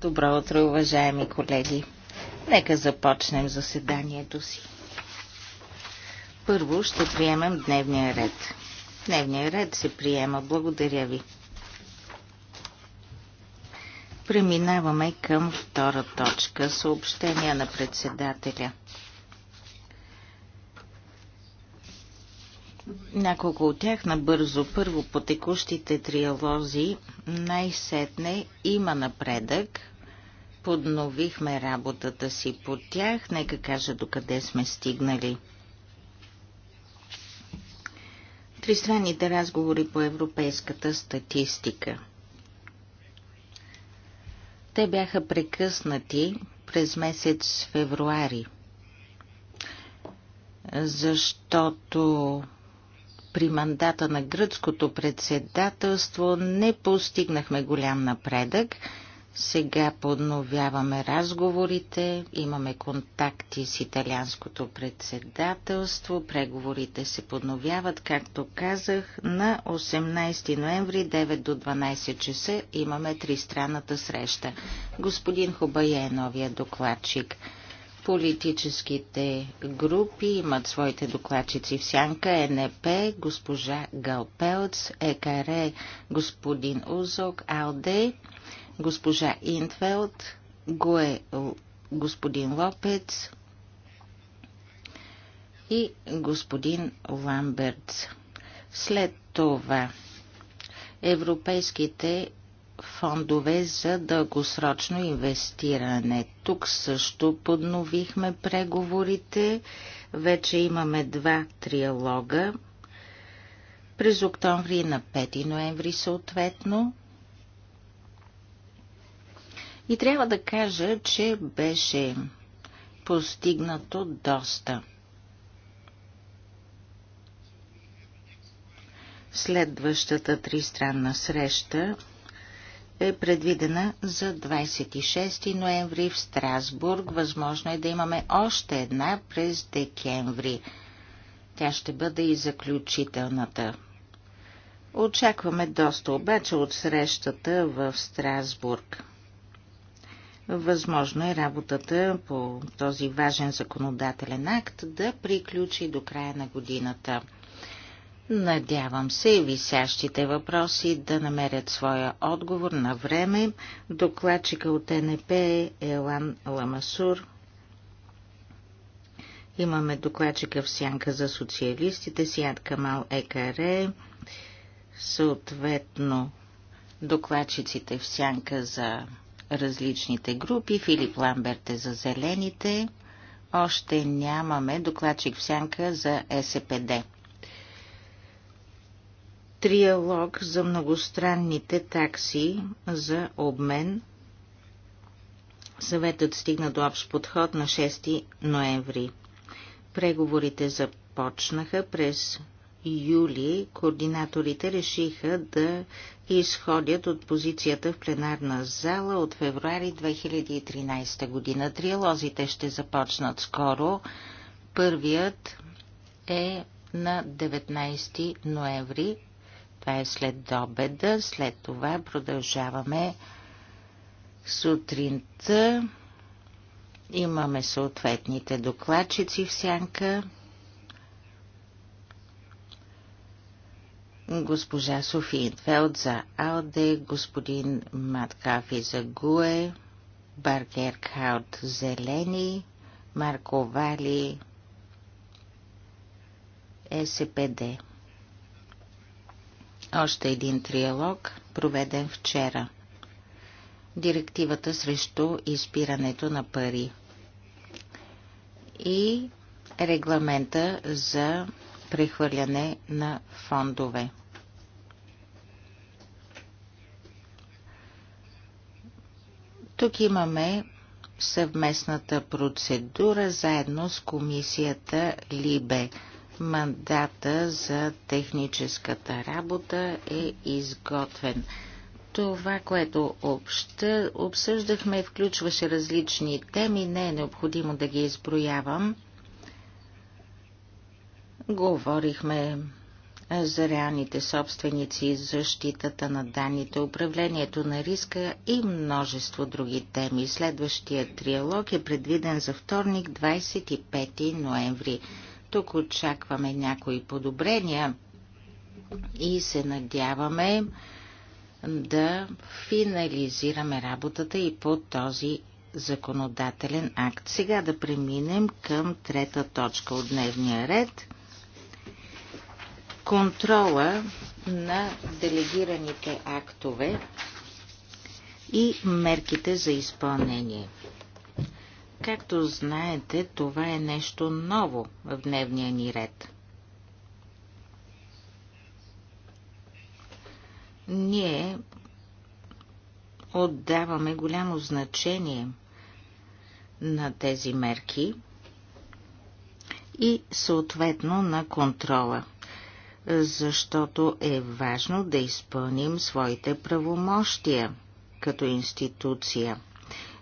Добро утро, уважаеми колеги. Нека започнем заседанието си. Първо ще приемем дневния ред. Дневния ред се приема. Благодаря ви. Преминаваме към втора точка. Съобщения на председателя. Няколко от тях набързо. Първо по текущите триалози най-сетне има напредък. Подновихме работата си по тях. Нека кажа докъде сме стигнали. Тристранните разговори по европейската статистика. Те бяха прекъснати през месец февруари, защото при мандата на гръцкото председателство не постигнахме голям напредък. Сега подновяваме разговорите, имаме контакти с италианското председателство, преговорите се подновяват, както казах, на 18 ноември 9 до 12 часа имаме тристранната среща. Господин Хубай е новия докладчик. Политическите групи имат своите докладчици в сянка е НП, госпожа Галпелц, ЕКР, господин Узок, АЛДЕ, госпожа Интфелд, ГОЕ, господин Лопец и господин Ламберц. След това европейските фондове за дългосрочно инвестиране. Тук също подновихме преговорите. Вече имаме два триалога. През октомври на 5 ноември съответно. И трябва да кажа, че беше постигнато доста. Следващата тристранна среща е предвидена за 26 ноември в Страсбург. Възможно е да имаме още една през декември. Тя ще бъде и заключителната. Очакваме доста обаче от срещата в Страсбург. Възможно е работата по този важен законодателен акт да приключи до края на годината. Надявам се и висящите въпроси да намерят своя отговор на време. Докладчика от НП е Елан Ламасур. Имаме докладчика в сянка за социалистите, Сият Камал Екаре, съответно докладчиците в сянка за различните групи, Филип Ламберт е за зелените, още нямаме докладчик в сянка за СПД триалог за многостранните такси за обмен. Съветът стигна до общ подход на 6 ноември. Преговорите започнаха през юли. Координаторите решиха да изходят от позицията в пленарна зала от февруари 2013 година. Триалозите ще започнат скоро. Първият е на 19 ноември това е след обеда. След това продължаваме сутринта. Имаме съответните докладчици в сянка. Госпожа Софи Интфелд за Алде, господин Маткафи за Гуе, Баргер Хаут Зелени, Марко Вали, СПД. Е още един триалог, проведен вчера. Директивата срещу изпирането на пари и регламента за прехвърляне на фондове. Тук имаме съвместната процедура заедно с комисията Либе – Мандата за техническата работа е изготвен. Това, което обща, обсъждахме, включваше различни теми, не е необходимо да ги изброявам. Говорихме за реалните собственици, защитата на данните, управлението на риска и множество други теми. Следващия триалог е предвиден за вторник, 25 ноември. Тук очакваме някои подобрения и се надяваме да финализираме работата и по този законодателен акт. Сега да преминем към трета точка от дневния ред. Контрола на делегираните актове и мерките за изпълнение. Както знаете, това е нещо ново в дневния ни ред. Ние отдаваме голямо значение на тези мерки и съответно на контрола, защото е важно да изпълним своите правомощия като институция –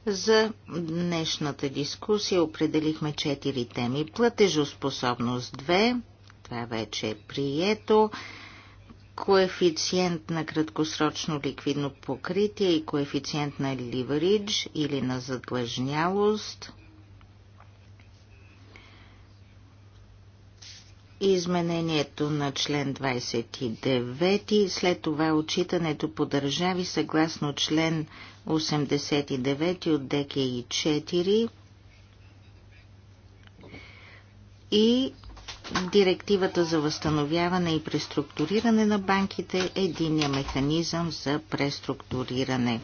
за днешната дискусия определихме 4 теми. Платежоспособност 2, това вече е прието, коефициент на краткосрочно ликвидно покритие и коефициент на ливеридж или на задлъжнялост – изменението на член 29, след това отчитането по държави съгласно член 89 от ДКИ 4 и Директивата за възстановяване и преструктуриране на банките е единия механизъм за преструктуриране.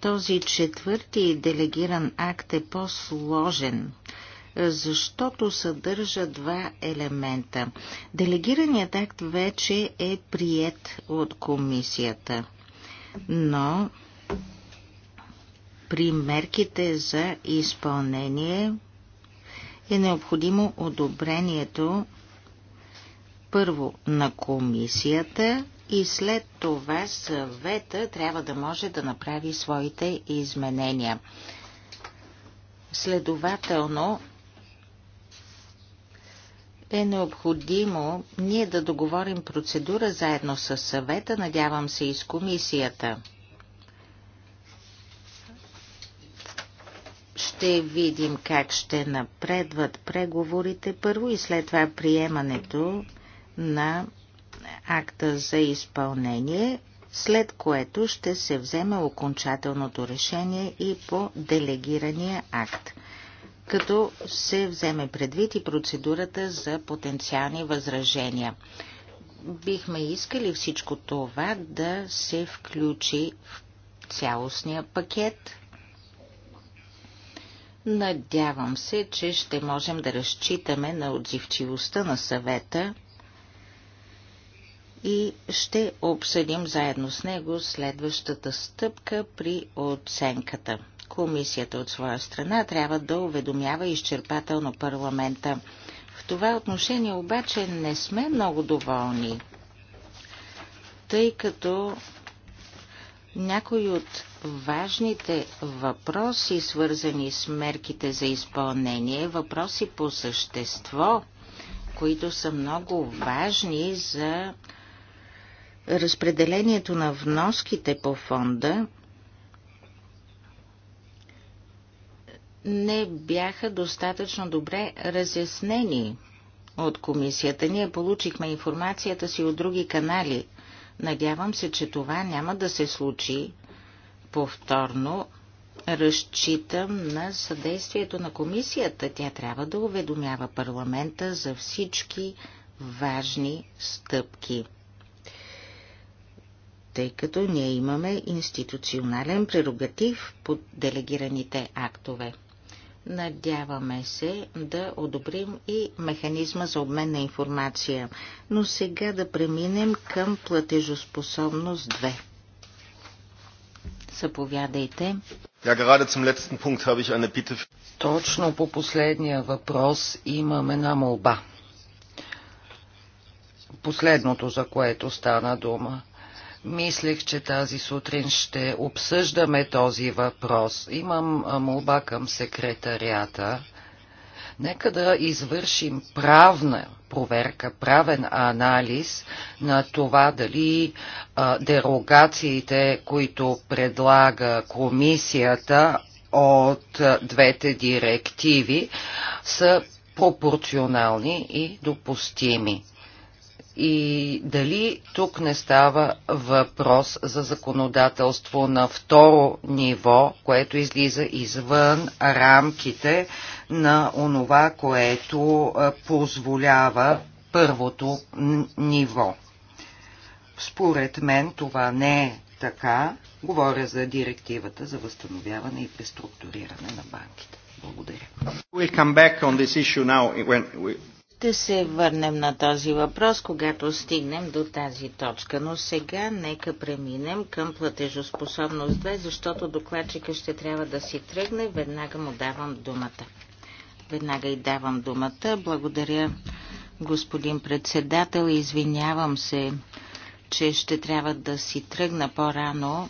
Този четвърти делегиран акт е по-сложен – защото съдържа два елемента. Делегираният акт вече е прият от комисията, но при мерките за изпълнение е необходимо одобрението първо на комисията и след това съвета трябва да може да направи своите изменения. Следователно, е необходимо ние да договорим процедура заедно с съвета, надявам се и с комисията. Ще видим как ще напредват преговорите първо и след това приемането на акта за изпълнение, след което ще се вземе окончателното решение и по делегирания акт като се вземе предвид и процедурата за потенциални възражения. Бихме искали всичко това да се включи в цялостния пакет. Надявам се, че ще можем да разчитаме на отзивчивостта на съвета и ще обсъдим заедно с него следващата стъпка при оценката. Комисията от своя страна трябва да уведомява изчерпателно парламента. В това отношение обаче не сме много доволни, тъй като някои от важните въпроси, свързани с мерките за изпълнение, въпроси по същество, които са много важни за разпределението на вноските по фонда, не бяха достатъчно добре разяснени от комисията. Ние получихме информацията си от други канали. Надявам се, че това няма да се случи повторно. Разчитам на съдействието на комисията. Тя трябва да уведомява парламента за всички важни стъпки. Тъй като ние имаме институционален прерогатив под делегираните актове. Надяваме се да одобрим и механизма за обмен на информация. Но сега да преминем към платежоспособност 2. Съповядайте. Ja, gerade zum letzten Punkt habe ich eine Bitte. Точно по последния въпрос имам една молба. Последното, за което стана дума. Мислех, че тази сутрин ще обсъждаме този въпрос. Имам молба към секретарията. Нека да извършим правна проверка, правен анализ на това дали а, дерогациите, които предлага комисията от двете директиви, са пропорционални и допустими и дали тук не става въпрос за законодателство на второ ниво, което излиза извън рамките на онова, което позволява първото ниво. Според мен това не е така. Говоря за директивата за възстановяване и преструктуриране на банките. Благодаря. Ще се върнем на този въпрос, когато стигнем до тази точка, но сега нека преминем към платежоспособност 2, защото докладчика ще трябва да си тръгне. Веднага му давам думата. Веднага и давам думата. Благодаря, господин председател. Извинявам се, че ще трябва да си тръгна по-рано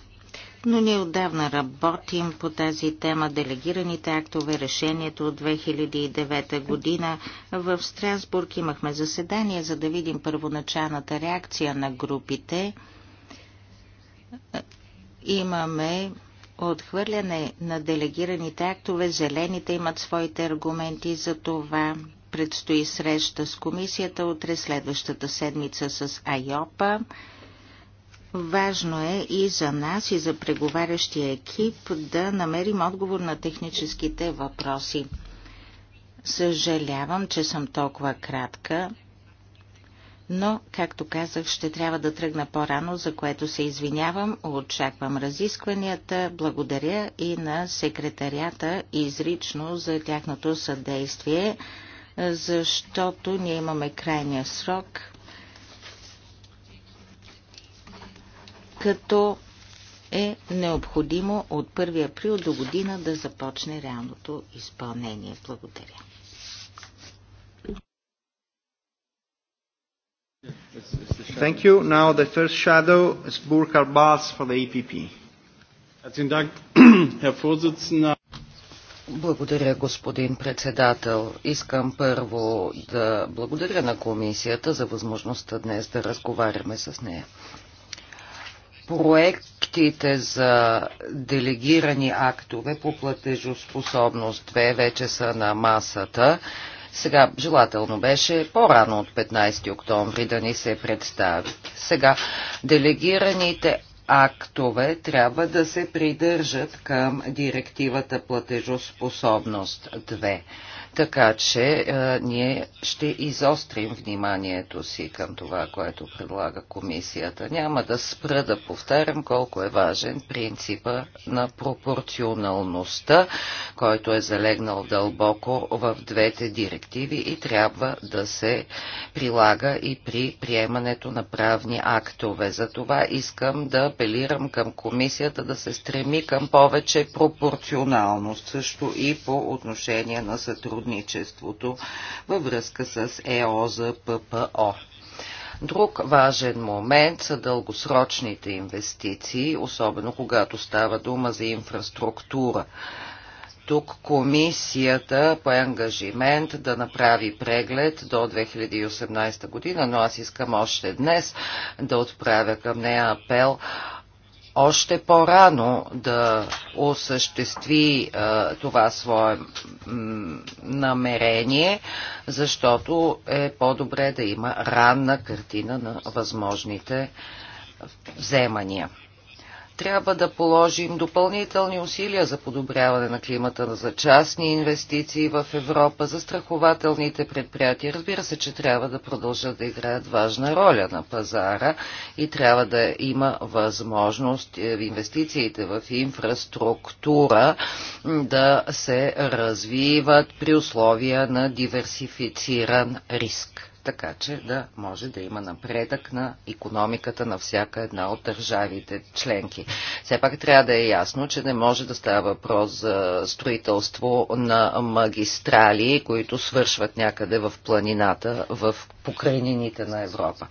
но ние отдавна работим по тази тема, делегираните актове, решението от 2009 година. В Страсбург имахме заседание, за да видим първоначалната реакция на групите. Имаме отхвърляне на делегираните актове. Зелените имат своите аргументи за това. Предстои среща с комисията утре, следващата седмица с Айопа. Важно е и за нас, и за преговарящия екип да намерим отговор на техническите въпроси. Съжалявам, че съм толкова кратка, но, както казах, ще трябва да тръгна по-рано, за което се извинявам. Очаквам разискванията. Благодаря и на секретарията изрично за тяхното съдействие, защото ние имаме крайния срок като е необходимо от 1 април до година да започне реалното изпълнение. Благодаря. Thank you. Now the first shadow is Burkhard Bas for the EPP. Благодаря, господин председател. Искам първо да благодаря на комисията за възможността днес да разговаряме с нея проектите за делегирани актове по платежоспособност 2 вече са на масата. Сега желателно беше по-рано от 15 октомври да ни се представи. Сега делегираните актове трябва да се придържат към директивата платежоспособност 2. Така че а, е, ние ще изострим вниманието си към това, което предлага комисията. Няма да спра да повтарям колко е важен принципа на пропорционалността, който е залегнал дълбоко в двете директиви и трябва да се прилага и при приемането на правни актове. За това искам да апелирам към комисията да се стреми към повече пропорционалност, също и по отношение на сътрудничеството сътрудничеството във връзка с ЕО за ППО. Друг важен момент са дългосрочните инвестиции, особено когато става дума за инфраструктура. Тук комисията по ангажимент да направи преглед до 2018 година, но аз искам още днес да отправя към нея апел още по-рано да осъществи а, това свое м, намерение, защото е по-добре да има ранна картина на възможните вземания. Трябва да положим допълнителни усилия за подобряване на климата, за частни инвестиции в Европа, за страхователните предприятия. Разбира се, че трябва да продължат да играят важна роля на пазара и трябва да има възможност е, инвестициите в инфраструктура да се развиват при условия на диверсифициран риск така че да може да има напредък на економиката на всяка една от държавите членки. Все пак трябва да е ясно, че не може да става въпрос за строителство на магистрали, които свършват някъде в планината, в покрайнините на Европа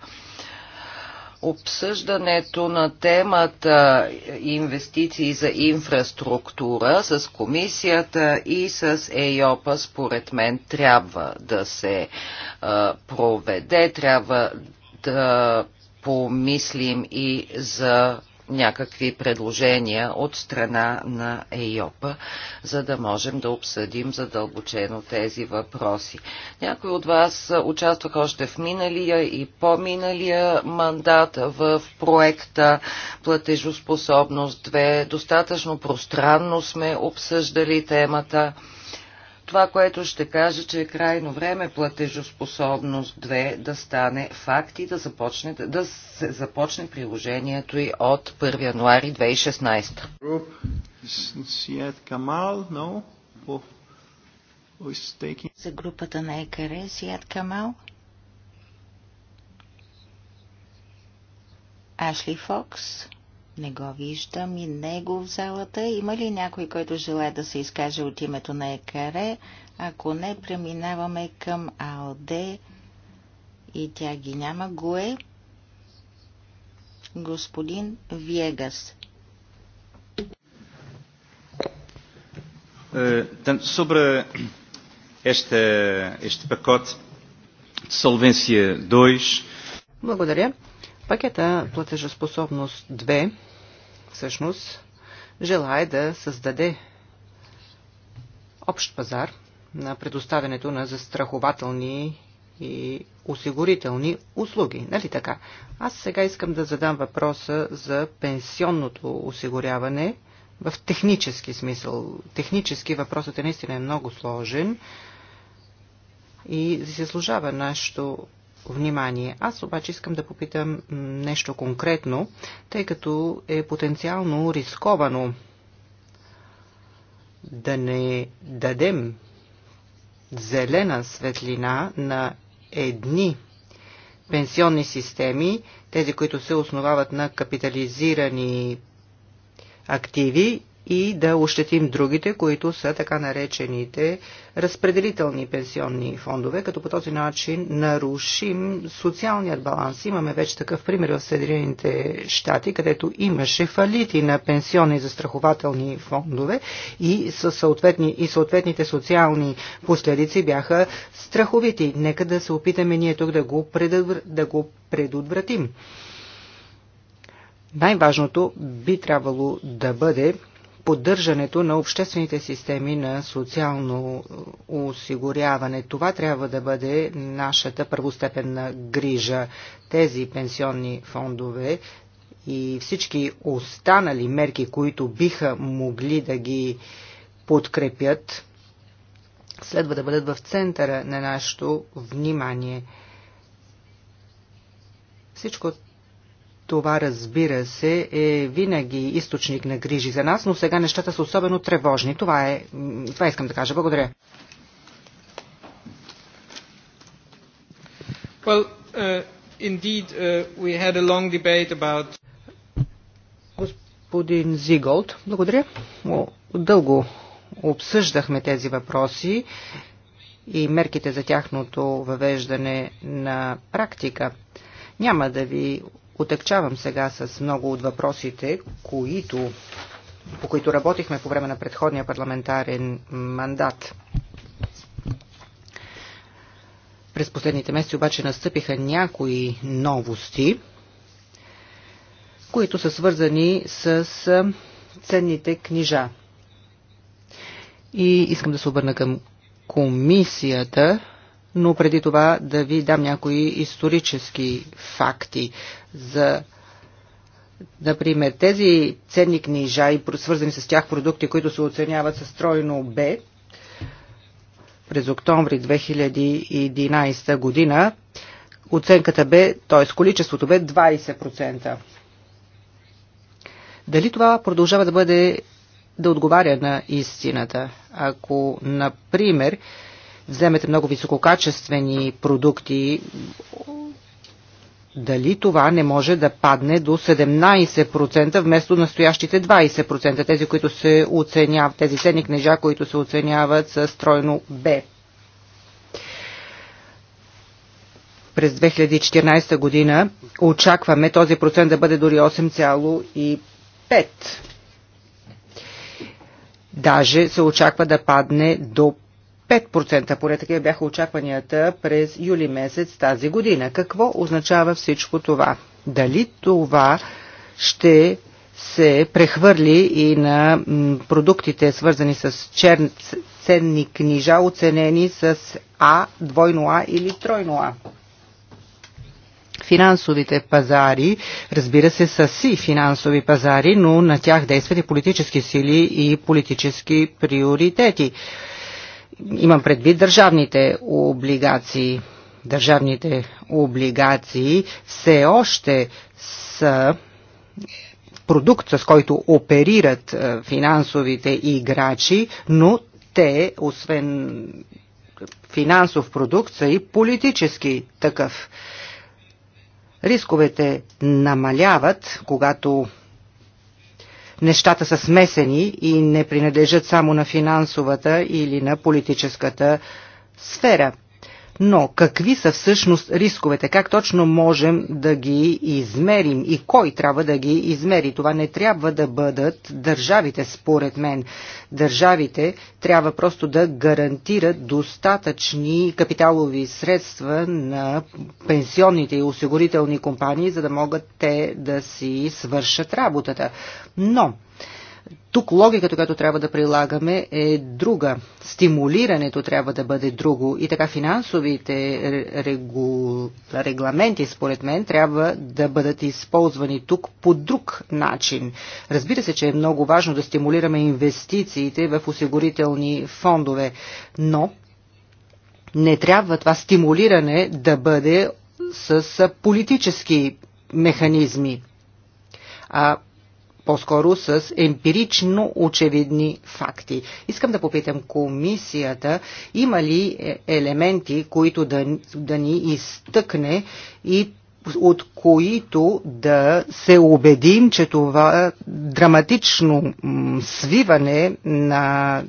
обсъждането на темата инвестиции за инфраструктура с комисията и с ЕЙОПА според мен трябва да се проведе, трябва да помислим и за някакви предложения от страна на ЕИОПа, за да можем да обсъдим задълбочено тези въпроси. Някои от вас участвах още в миналия и по-миналия мандат в проекта Платежоспособност 2. Достатъчно пространно сме обсъждали темата това, което ще кажа, че е крайно време платежоспособност 2 да стане факт и да, започне, да се започне приложението и от 1 януари 2016. За групата на Екаре, Сият Камал. Ашли Фокс. Не го виждам и него в залата. Има ли някой, който желая да се изкаже от името на ЕКАРЕ? Ако не, преминаваме към АОД и тя ги няма. Го е господин Виегас. Е, sobre este, este pacote de Solvência 2. Благодаря. Пакета платежоспособност 2 всъщност желае да създаде общ пазар на предоставянето на застрахователни и осигурителни услуги. Нали така? Аз сега искам да задам въпроса за пенсионното осигуряване в технически смисъл. Технически въпросът е наистина е много сложен и заслужава нашето внимание. Аз обаче искам да попитам нещо конкретно, тъй като е потенциално рисковано да не дадем зелена светлина на едни пенсионни системи, тези, които се основават на капитализирани активи и да ощетим другите, които са така наречените разпределителни пенсионни фондове, като по този начин нарушим социалният баланс. Имаме вече такъв пример в Съединените щати, където имаше фалити на пенсионни застрахователни фондове и, съответни, и съответните социални последици бяха страховити. Нека да се опитаме ние тук да го, предотвр... да го предотвратим. Най-важното би трябвало да бъде поддържането на обществените системи на социално е, осигуряване. Това трябва да бъде нашата първостепенна грижа. Тези пенсионни фондове и всички останали мерки, които биха могли да ги подкрепят, следва да бъдат в центъра на нашето внимание. Всичко това, разбира се, е винаги източник на грижи за нас, но сега нещата са особено тревожни. Това, е, това искам да кажа. Благодаря. Well, uh, indeed, uh, we had a long debate about... Господин Зиголд, благодаря. Дълго обсъждахме тези въпроси и мерките за тяхното въвеждане на практика. Няма да ви Отекчавам сега с много от въпросите, които, по които работихме по време на предходния парламентарен мандат. През последните месеци обаче настъпиха някои новости, които са свързани с ценните книжа. И искам да се обърна към комисията но преди това да ви дам някои исторически факти за Например, тези ценни книжа и свързани с тях продукти, които се оценяват със стройно Б, през октомври 2011 година оценката Б, т.е. количеството бе 20%. Дали това продължава да бъде да отговаря на истината? Ако, например, вземете много висококачествени продукти, дали това не може да падне до 17% вместо настоящите 20%, тези, които се оценяват, тези ценни книжа, които се оценяват с тройно Б. През 2014 година очакваме този процент да бъде дори 8,5%. Даже се очаква да падне до 5%, поне такива бяха очакванията през юли месец тази година. Какво означава всичко това? Дали това ще се прехвърли и на продуктите, свързани с черн, ценни книжа, оценени с А, двойно А или тройно А? финансовите пазари, разбира се, са си финансови пазари, но на тях действат и политически сили и политически приоритети. Имам предвид държавните облигации. Държавните облигации все още са продукт, с който оперират е, финансовите играчи, но те, освен финансов продукт, са и политически такъв. Рисковете намаляват, когато нещата са смесени и не принадлежат само на финансовата или на политическата сфера. Но какви са всъщност рисковете? Как точно можем да ги измерим? И кой трябва да ги измери? Това не трябва да бъдат държавите, според мен. Държавите трябва просто да гарантират достатъчни капиталови средства на пенсионните и осигурителни компании, за да могат те да си свършат работата. Но тук логиката, която трябва да прилагаме е друга. Стимулирането трябва да бъде друго. И така финансовите регу... регламенти, според мен, трябва да бъдат използвани тук по друг начин. Разбира се, че е много важно да стимулираме инвестициите в осигурителни фондове, но не трябва това стимулиране да бъде с политически механизми. А по-скоро с емпирично очевидни факти. Искам да попитам комисията, има ли е, елементи, които да, да ни изтъкне и от които да се убедим, че това драматично свиване на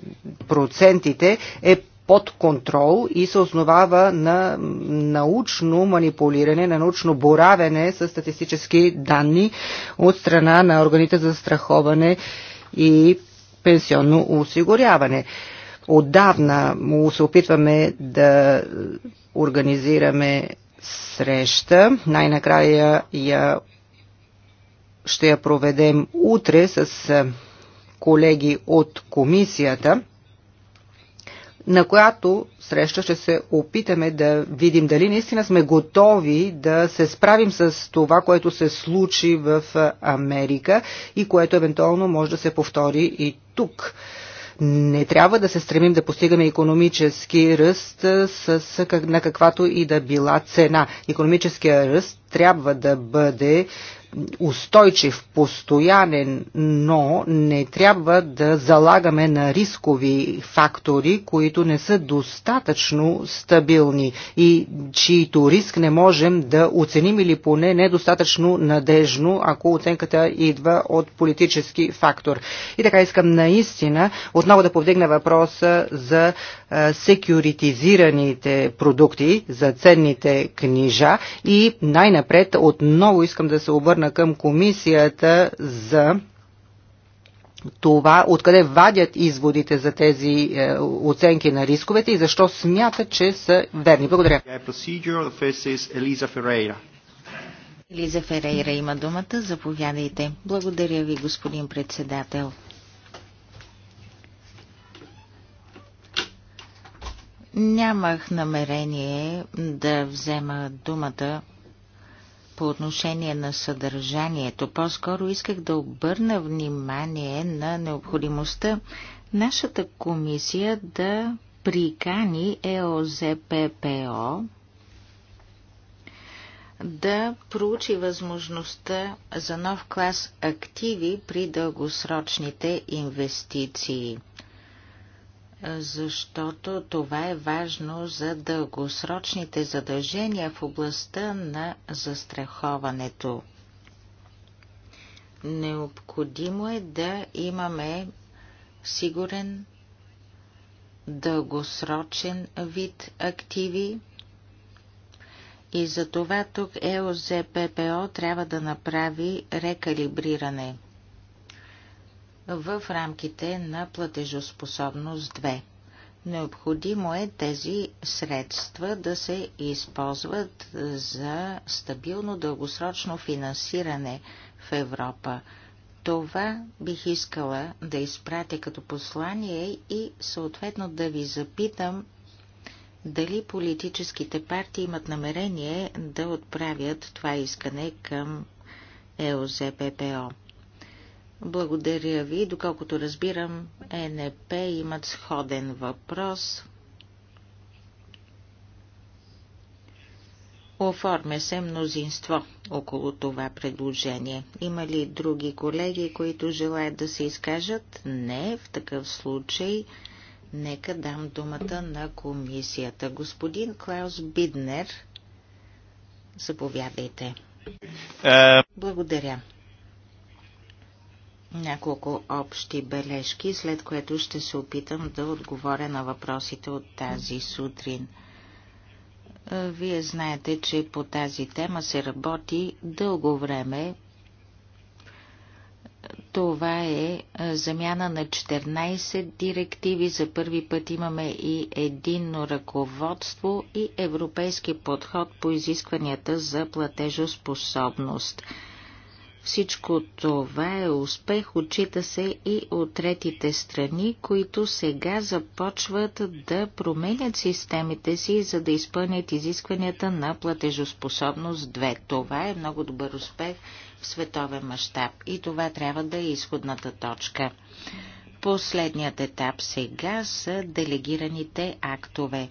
процентите е под контрол и се основава на научно манипулиране, на научно боравене с статистически данни от страна на органите за страховане и пенсионно осигуряване. Отдавна му се опитваме да организираме среща. Най-накрая я ще я проведем утре с колеги от комисията на която среща ще се опитаме да видим дали наистина сме готови да се справим с това, което се случи в Америка и което евентуално може да се повтори и тук. Не трябва да се стремим да постигаме економически ръст с, на каквато и да била цена. Економическия ръст трябва да бъде устойчив, постоянен, но не трябва да залагаме на рискови фактори, които не са достатъчно стабилни и чието риск не можем да оценим или поне недостатъчно надежно, ако оценката идва от политически фактор. И така искам наистина отново да повдигна въпроса за секюритизираните продукти, за ценните книжа и най-напред отново искам да се обърна обърна към комисията за това, откъде вадят изводите за тези е, оценки на рисковете и защо смятат, че са верни. Благодаря. Елиза Ферейра има думата. Заповядайте. Благодаря ви, господин председател. Нямах намерение да взема думата по отношение на съдържанието. По-скоро исках да обърна внимание на необходимостта нашата комисия да прикани ЕОЗППО да проучи възможността за нов клас активи при дългосрочните инвестиции защото това е важно за дългосрочните задължения в областта на застраховането. Необходимо е да имаме сигурен дългосрочен вид активи и за това тук ЕОЗППО трябва да направи рекалибриране – в рамките на платежоспособност 2. Необходимо е тези средства да се използват за стабилно дългосрочно финансиране в Европа. Това бих искала да изпратя като послание и съответно да ви запитам дали политическите партии имат намерение да отправят това искане към ЕОЗППО. Благодаря ви. Доколкото разбирам, ЕНП имат сходен въпрос. Оформя се мнозинство около това предложение. Има ли други колеги, които желаят да се изкажат? Не, в такъв случай нека дам думата на комисията. Господин Клаус Биднер, заповядайте. Е. Благодаря няколко общи бележки, след което ще се опитам да отговоря на въпросите от тази сутрин. Вие знаете, че по тази тема се работи дълго време. Това е замяна на 14 директиви. За първи път имаме и единно ръководство и европейски подход по изискванията за платежоспособност – всичко това е успех, отчита се и от третите страни, които сега започват да променят системите си, за да изпълнят изискванията на платежоспособност 2. Това е много добър успех в световен мащаб и това трябва да е изходната точка. Последният етап сега са делегираните актове.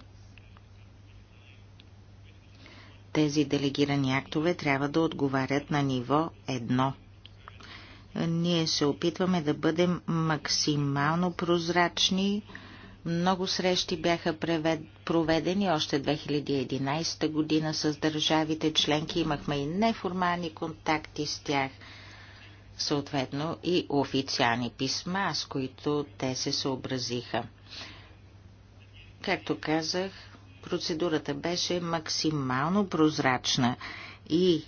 Тези делегирани актове трябва да отговарят на ниво 1. Ние се опитваме да бъдем максимално прозрачни. Много срещи бяха проведени още 2011 година с държавите членки. Имахме и неформални контакти с тях съответно и официални писма, с които те се съобразиха. Както казах, процедурата беше максимално прозрачна и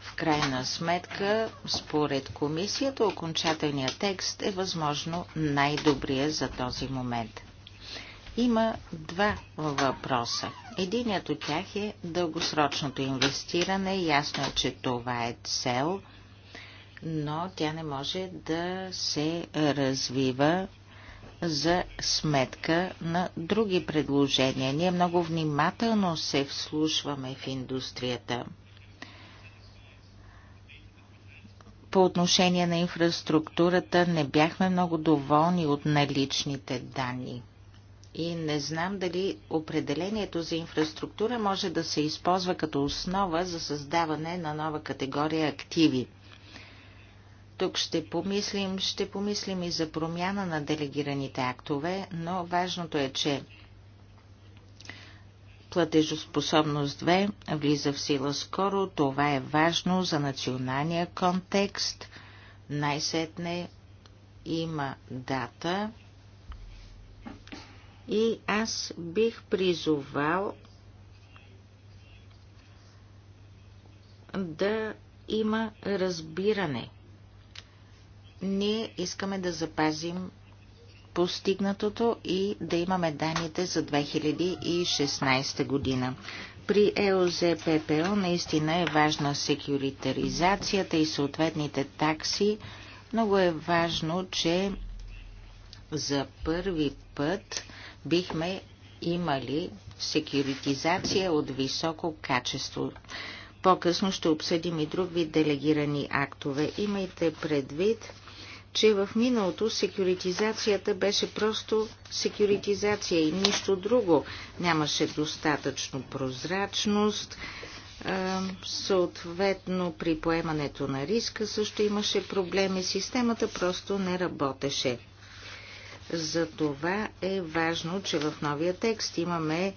в крайна сметка, според комисията, окончателният текст е възможно най-добрия за този момент. Има два въпроса. Единият от тях е дългосрочното инвестиране. Ясно е, че това е цел, но тя не може да се развива за сметка на други предложения. Ние много внимателно се вслушваме в индустрията. По отношение на инфраструктурата не бяхме много доволни от наличните данни. И не знам дали определението за инфраструктура може да се използва като основа за създаване на нова категория активи. Тук ще помислим, ще помислим и за промяна на делегираните актове, но важното е, че платежоспособност 2 влиза в сила скоро. Това е важно за националния контекст. Най-сетне има дата. И аз бих призовал да има разбиране ние искаме да запазим постигнатото и да имаме данните за 2016 година. При ЕОЗППО наистина е важна секюритаризацията и съответните такси. Много е важно, че за първи път бихме имали секюритизация от високо качество. По-късно ще обсъдим и друг вид делегирани актове. Имайте предвид, че в миналото секюритизацията беше просто секюритизация и нищо друго. Нямаше достатъчно прозрачност, съответно при поемането на риска също имаше проблеми, системата просто не работеше. Затова е важно, че в новия текст имаме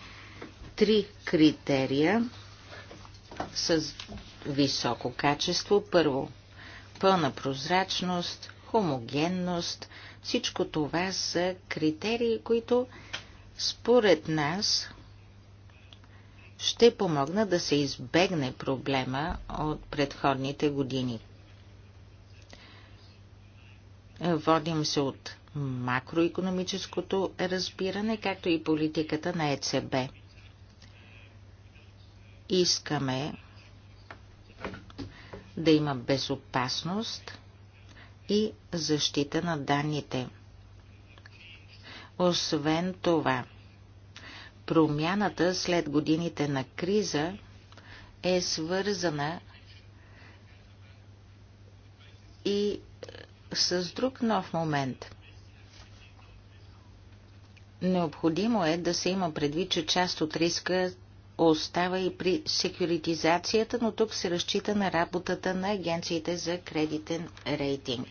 три критерия с високо качество. Първо, пълна прозрачност, хомогенност. Всичко това са критерии, които според нас ще помогна да се избегне проблема от предходните години. Водим се от макроекономическото разбиране, както и политиката на ЕЦБ. Искаме да има безопасност и защита на данните. Освен това, промяната след годините на криза е свързана и с друг нов момент. Необходимо е да се има предвид, че част от риска остава и при секюритизацията, но тук се разчита на работата на агенциите за кредитен рейтинг.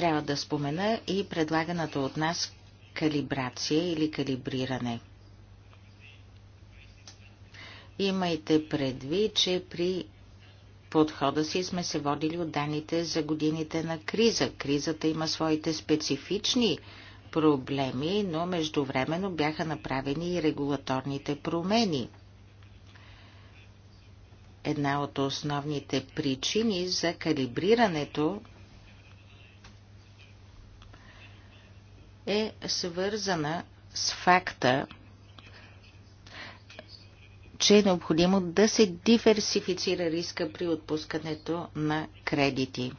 Трябва да спомена и предлаганата от нас калибрация или калибриране. Имайте предвид, че при подхода си сме се водили от данните за годините на криза. Кризата има своите специфични проблеми, но междувременно бяха направени и регулаторните промени. Една от основните причини за калибрирането е свързана с факта, че е необходимо да се диверсифицира риска при отпускането на кредити.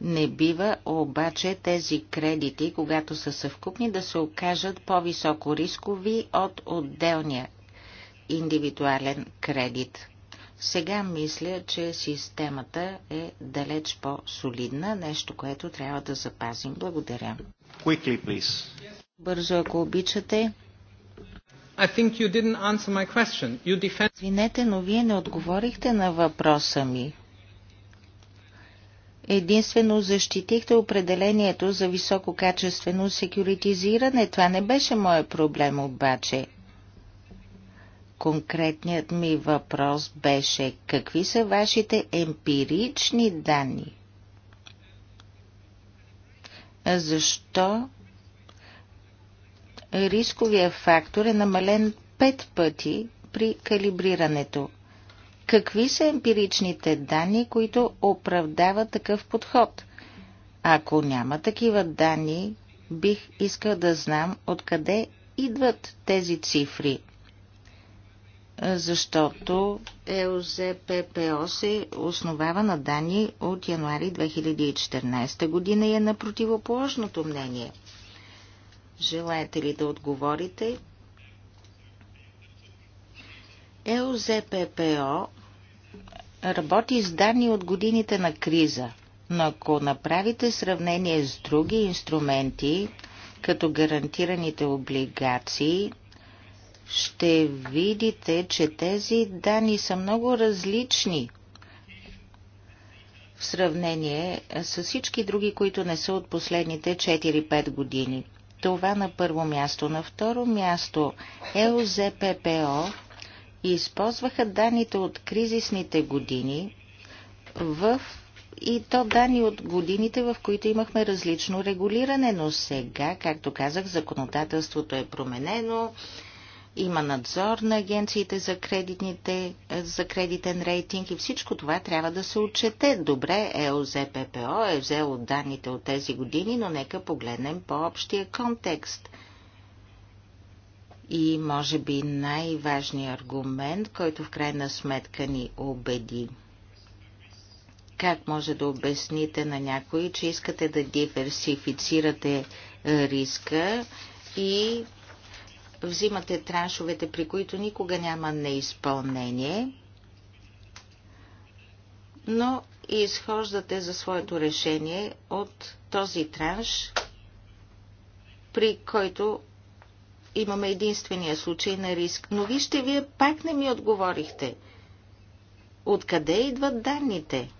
Не бива обаче тези кредити, когато са съвкупни, да се окажат по-високо рискови от отделния индивидуален кредит. Сега мисля, че системата е далеч по-солидна, нещо, което трябва да запазим. Благодаря. Quickly, please. Бързо, ако обичате. I think you didn't answer my question. You defend... Извинете, но вие не отговорихте на въпроса ми. Единствено защитихте определението за висококачествено секюритизиране. Това не беше моят проблем обаче. Конкретният ми въпрос беше какви са вашите емпирични данни? Защо рисковия фактор е намален пет пъти при калибрирането? Какви са емпиричните данни, които оправдават такъв подход? Ако няма такива данни, бих искал да знам откъде идват тези цифри. Е, защото ЕОЗППО се основава на данни от януари 2014 година и е на противоположното мнение. Желаете ли да отговорите? ЕОЗППО работи с данни от годините на криза, но ако направите сравнение с други инструменти, като гарантираните облигации – ще видите, че тези данни са много различни в сравнение с всички други, които не са от последните 4-5 години. Това на първо място. На второ място ЕОЗППО използваха данните от кризисните години в и то данни от годините, в които имахме различно регулиране, но сега, както казах, законодателството е променено, има надзор на агенциите за, кредитните, за кредитен рейтинг и всичко това трябва да се отчете. Добре, ЕОЗППО е взело данните от тези години, но нека погледнем по-общия контекст. И може би най-важният аргумент, който в крайна сметка ни убеди. Как може да обясните на някой, че искате да диверсифицирате риска и взимате траншовете, при които никога няма неизпълнение, но и изхождате за своето решение от този транш, при който имаме единствения случай на риск. Но вижте, вие пак не ми отговорихте. Откъде идват данните?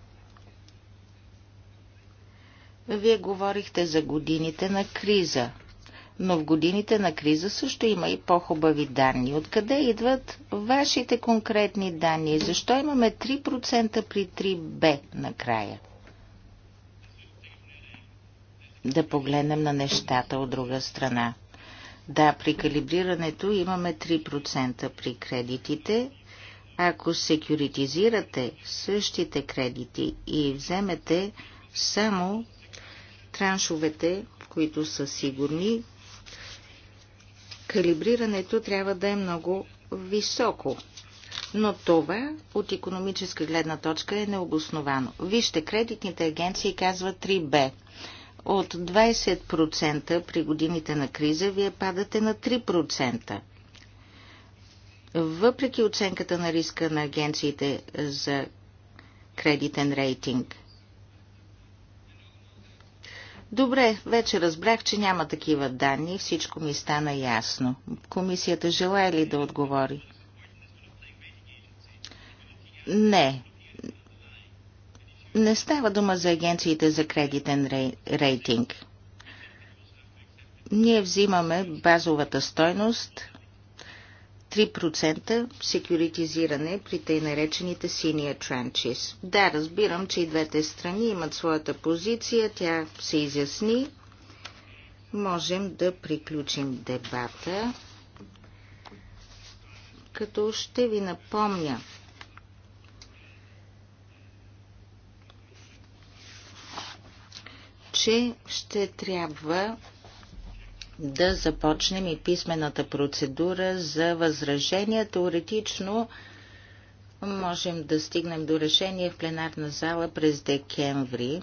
Вие говорихте за годините на криза – но в годините на криза също има и по-хубави данни. Откъде идват вашите конкретни данни? Защо имаме 3% при 3B накрая? Да погледнем на нещата от друга страна. Да, при калибрирането имаме 3% при кредитите. Ако секюритизирате същите кредити и вземете само траншовете, които са сигурни, калибрирането трябва да е много високо. Но това от економическа гледна точка е необосновано. Вижте, кредитните агенции казват 3Б. От 20% при годините на криза вие падате на 3%. Въпреки оценката на риска на агенциите за кредитен рейтинг – Добре, вече разбрах, че няма такива данни. Всичко ми стана ясно. Комисията желая ли да отговори? Не. Не става дума за агенциите за кредитен рейтинг. Ние взимаме базовата стойност 3% секюритизиране при тъй наречените синия транчис. Да, разбирам, че и двете страни имат своята позиция, тя се изясни. Можем да приключим дебата, като ще ви напомня, че ще трябва да започнем и писмената процедура за възражения. Теоретично можем да стигнем до решение в пленарна зала през декември.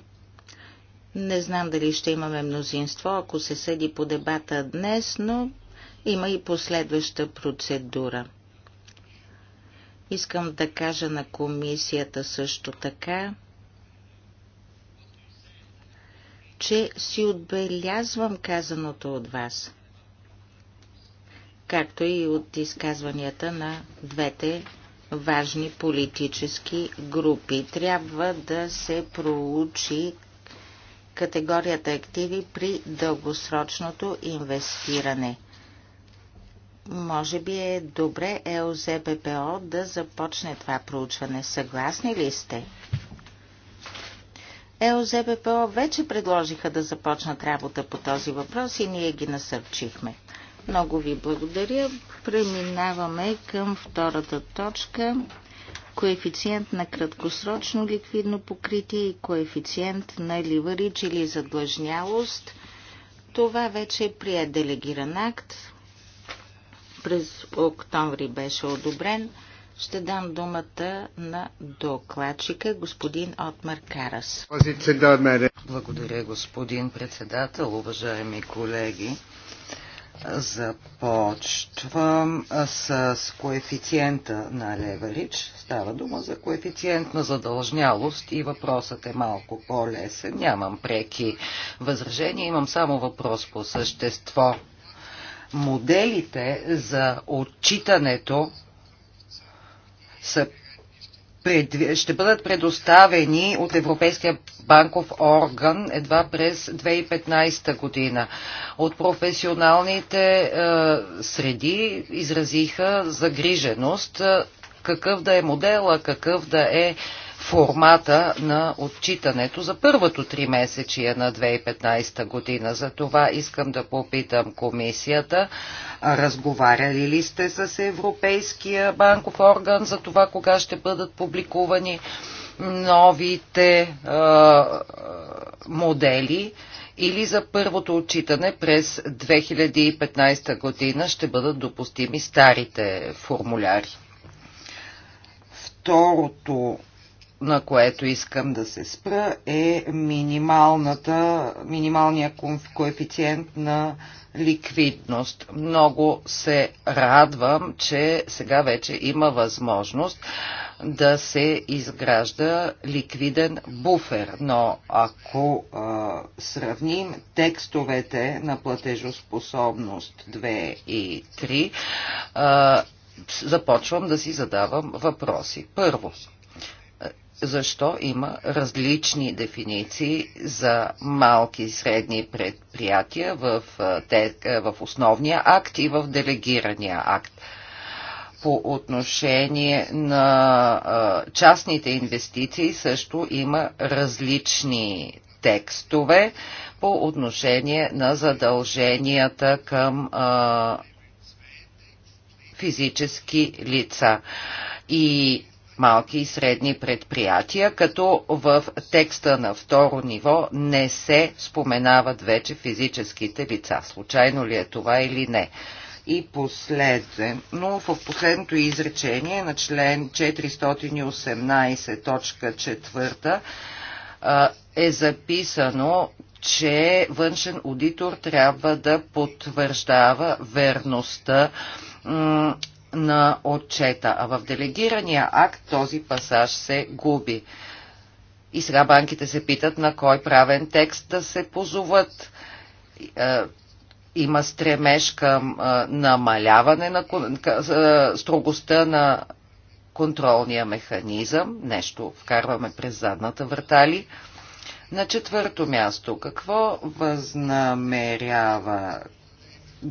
Не знам дали ще имаме мнозинство, ако се съди по дебата днес, но има и последваща процедура. Искам да кажа на комисията също така, че си отбелязвам казаното от вас, както и от изказванията на двете важни политически групи. Трябва да се проучи категорията активи при дългосрочното инвестиране. Може би е добре ЕОЗБПО да започне това проучване. Съгласни ли сте? ЕОЗБПО вече предложиха да започнат работа по този въпрос и ние ги насърчихме. Много ви благодаря. Преминаваме към втората точка. Коефициент на краткосрочно ликвидно покритие и коефициент на ливарич или задлъжнялост. Това вече е прият делегиран акт. През октомври беше одобрен ще дам думата на докладчика, господин Отмар Карас. Благодаря, господин председател, уважаеми колеги. Започвам с коефициента на Леверидж. Става дума за коефициент на задължнялост и въпросът е малко по-лесен. Нямам преки възражения, имам само въпрос по същество. Моделите за отчитането са ще бъдат предоставени от Европейския банков орган едва през 2015 година. От професионалните е, среди изразиха загриженост е, какъв да е модела, какъв да е формата на отчитането за първото три месечие на 2015 година. За това искам да попитам комисията, разговаряли ли сте с Европейския банков орган за това кога ще бъдат публикувани новите а, модели или за първото отчитане през 2015 година ще бъдат допустими старите формуляри. Второто на което искам да се спра, е минималната, минималния коефициент на ликвидност. Много се радвам, че сега вече има възможност да се изгражда ликвиден буфер. Но ако а, сравним текстовете на платежоспособност 2 и 3, а, започвам да си задавам въпроси. Първо, защо има различни дефиниции за малки и средни предприятия в, те, в основния акт и в делегирания акт. По отношение на частните инвестиции също има различни текстове по отношение на задълженията към физически лица. И малки и средни предприятия, като в текста на второ ниво не се споменават вече физическите лица. Случайно ли е това или не? И последно, но в последното изречение на член 418.4 е записано, че външен аудитор трябва да потвърждава верността на отчета, а в делегирания акт този пасаж се губи. И сега банките се питат на кой правен текст да се позоват. Е, има стремеж към е, намаляване на е, строгостта на контролния механизъм. Нещо вкарваме през задната вратали. На четвърто място, какво възнамерява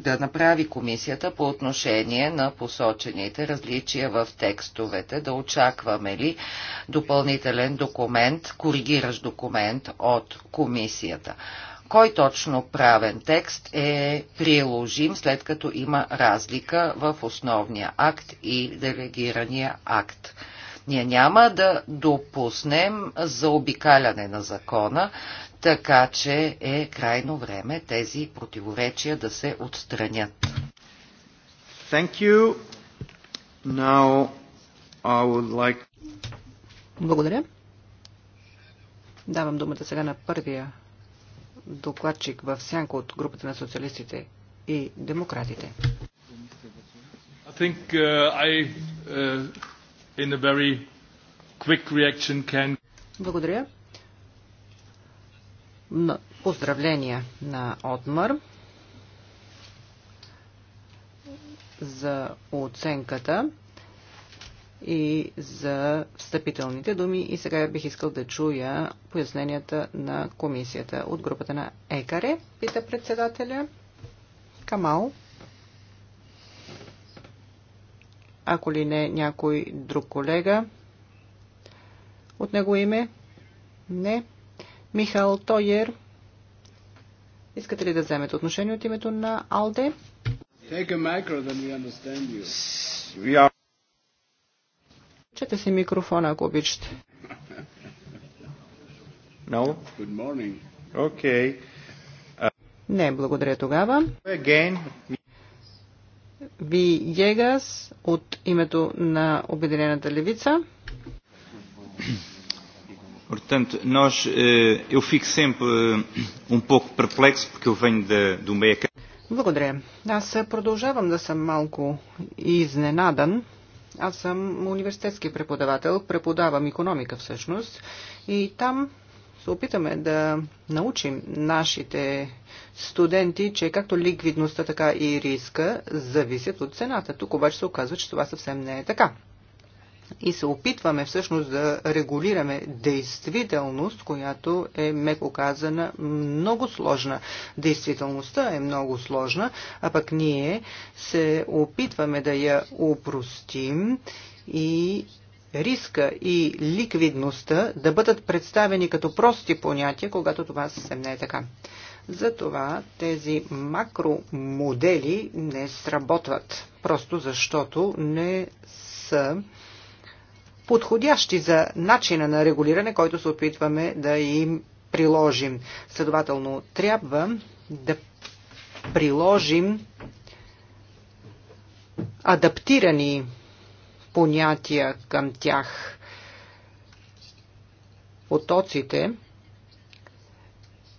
да направи комисията по отношение на посочените различия в текстовете, да очакваме ли допълнителен документ, коригиращ документ от комисията. Кой точно правен текст е приложим, след като има разлика в основния акт и делегирания акт? Ние няма да допуснем за обикаляне на закона, така че е крайно време тези противоречия да се отстранят. Thank you. Now I would like... Благодаря. Давам думата сега на първия докладчик в сянко от групата на социалистите и демократите. I think uh, I, uh, in a very quick reaction can... Благодаря. Поздравления на Отмър за оценката и за встъпителните думи. И сега бих искал да чуя поясненията на комисията от групата на ЕКАРЕ, пита председателя Камал. Ако ли не някой друг колега от него име? Не. Михал Тойер. Искате ли да вземете отношение от името на Алде? Чете си микрофона, ако обичате. No? Good morning. Okay. Uh... Не, благодаря тогава. Again. Ви Егас от името на Обединената левица. Portanto, nós, eh, eu fico sempre eh, um pouco perplexo, porque eu venho de, do meio Благодаря. Аз продължавам да съм малко изненадан. Аз съм университетски преподавател, преподавам економика всъщност и там се опитаме да научим нашите студенти, че както ликвидността, така и риска зависят от цената. Тук обаче се оказва, че това съвсем не е така и се опитваме всъщност да регулираме действителност, която е, меко казана, много сложна. Действителността е много сложна, а пък ние се опитваме да я упростим и риска и ликвидността да бъдат представени като прости понятия, когато това съвсем не е така. Затова тези макромодели не сработват, просто защото не са подходящи за начина на регулиране, който се опитваме да им приложим. Следователно, трябва да приложим адаптирани понятия към тях. Потоците,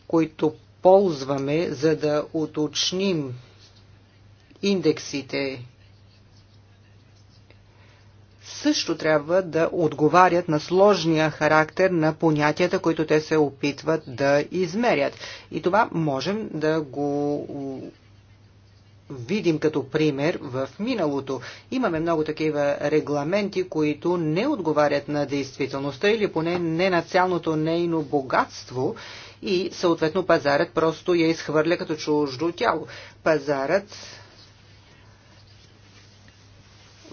които ползваме, за да уточним индексите също трябва да отговарят на сложния характер на понятията, които те се опитват да измерят. И това можем да го видим като пример в миналото. Имаме много такива регламенти, които не отговарят на действителността или поне не на цялното нейно богатство и съответно пазарът просто я изхвърля като чуждо тяло. Пазарът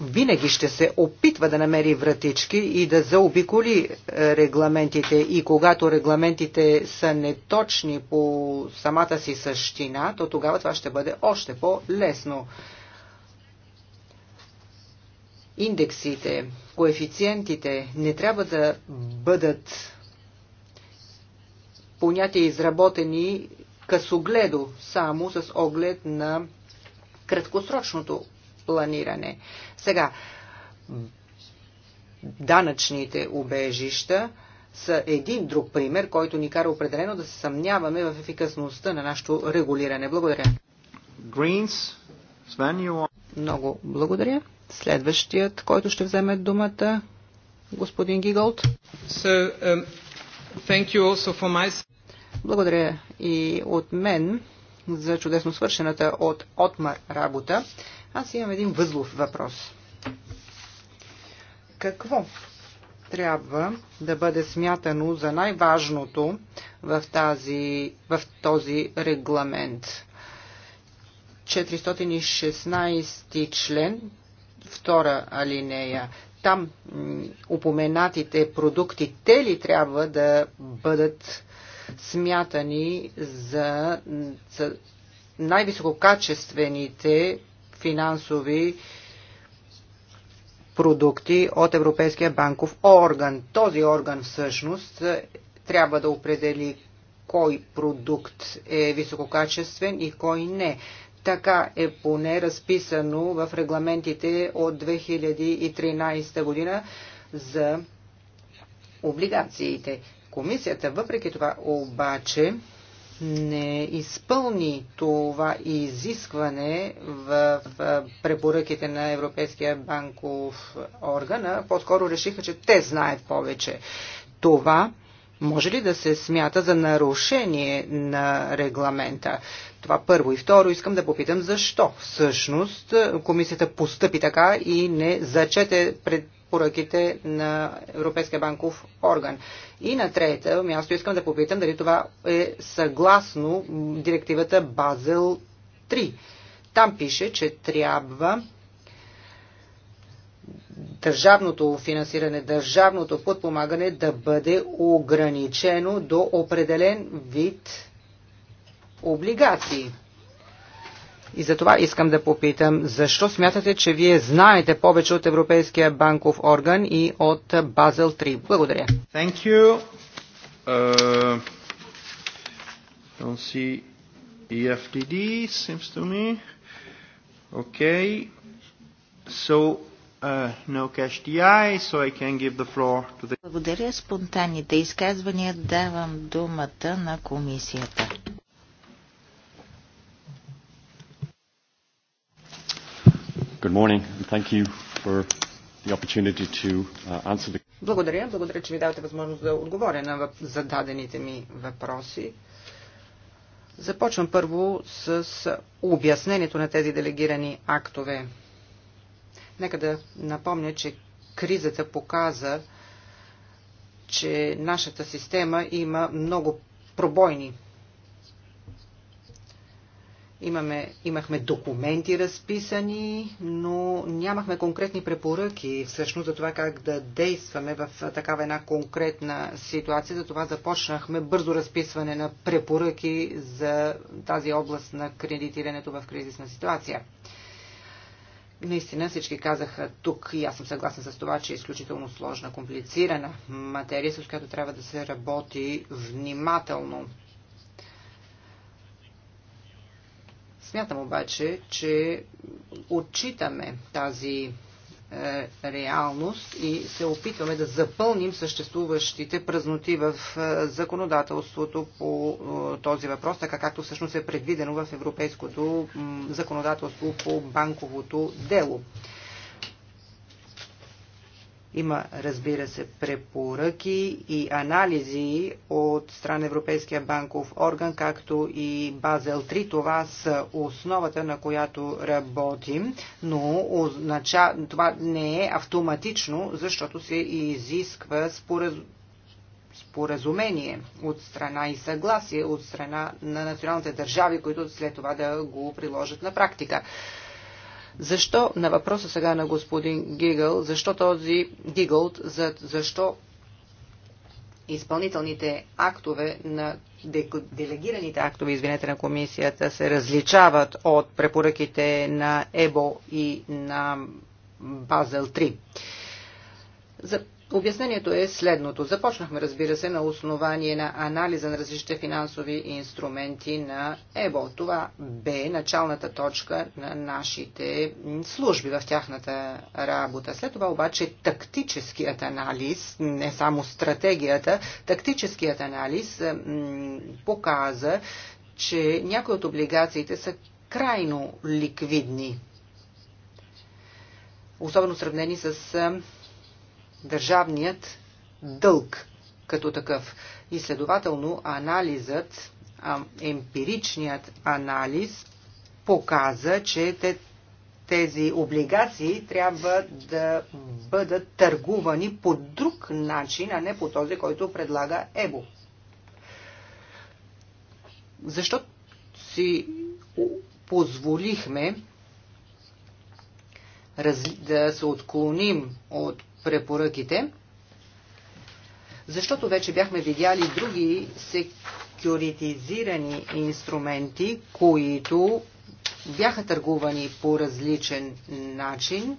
винаги ще се опитва да намери вратички и да заобиколи е, регламентите. И когато регламентите са неточни по самата си същина, то тогава това ще бъде още по-лесно. Индексите, коефициентите не трябва да бъдат понятия изработени късогледо, само с оглед на краткосрочното планиране. Сега, данъчните убежища са един друг пример, който ни кара определено да се съмняваме в ефикасността на нашето регулиране. Благодаря. Greens, Sven, you are... Много благодаря. Следващият, който ще вземе думата, господин Гиголд. So, um, thank you also for my... Благодаря и от мен за чудесно свършената от Отмар работа. Аз имам един възлов въпрос. Какво трябва да бъде смятано за най-важното в, тази, в този регламент? 416 член, втора алинея. Там упоменатите продукти, те ли трябва да бъдат смятани за, за най-висококачествените финансови продукти от Европейския банков орган. Този орган всъщност трябва да определи кой продукт е висококачествен и кой не. Така е поне разписано в регламентите от 2013 година за облигациите. Комисията, въпреки това обаче, не изпълни това изискване в препоръките на Европейския банков орган, по-скоро решиха, че те знаят повече. Това може ли да се смята за нарушение на регламента? Това първо. И второ, искам да попитам защо всъщност комисията постъпи така и не зачете пред поръките на Европейския банков орган. И на трето място искам да попитам дали това е съгласно директивата Базел 3. Там пише, че трябва държавното финансиране, държавното подпомагане да бъде ограничено до определен вид облигации. И за това искам да попитам, защо смятате, че вие знаете повече от Европейския банков орган и от Базел 3? Благодаря. Thank you. Uh, don't see EFTD, seems to me. Okay. So, uh, no cash DI, so I can give the floor to the... Благодаря спонтанните изказвания. Давам думата на комисията. Good morning, thank you for the opportunity to uh, answer the... Благодаря. Благодаря, че ви давате възможност да отговоря на зададените ми въпроси. Започвам първо с обяснението на тези делегирани актове. Нека да напомня, че кризата показа, че нашата система има много пробойни Имаме, имахме документи разписани, но нямахме конкретни препоръки всъщност за това как да действаме в такава една конкретна ситуация. Затова започнахме бързо разписване на препоръки за тази област на кредитирането в кризисна ситуация. Наистина всички казаха тук, и аз съм съгласна с това, че е изключително сложна, комплицирана материя, с която трябва да се работи внимателно. Смятам обаче, че отчитаме тази е, реалност и се опитваме да запълним съществуващите празноти в е, законодателството по е, този въпрос, така както всъщност е предвидено в европейското законодателство по банковото дело. Има, разбира се, препоръки и анализи от страна Европейския банков орган, както и Базел 3. Това са основата, на която работим, но означа... това не е автоматично, защото се изисква спораз... споразумение от страна и съгласие от страна на националните държави, които след това да го приложат на практика. Защо, на въпроса сега на господин Гигъл, защо този Гигъл, за, защо изпълнителните актове на делегираните актове, извинете, на комисията се различават от препоръките на ЕБО и на Базел 3. За Обяснението е следното. Започнахме, разбира се, на основание на анализа на различните финансови инструменти на ЕБО. Това бе началната точка на нашите служби в тяхната работа. След това обаче тактическият анализ, не само стратегията, тактическият анализ показа, че някои от облигациите са крайно ликвидни. Особено сравнени с държавният дълг като такъв. И следователно анализът, емпиричният анализ показа, че те, тези облигации трябва да бъдат търгувани по друг начин, а не по този, който предлага ЕБО. Защо си позволихме да се отклоним от препоръките, защото вече бяхме видяли други секюритизирани инструменти, които бяха търгувани по различен начин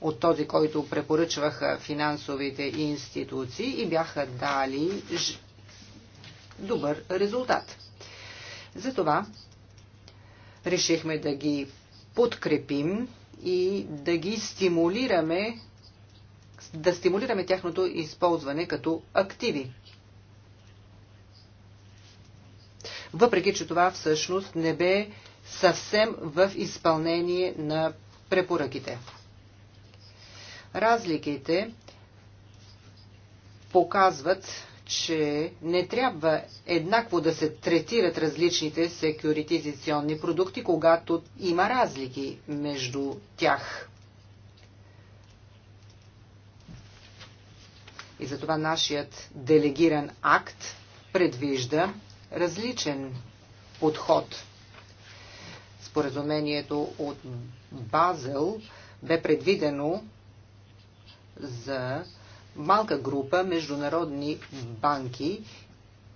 от този, който препоръчваха финансовите институции и бяха дали ж... добър резултат. Затова решихме да ги подкрепим и да ги стимулираме да стимулираме тяхното използване като активи. Въпреки, че това всъщност не бе съвсем в изпълнение на препоръките. Разликите показват, че не трябва еднакво да се третират различните секюритизационни продукти, когато има разлики между тях. И затова нашият делегиран акт предвижда различен подход. Споразумението от Базел бе предвидено за малка група международни банки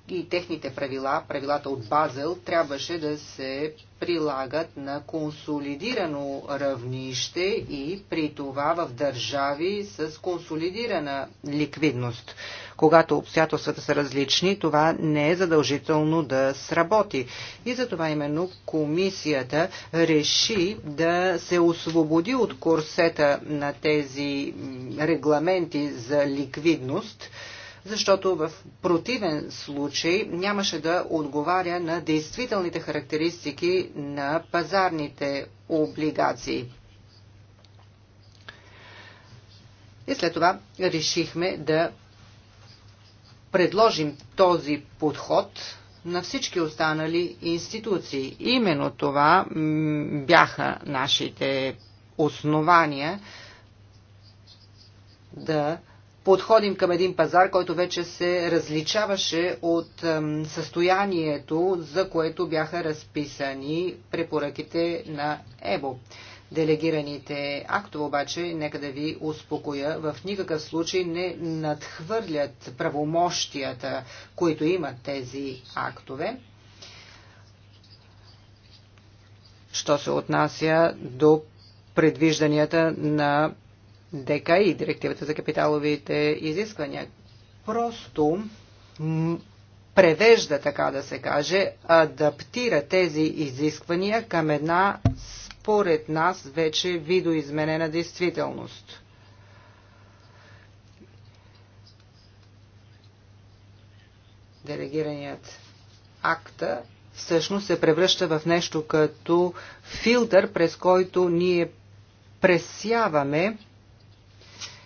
и техните правила, правилата от Базел, трябваше да се прилагат на консолидирано равнище и при това в държави с консолидирана ликвидност. Когато обстоятелствата са различни, това не е задължително да сработи. И затова именно комисията реши да се освободи от курсета на тези регламенти за ликвидност – защото в противен случай нямаше да отговаря на действителните характеристики на пазарните облигации. И след това решихме да предложим този подход на всички останали институции. Именно това бяха нашите основания да подходим към един пазар, който вече се различаваше от състоянието, за което бяха разписани препоръките на ЕБО. Делегираните актове обаче, нека да ви успокоя, в никакъв случай не надхвърлят правомощията, които имат тези актове. Що се отнася до предвижданията на дека и директивата за капиталовите изисквания. Просто превежда, така да се каже, адаптира тези изисквания към една, според нас, вече видоизменена действителност. Делегираният акта всъщност се превръща в нещо като филтър, през който ние пресяваме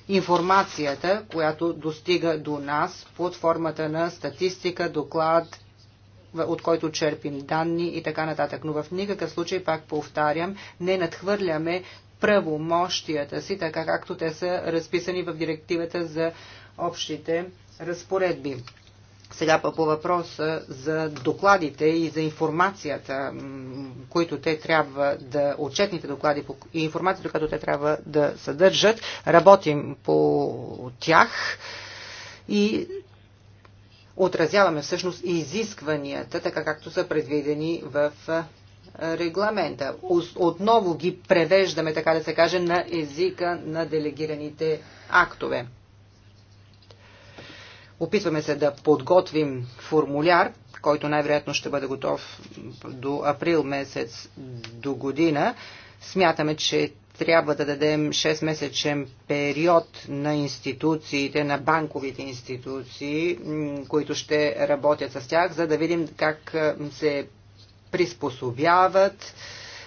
информацията, която достига до нас под формата на статистика, доклад, от който черпим данни и така нататък. Но в никакъв случай, пак повтарям, не надхвърляме правомощията си, така както те са разписани в директивата за общите разпоредби. Сега по въпроса за докладите и за информацията, които те трябва да, отчетните доклади и информацията, която те трябва да съдържат, работим по тях и отразяваме всъщност изискванията, така както са предвидени в регламента. Отново ги превеждаме, така да се каже, на езика на делегираните актове. Опитваме се да подготвим формуляр, който най-вероятно ще бъде готов до април месец до година. Смятаме, че трябва да дадем 6-месечен период на институциите, на банковите институции, които ще работят с тях, за да видим как се приспособяват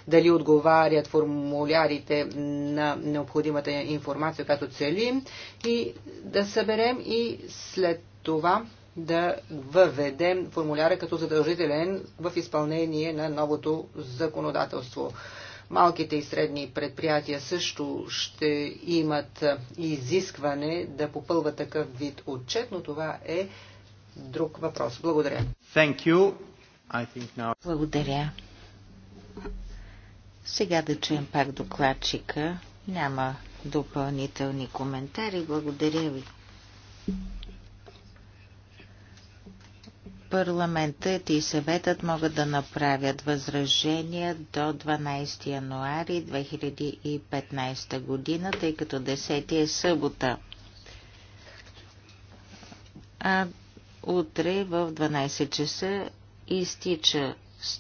дали отговарят формулярите на необходимата информация, която целим и да съберем и след това да въведем формуляра като задължителен в изпълнение на новото законодателство. Малките и средни предприятия също ще имат изискване да попълват такъв вид отчет, но това е друг въпрос. Благодаря. Thank you. I think now... Благодаря. Сега да чуем пак докладчика. Няма допълнителни коментари. Благодаря ви. Парламентът и съветът могат да направят възражения до 12 януари 2015 година, тъй като 10 е събота. А утре в 12 часа изтича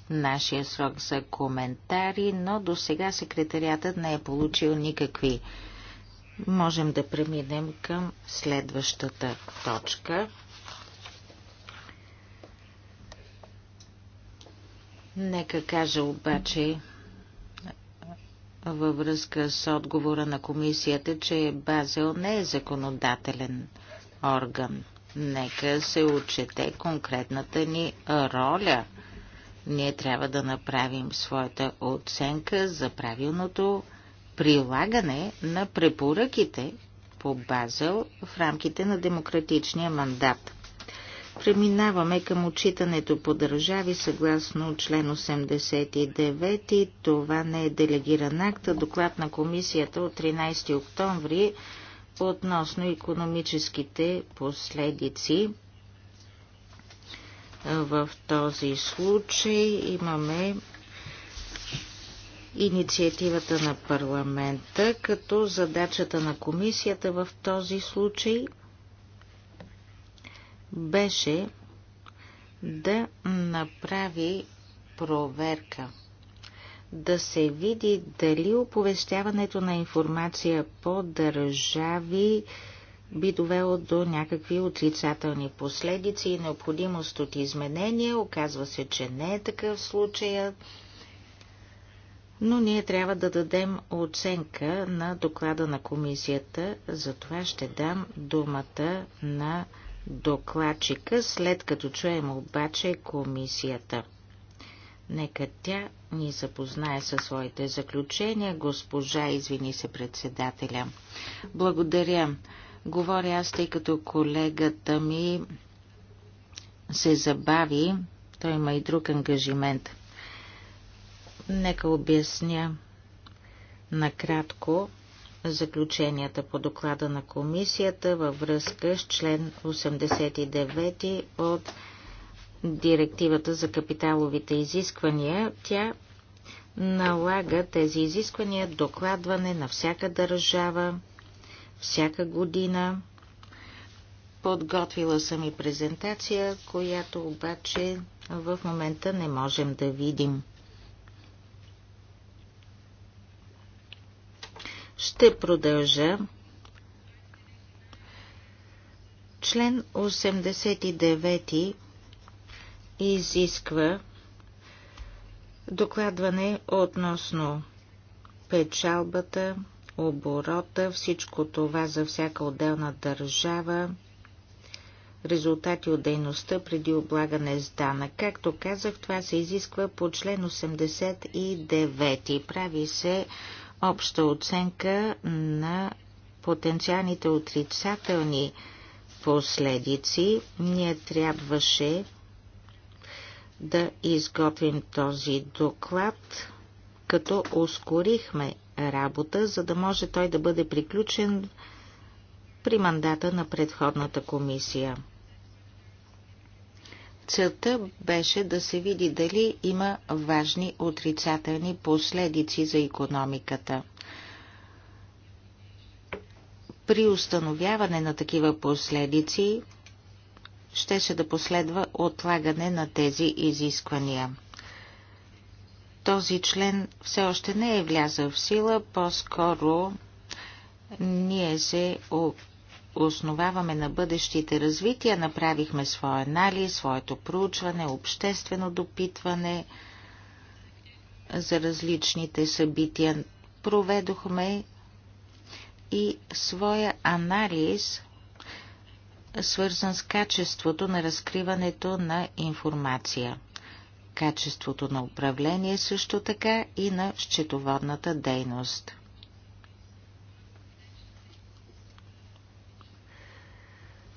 нашия срок за коментари, но до сега секретариатът не е получил никакви. Можем да преминем към следващата точка. Нека кажа обаче във връзка с отговора на комисията, че Базел не е законодателен орган. Нека се отчете конкретната ни роля ние трябва да направим своята оценка за правилното прилагане на препоръките по Базел в рамките на демократичния мандат. Преминаваме към отчитането по държави съгласно член 89. Това не е делегиран акт, а доклад на комисията от 13 октомври относно економическите последици в този случай имаме инициативата на парламента, като задачата на комисията в този случай беше да направи проверка, да се види дали оповестяването на информация по държави би довело до някакви отрицателни последици и необходимост от изменения. Оказва се, че не е такъв случая, но ние трябва да дадем оценка на доклада на комисията. Затова ще дам думата на докладчика, след като чуем обаче комисията. Нека тя ни запознае със своите заключения, госпожа, извини се, председателя. Благодаря. Говоря аз, тъй като колегата ми се забави, той има и друг ангажимент. Нека обясня накратко заключенията по доклада на комисията във връзка с член 89 от директивата за капиталовите изисквания. Тя налага тези изисквания докладване на всяка държава всяка година. Подготвила съм и презентация, която обаче в момента не можем да видим. Ще продължа. Член 89 изисква докладване относно печалбата, оборота, всичко това за всяка отделна държава, резултати от дейността преди облагане с данък. Както казах, това се изисква по член 89. Прави се обща оценка на потенциалните отрицателни последици. Ние трябваше да изготвим този доклад като ускорихме работа, за да може той да бъде приключен при мандата на предходната комисия. Целта беше да се види дали има важни отрицателни последици за економиката. При установяване на такива последици щеше да последва отлагане на тези изисквания този член все още не е влязъл в сила, по-скоро ние се основаваме на бъдещите развития, направихме своя анализ, своето проучване, обществено допитване за различните събития. Проведохме и своя анализ, свързан с качеството на разкриването на информация качеството на управление, също така и на счетоводната дейност.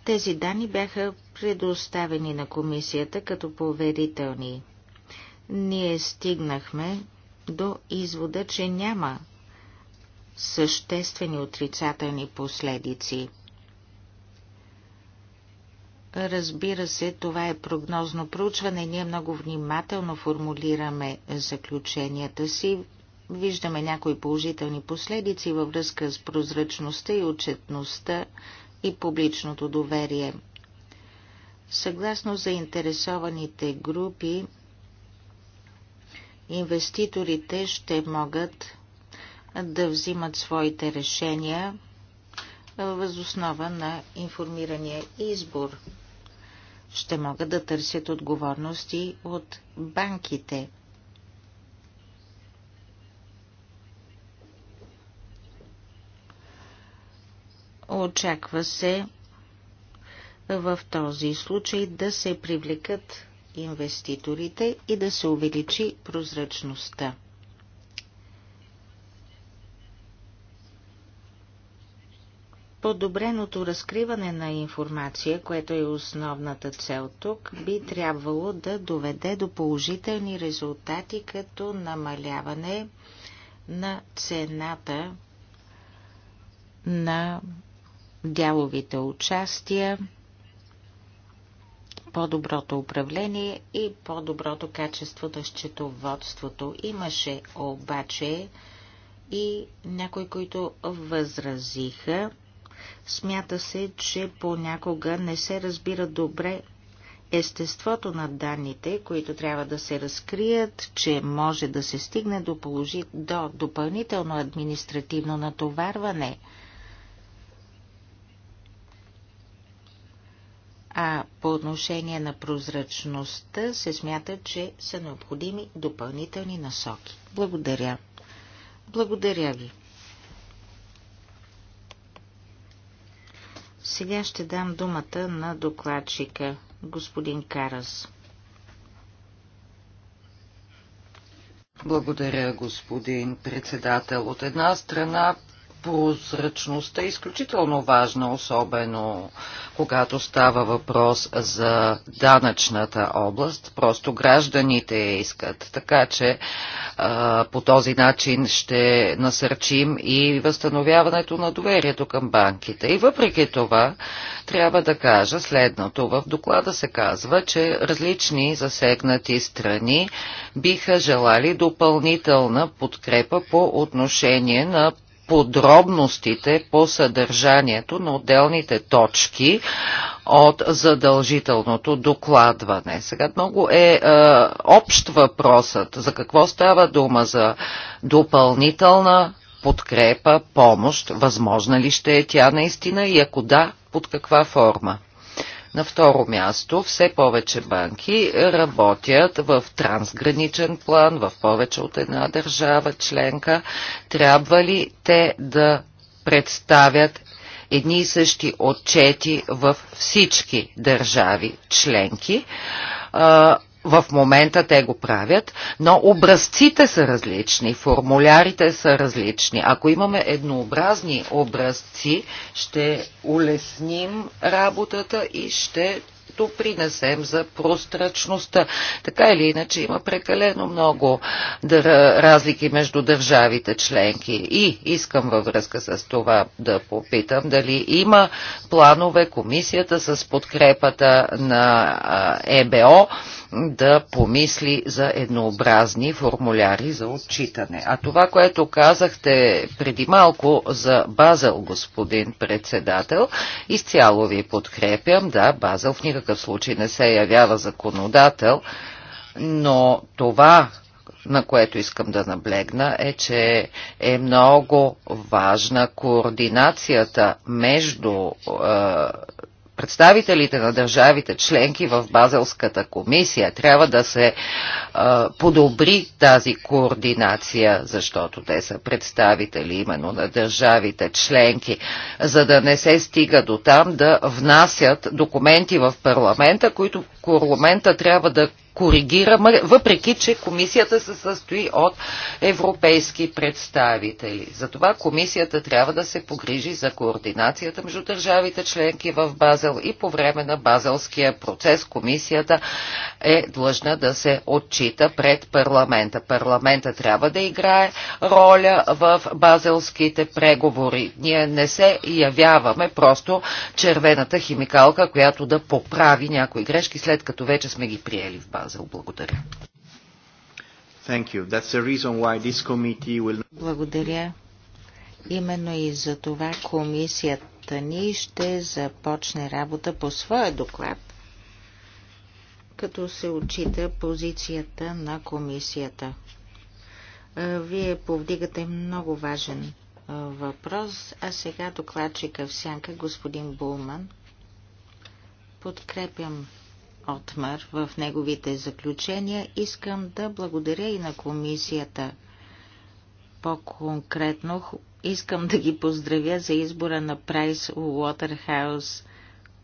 Тези данни бяха предоставени на комисията като поверителни. Ние стигнахме до извода, че няма съществени отрицателни последици. Разбира се, това е прогнозно проучване. Ние много внимателно формулираме заключенията си. Виждаме някои положителни последици във връзка с прозрачността и отчетността и публичното доверие. Съгласно заинтересованите групи, инвеститорите ще могат да взимат своите решения възоснова на информирания избор ще могат да търсят отговорности от банките. Очаква се в този случай да се привлекат инвеститорите и да се увеличи прозрачността. Подобреното разкриване на информация, което е основната цел тук, би трябвало да доведе до положителни резултати, като намаляване на цената на дяловите участия, по-доброто управление и по-доброто качество на счетоводството. Имаше обаче и някои, които възразиха Смята се, че понякога не се разбира добре естеството на данните, които трябва да се разкрият, че може да се стигне до, положи... до допълнително административно натоварване. А по отношение на прозрачността се смята, че са необходими допълнителни насоки. Благодаря. Благодаря ви. Сега ще дам думата на докладчика, господин Карас. Благодаря, господин председател. От една страна прозрачността е изключително важна, особено когато става въпрос за данъчната област. Просто гражданите я искат. Така че а, по този начин ще насърчим и възстановяването на доверието към банките. И въпреки това, трябва да кажа следното. В доклада се казва, че различни засегнати страни биха желали допълнителна подкрепа по отношение на подробностите по съдържанието на отделните точки от задължителното докладване. Сега много е, е общ въпросът за какво става дума за допълнителна подкрепа, помощ, възможна ли ще е тя наистина и ако да, под каква форма? На второ място, все повече банки работят в трансграничен план, в повече от една държава членка. Трябва ли те да представят едни и същи отчети в всички държави членки? в момента те го правят, но образците са различни, формулярите са различни. Ако имаме еднообразни образци, ще улесним работата и ще допринесем за прострачността. Така или иначе има прекалено много разлики между държавите членки. И искам във връзка с това да попитам дали има планове комисията с подкрепата на ЕБО да помисли за еднообразни формуляри за отчитане. А това, което казахте преди малко за Базел, господин председател, изцяло ви подкрепям. Да, Базел в никакъв случай не се явява законодател, но това, на което искам да наблегна, е, че е много важна координацията между е, представителите на държавите членки в Базелската комисия. Трябва да се а, подобри тази координация, защото те са представители именно на държавите членки, за да не се стига до там да внасят документи в парламента, които парламента трябва да коригира, въпреки че комисията се състои от европейски представители. Затова комисията трябва да се погрижи за координацията между държавите членки в Базел и по време на базелския процес комисията е длъжна да се отчита пред парламента. Парламента трябва да играе роля в базелските преговори. Ние не се явяваме просто червената химикалка, която да поправи някои грешки след след като вече сме ги приели в Базел. Благодаря. Will... Благодаря. Именно и за това комисията ни ще започне работа по своя доклад, като се отчита позицията на комисията. Вие повдигате много важен въпрос, а сега докладчика в сянка господин Булман. Подкрепям Отмар в неговите заключения. Искам да благодаря и на комисията. По-конкретно искам да ги поздравя за избора на Прайс Уотерхаус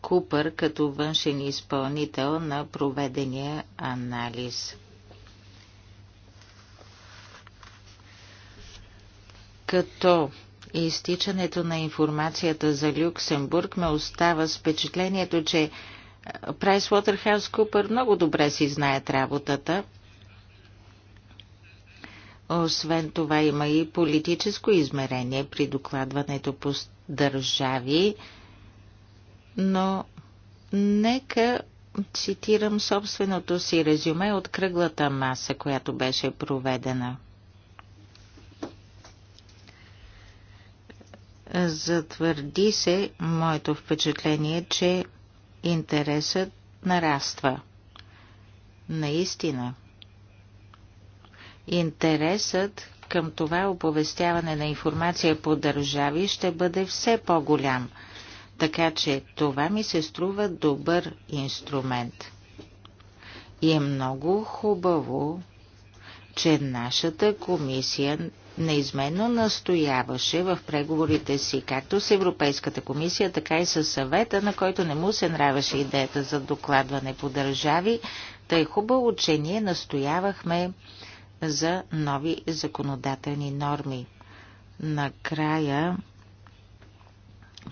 Купър като външен изпълнител на проведения анализ. Като изтичането на информацията за Люксембург ме остава с впечатлението, че PricewaterhouseCoopers много добре си знаят работата. Освен това има и политическо измерение при докладването по държави, но нека цитирам собственото си резюме от кръглата маса, която беше проведена. Затвърди се моето впечатление, че интересът нараства. Наистина. Интересът към това оповестяване на информация по държави ще бъде все по-голям, така че това ми се струва добър инструмент. И е много хубаво, че нашата комисия неизменно настояваше в преговорите си както с Европейската комисия, така и с съвета, на който не му се нравеше идеята за докладване по държави, тъй хубаво, че ние настоявахме за нови законодателни норми. Накрая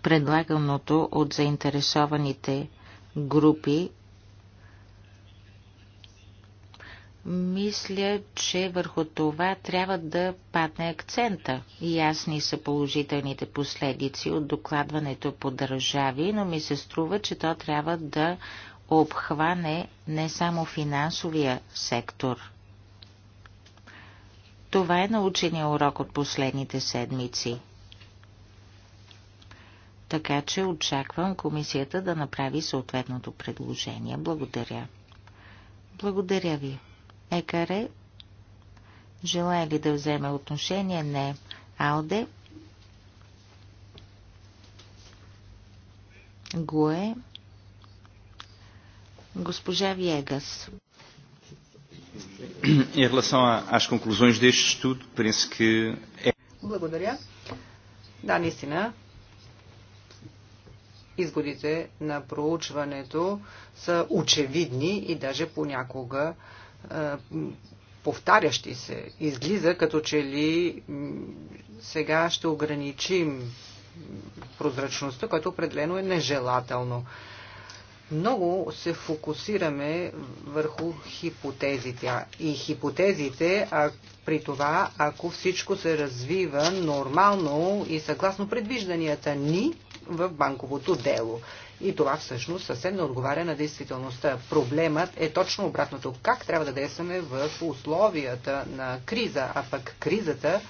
предлаганото от заинтересованите групи Мисля, че върху това трябва да падне акцента. Ясни са положителните последици от докладването по държави, но ми се струва, че то трябва да обхване не само финансовия сектор. Това е научения урок от последните седмици. Така че очаквам комисията да направи съответното предложение. Благодаря. Благодаря ви. Екаре, желая ли да вземе отношение? Не. Алде, Гуе, госпожа Виегас. Em relação às conclusões deste estudo, penso que é. Благодаря. Да, наистина. Изгодите на проучването са очевидни и даже понякога а, повтарящи се. Излиза като че ли сега ще ограничим прозрачността, което определено е нежелателно. Много се фокусираме върху хипотезите. И хипотезите, а при това, ако всичко се развива нормално и съгласно предвижданията ни в банковото дело. И това всъщност съвсем не отговаря на действителността. Проблемът е точно обратното. Как трябва да действаме в условията на криза, а пък кризата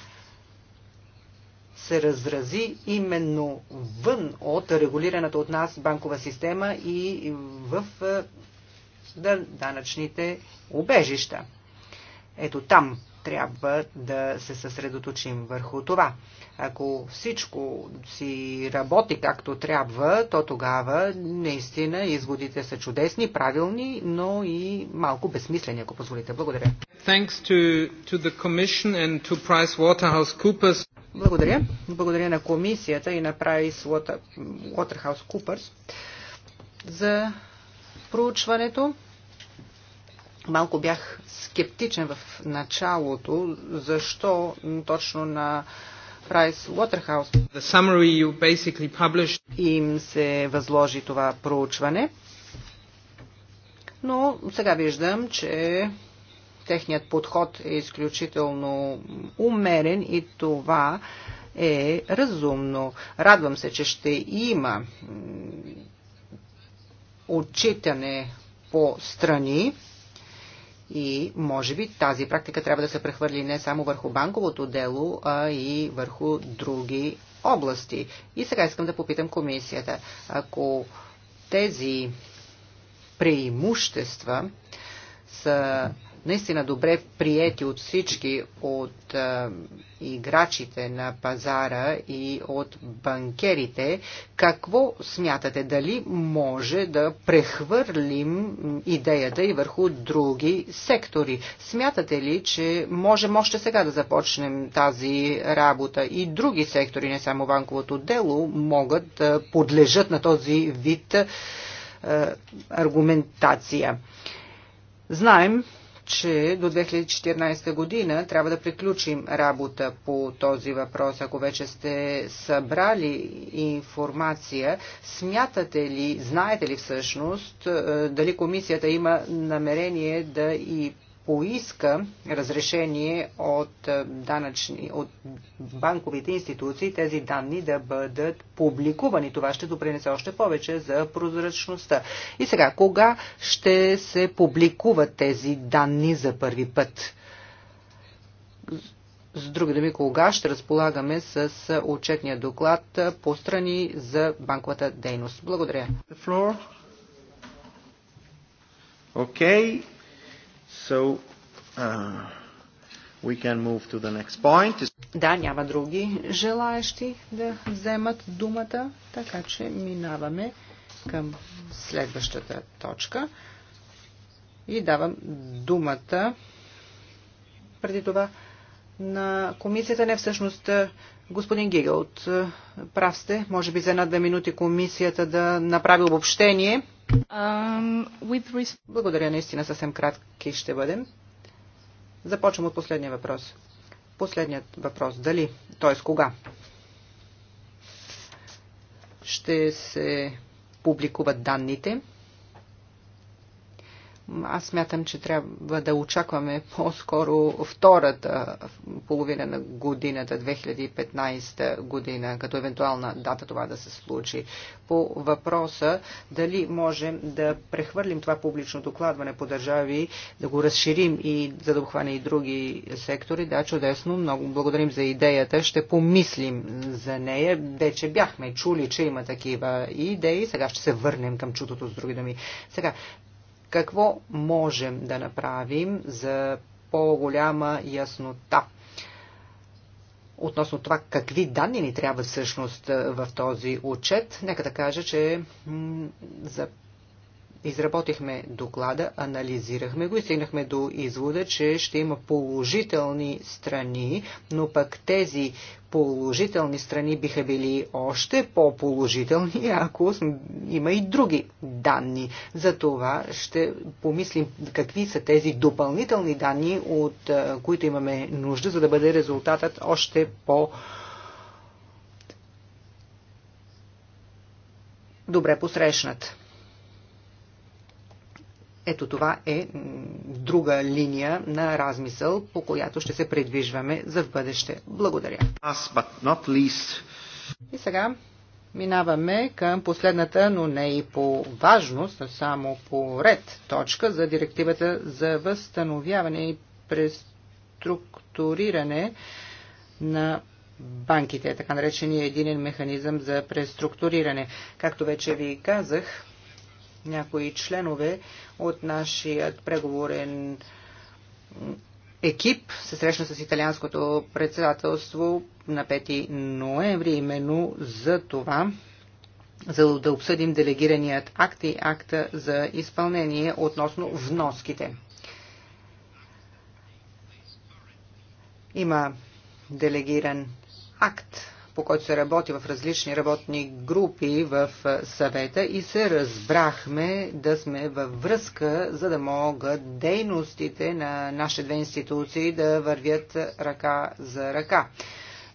се разрази именно вън от регулираната от нас банкова система и в е, данъчните убежища. Ето там трябва да се съсредоточим върху това. Ако всичко си работи както трябва, то тогава наистина изводите са чудесни, правилни, но и малко безсмислени, ако позволите. Благодаря. To, to Благодаря. Благодаря на комисията и на PricewaterhouseCoopers за проучването. Малко бях скептичен в началото, защо точно на Прайс Уотерхаус им се възложи това проучване. Но сега виждам, че техният подход е изключително умерен и това е разумно. Радвам се, че ще има отчитане по страни и може би тази практика трябва да се прехвърли не само върху банковото дело, а и върху други области. И сега искам да попитам комисията. Ако тези преимущества са наистина добре приети от всички, от е, играчите на пазара и от банкерите, какво смятате? Дали може да прехвърлим идеята и върху други сектори? Смятате ли, че можем още сега да започнем тази работа и други сектори, не само банковото дело, могат да подлежат на този вид е, аргументация? Знаем, че до 2014 година трябва да приключим работа по този въпрос. Ако вече сте събрали информация, смятате ли, знаете ли всъщност, е, дали комисията има намерение да и поиска разрешение от, е, данъчни, от банковите институции тези данни да бъдат публикувани. Това ще допринесе още повече за прозрачността. И сега, кога ще се публикуват тези данни за първи път? С други думи, кога ще разполагаме с отчетния доклад по страни за банковата дейност. Благодаря. Okay. So, uh, we can move to the next point. Да, няма други желаящи да вземат думата, така че минаваме към следващата точка и давам думата преди това на комисията, не всъщност господин от Прав сте, може би за една-две минути комисията да направи обобщение Um, Благодаря, наистина съвсем кратки ще бъдем. Започвам от последния въпрос. Последният въпрос. Дали? Т.е. кога? Ще се публикуват данните аз смятам, че трябва да очакваме по-скоро втората половина на годината, 2015 година, като евентуална дата това да се случи. По въпроса дали можем да прехвърлим това публично докладване по държави, да го разширим и за да обхване и други сектори, да, чудесно, много благодарим за идеята, ще помислим за нея. Вече бяхме чули, че има такива идеи, сега ще се върнем към чутото с други думи. Сега, какво можем да направим за по-голяма яснота? относно това какви данни ни трябва всъщност в този отчет, нека да кажа, че за изработихме доклада, анализирахме го и стигнахме до извода, че ще има положителни страни, но пък тези положителни страни биха били още по-положителни, ако има и други данни. За това ще помислим какви са тези допълнителни данни, от е, които имаме нужда, за да бъде резултатът още по- добре посрещнат. Ето това е друга линия на размисъл, по която ще се предвижваме за в бъдеще. Благодаря. И сега минаваме към последната, но не и по важност, а само по ред точка за директивата за възстановяване и преструктуриране на банките, така наречения единен механизъм за преструктуриране. Както вече ви казах, някои членове от нашия преговорен екип се срещна с италианското председателство на 5 ноември именно за това, за да обсъдим делегираният акт и акта за изпълнение относно вноските. Има делегиран акт по който се работи в различни работни групи в съвета и се разбрахме да сме във връзка, за да могат дейностите на нашите две институции да вървят ръка за ръка.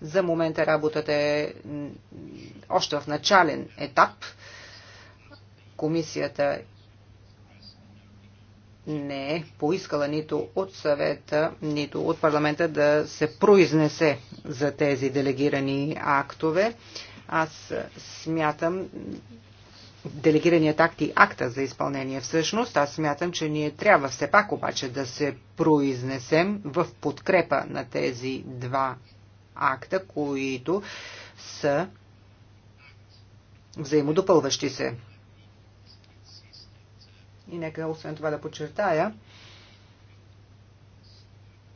За момента работата е още в начален етап. Комисията не е поискала нито от съвета, нито от парламента да се произнесе за тези делегирани актове. Аз смятам, делегираният акт и акта за изпълнение всъщност, аз смятам, че ние трябва все пак обаче да се произнесем в подкрепа на тези два акта, които са взаимодопълващи се. И нека освен това да подчертая,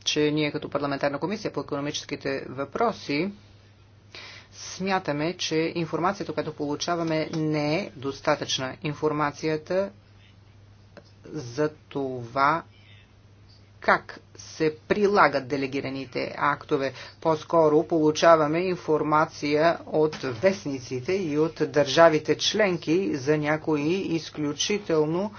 че ние като парламентарна комисия по економическите въпроси смятаме, че информацията, която получаваме, не е достатъчна. Информацията за това как се прилагат делегираните актове. По-скоро получаваме информация от вестниците и от държавите членки за някои изключително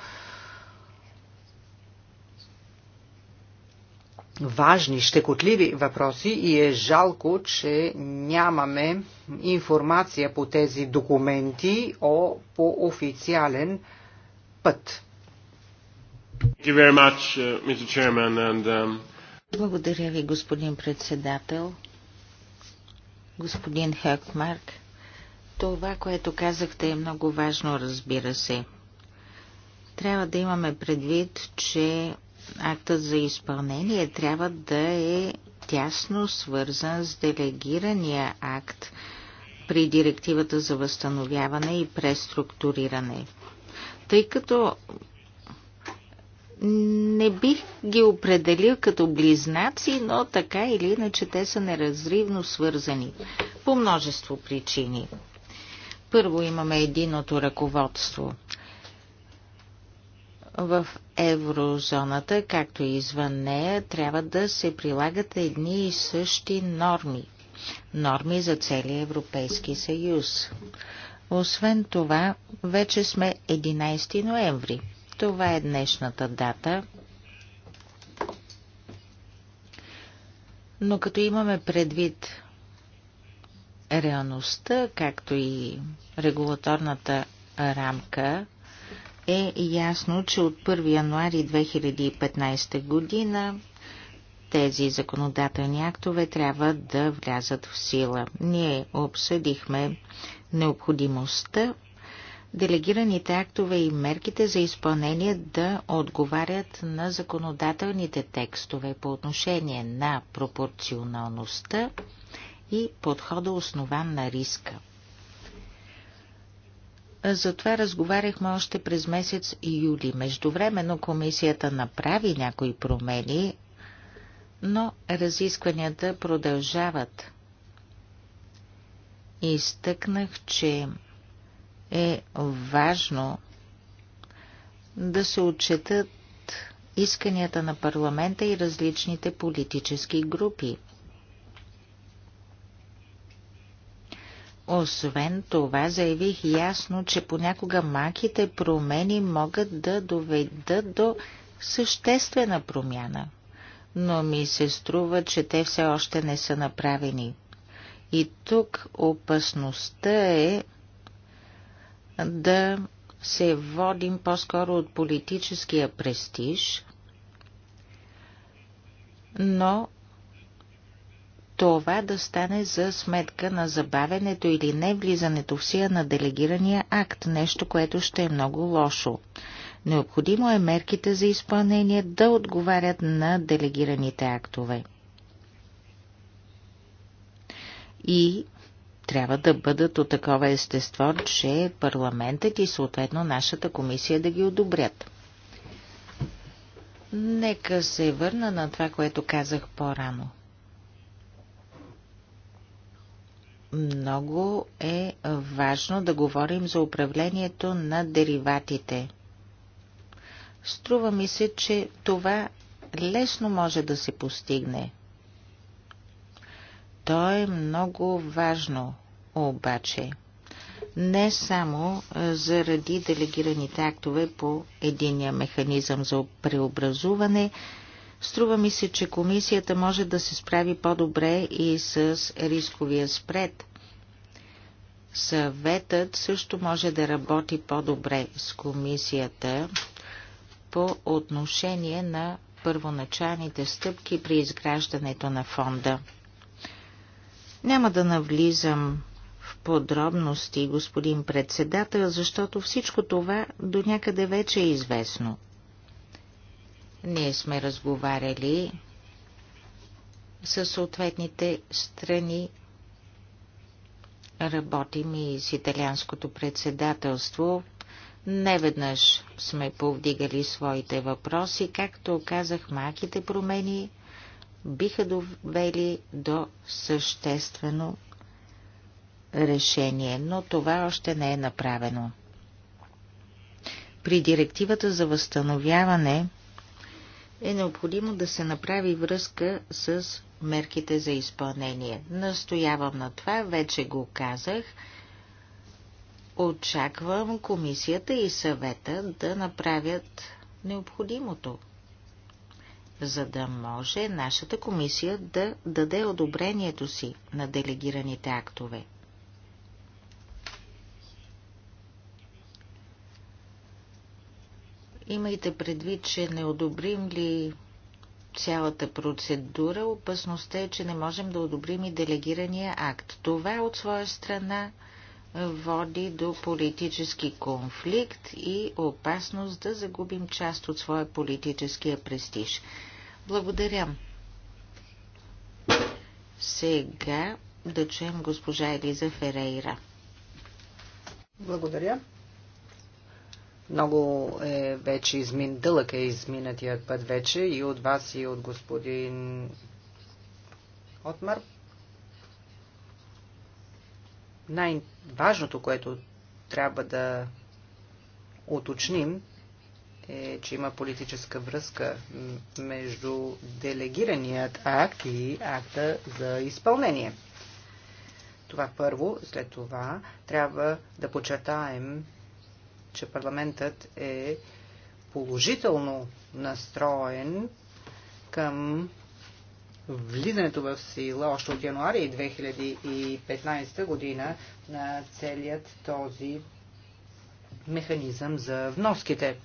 важни, щекотливи въпроси и е жалко, че нямаме информация по тези документи о, по официален път. Uh, um, Благодаря ви, господин председател. Господин Хакмарк, това, което казахте е много важно, разбира се. Трябва да имаме предвид, че актът за изпълнение трябва да е тясно свързан с делегирания акт при директивата за възстановяване и преструктуриране. Тъй като не бих ги определил като близнаци, но така или иначе те са неразривно свързани по множество причини. Първо имаме единото ръководство – в еврозоната, както и извън нея, трябва да се прилагат едни и същи норми. Норми за целия Европейски съюз. Освен това, вече сме 11 ноември. Това е днешната дата. Но като имаме предвид реалността, както и регулаторната рамка, е ясно, че от 1 януари 2015 година тези законодателни актове трябва да влязат в сила. Ние обсъдихме необходимостта делегираните актове и мерките за изпълнение да отговарят на законодателните текстове по отношение на пропорционалността и подхода основан на риска. Затова разговаряхме още през месец юли. Междувременно комисията направи някои промени, но разискванията продължават. Изтъкнах, че е важно да се отчетат исканията на парламента и различните политически групи. Освен това, заявих ясно, че понякога маките промени могат да доведат до съществена промяна. Но ми се струва, че те все още не са направени. И тук опасността е да се водим по-скоро от политическия престиж, но това да стане за сметка на забавенето или не влизането в сила на делегирания акт, нещо, което ще е много лошо. Необходимо е мерките за изпълнение да отговарят на делегираните актове. И трябва да бъдат от такова естество, че парламентът и съответно нашата комисия да ги одобрят. Нека се върна на това, което казах по-рано. много е важно да говорим за управлението на дериватите. Струва ми се, че това лесно може да се постигне. То е много важно, обаче, не само заради делегираните актове по единия механизъм за преобразуване, Струва ми се, че комисията може да се справи по-добре и с рисковия спред. Съветът също може да работи по-добре с комисията по отношение на първоначалните стъпки при изграждането на фонда. Няма да навлизам в подробности, господин председател, защото всичко това до някъде вече е известно. Ние сме разговаряли с съответните страни. Работим и с италианското председателство. Неведнъж сме повдигали своите въпроси. Както казах, малките промени биха довели до съществено решение, но това още не е направено. При директивата за възстановяване е необходимо да се направи връзка с мерките за изпълнение. Настоявам на това, вече го казах. Очаквам комисията и съвета да направят необходимото, за да може нашата комисия да даде одобрението си на делегираните актове. Имайте предвид, че не одобрим ли цялата процедура, опасността е, че не можем да одобрим и делегирания акт. Това от своя страна води до политически конфликт и опасност да загубим част от своя политическия престиж. Благодаря. Сега да чуем госпожа Елиза Ферейра. Благодаря. Много е вече измин, дълъг е изминатият път вече и от вас и от господин Отмар. Най-важното, което трябва да уточним е, че има политическа връзка между делегираният акт и акта за изпълнение. Това първо, след това трябва да почертаем че парламентът е положително настроен към влизането в сила още от януари 2015 година на целият този механизъм за вноските.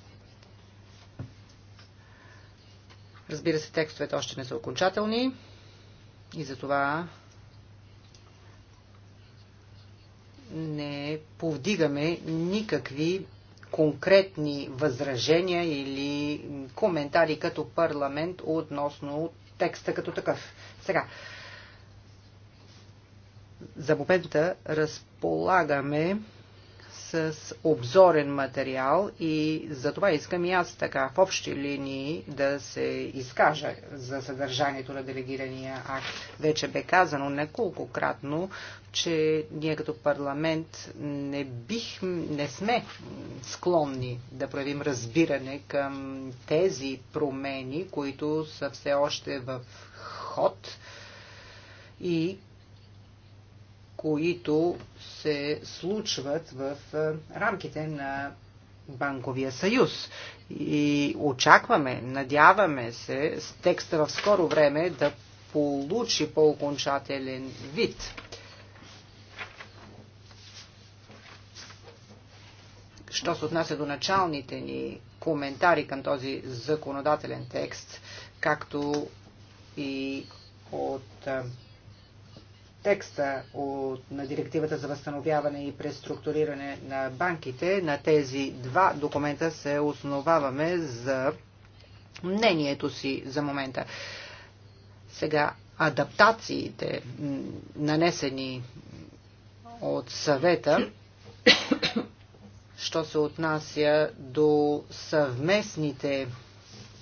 Разбира се, текстовете още не са окончателни и затова не повдигаме никакви конкретни възражения или коментари като парламент относно текста като такъв. Сега, за момента разполагаме с обзорен материал и за това искам и аз така в общи линии да се изкажа за съдържанието на делегирания акт. Вече бе казано неколкократно, че ние като парламент не, бих, не сме склонни да правим разбиране към тези промени, които са все още в ход и които се случват в рамките на Банковия съюз. И очакваме, надяваме се с текста в скоро време да получи по-окончателен вид. Що се отнася до началните ни коментари към този законодателен текст, както и от текста от, на директивата за възстановяване и преструктуриране на банките, на тези два документа се основаваме за мнението си за момента. Сега адаптациите, нанесени от съвета, що се отнася до съвместните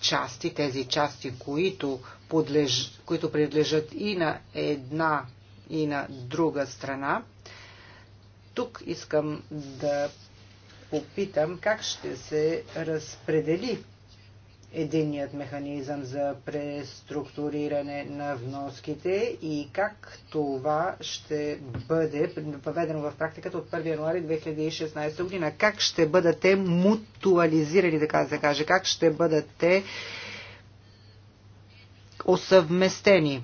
части, тези части, които, подлеж... които принадлежат и на една и на друга страна. Тук искам да попитам как ще се разпредели единият механизъм за преструктуриране на вноските и как това ще бъде въведено в практиката от 1 януари 2016 година. Как ще бъдат те мутуализирани, така да се каже, как ще бъдат те осъвместени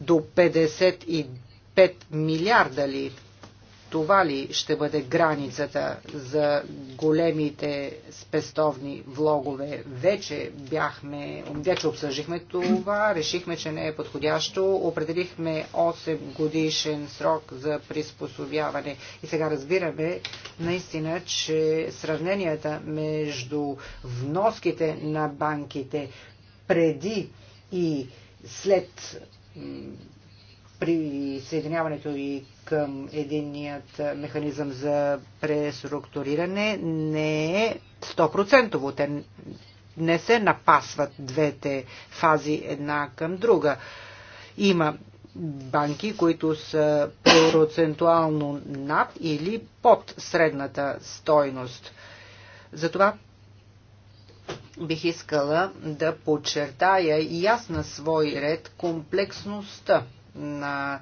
до 55 милиарда ли? Това ли ще бъде границата за големите спестовни влогове? Вече бяхме, вече обсъжихме това, решихме, че не е подходящо, определихме 8 годишен срок за приспособяване и сега разбираме наистина, че сравненията между вноските на банките преди и след присъединяването и към единният механизъм за преструктуриране не е 100%. Те не се напасват двете фази една към друга. Има банки, които са процентуално над или под средната стойност. Затова бих искала да подчертая и аз на свой ред комплексността на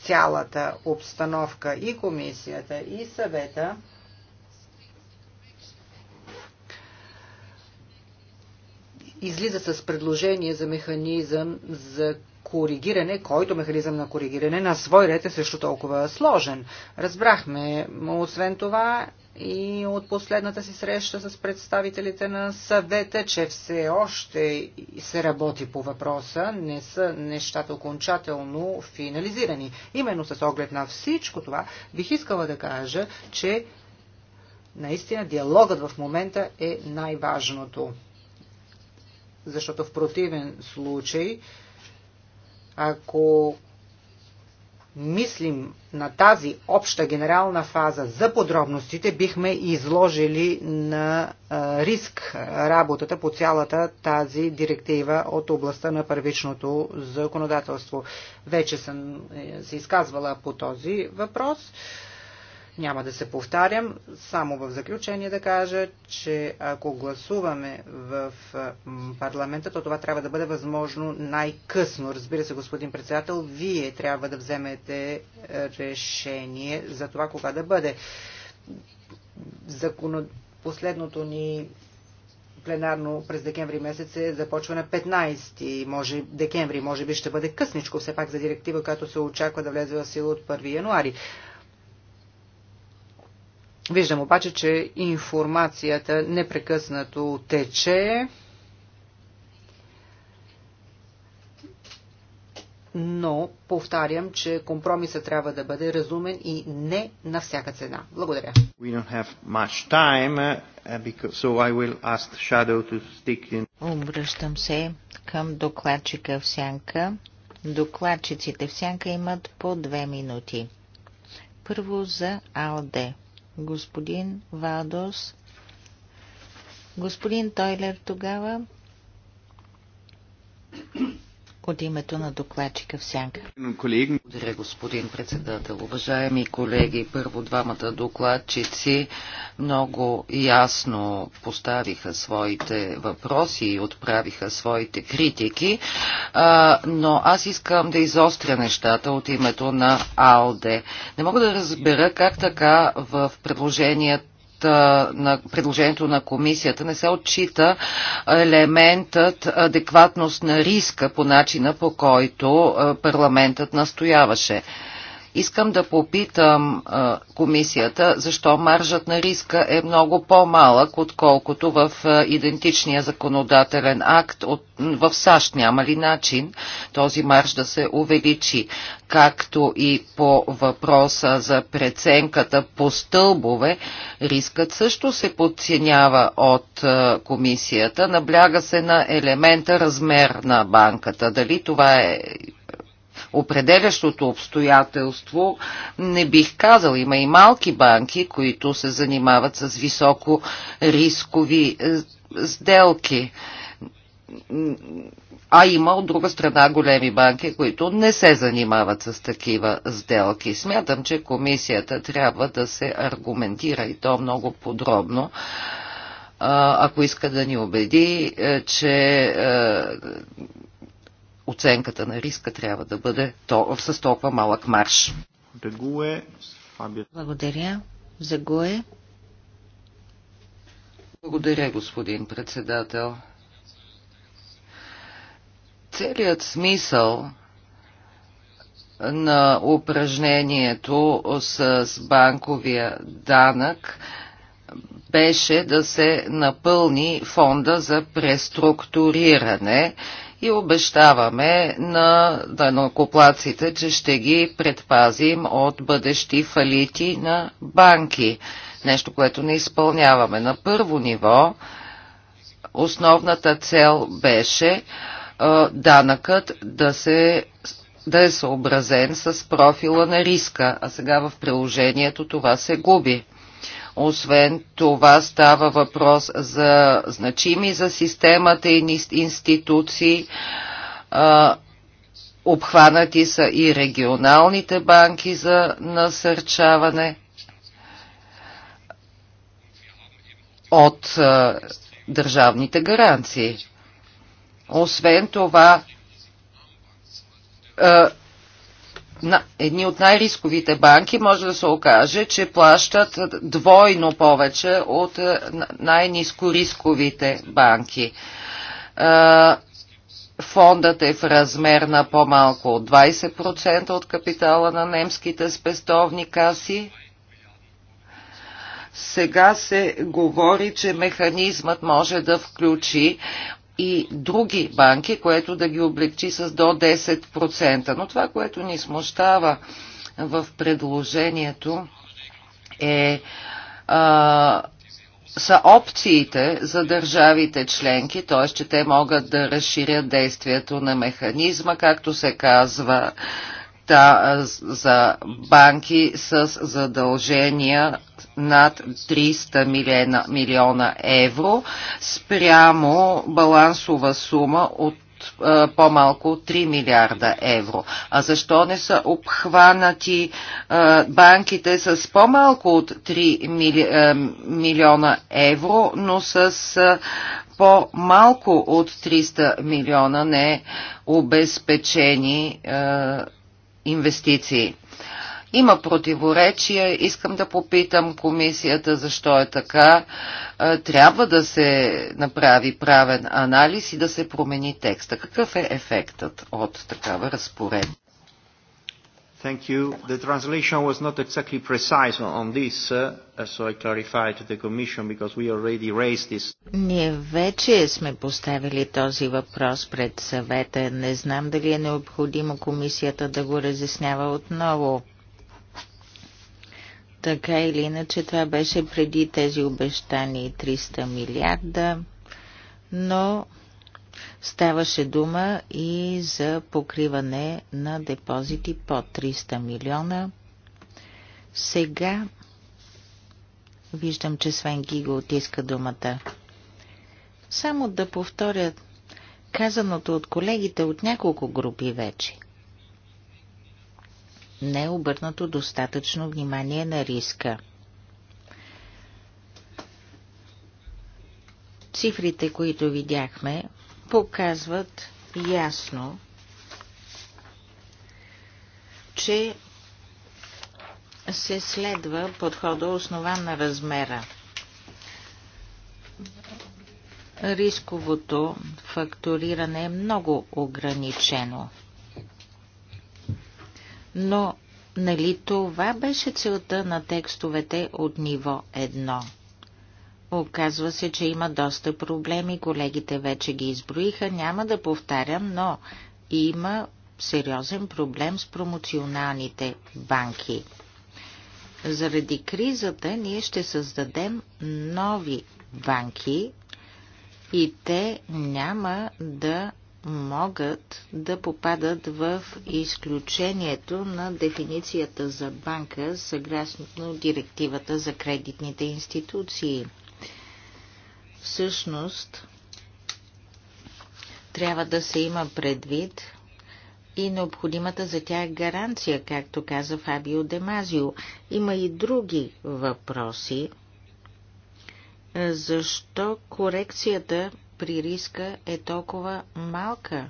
цялата обстановка и комисията, и съвета излиза с предложение за механизъм за коригиране, който механизъм на коригиране на свой ред е също толкова сложен. Разбрахме, освен това, и от последната си среща с представителите на съвета, че все още се работи по въпроса, не са нещата окончателно финализирани. Именно с оглед на всичко това, бих искала да кажа, че наистина диалогът в момента е най-важното. Защото в противен случай, ако мислим на тази обща генерална фаза за подробностите, бихме изложили на риск работата по цялата тази директива от областта на първичното законодателство. Вече съм е, се изказвала по този въпрос. Няма да се повтарям, само в заключение да кажа, че ако гласуваме в парламента, то това трябва да бъде възможно най-късно. Разбира се, господин председател, вие трябва да вземете е, решение за това кога да бъде. Законо... Последното ни пленарно през декември месец е започва на 15 може, декември. Може би ще бъде късничко все пак за директива, която се очаква да влезе в сила от 1 януари. Виждам обаче, че информацията непрекъснато тече. но повтарям, че компромисът трябва да бъде разумен и не на всяка цена. Благодаря. Time, uh, because, so in... Обръщам се към докладчика в сянка. Докладчиците в сянка имат по две минути. Първо за АЛДЕ господин Вадос, господин Тойлер тогава от името на докладчика в сянка. Благодаря, господин председател. Уважаеми колеги, първо двамата докладчици много ясно поставиха своите въпроси и отправиха своите критики, а, но аз искам да изостря нещата от името на Алде. Не мога да разбера как така в предложението на предложението на комисията не се отчита елементът адекватност на риска по начина по който парламентът настояваше. Искам да попитам а, комисията, защо маржът на риска е много по-малък, отколкото в а, идентичния законодателен акт от, в САЩ. Няма ли начин този марж да се увеличи? Както и по въпроса за преценката по стълбове, рискът също се подценява от а, комисията. Набляга се на елемента размер на банката. Дали това е определящото обстоятелство не бих казал. Има и малки банки, които се занимават с високо рискови е, сделки. А има от друга страна големи банки, които не се занимават с такива сделки. Смятам, че комисията трябва да се аргументира и то много подробно, ако иска да ни убеди, е, че е, оценката на риска трябва да бъде то, с толкова малък марш. Благодаря. За Гуе. Благодаря, господин председател. Целият смисъл на упражнението с банковия данък беше да се напълни фонда за преструктуриране и обещаваме на данокоплаците, че ще ги предпазим от бъдещи фалити на банки. Нещо, което не изпълняваме. На първо ниво основната цел беше е, данъкът да се да е съобразен с профила на риска, а сега в приложението това се губи. Освен това става въпрос за значими за системата и институции. Обхванати са и регионалните банки за насърчаване от държавните гаранции. Освен това, едни от най-рисковите банки може да се окаже, че плащат двойно повече от е, най-низко рисковите банки. Е, фондът е в размер на по-малко от 20% от капитала на немските спестовни каси. Сега се говори, че механизмът може да включи и други банки, което да ги облегчи с до 10%. Но това, което ни смущава в предложението е а, са опциите за държавите членки, т.е. че те могат да разширят действието на механизма, както се казва та, за банки с задължения над 300 милиона, милиона евро спрямо балансова сума от е, по-малко 3 милиарда евро. А защо не са обхванати е, банките с по-малко от 3 мили, е, милиона евро, но с по-малко от 300 милиона не обезпечени инвестиции? Има противоречия. Искам да попитам комисията защо е така. Е, трябва да се направи правен анализ и да се промени текста. Какъв е ефектът от такава разпоред. Thank you. The translation was not exactly precise on this, uh, so I clarified to the Commission because we already raised this. Ние вече сме поставили този въпрос пред съвета. Не знам дали е необходимо комисията да го разяснява отново. Така или иначе, това беше преди тези обещани 300 милиарда, но ставаше дума и за покриване на депозити под 300 милиона. Сега виждам, че Свен Гиго отиска думата. Само да повторя казаното от колегите от няколко групи вече – не е обърнато достатъчно внимание на риска. Цифрите, които видяхме, показват ясно, че се следва подхода основан на размера. Рисковото фактуриране е много ограничено – но нали това беше целта на текстовете от ниво 1? Оказва се, че има доста проблеми, колегите вече ги изброиха, няма да повтарям, но има сериозен проблем с промоционалните банки. Заради кризата ние ще създадем нови банки и те няма да могат да попадат в изключението на дефиницията за банка съгласно директивата за кредитните институции. Всъщност, трябва да се има предвид и необходимата за тях гаранция, както каза Фабио Демазио. Има и други въпроси. Защо корекцията при риска е толкова малка?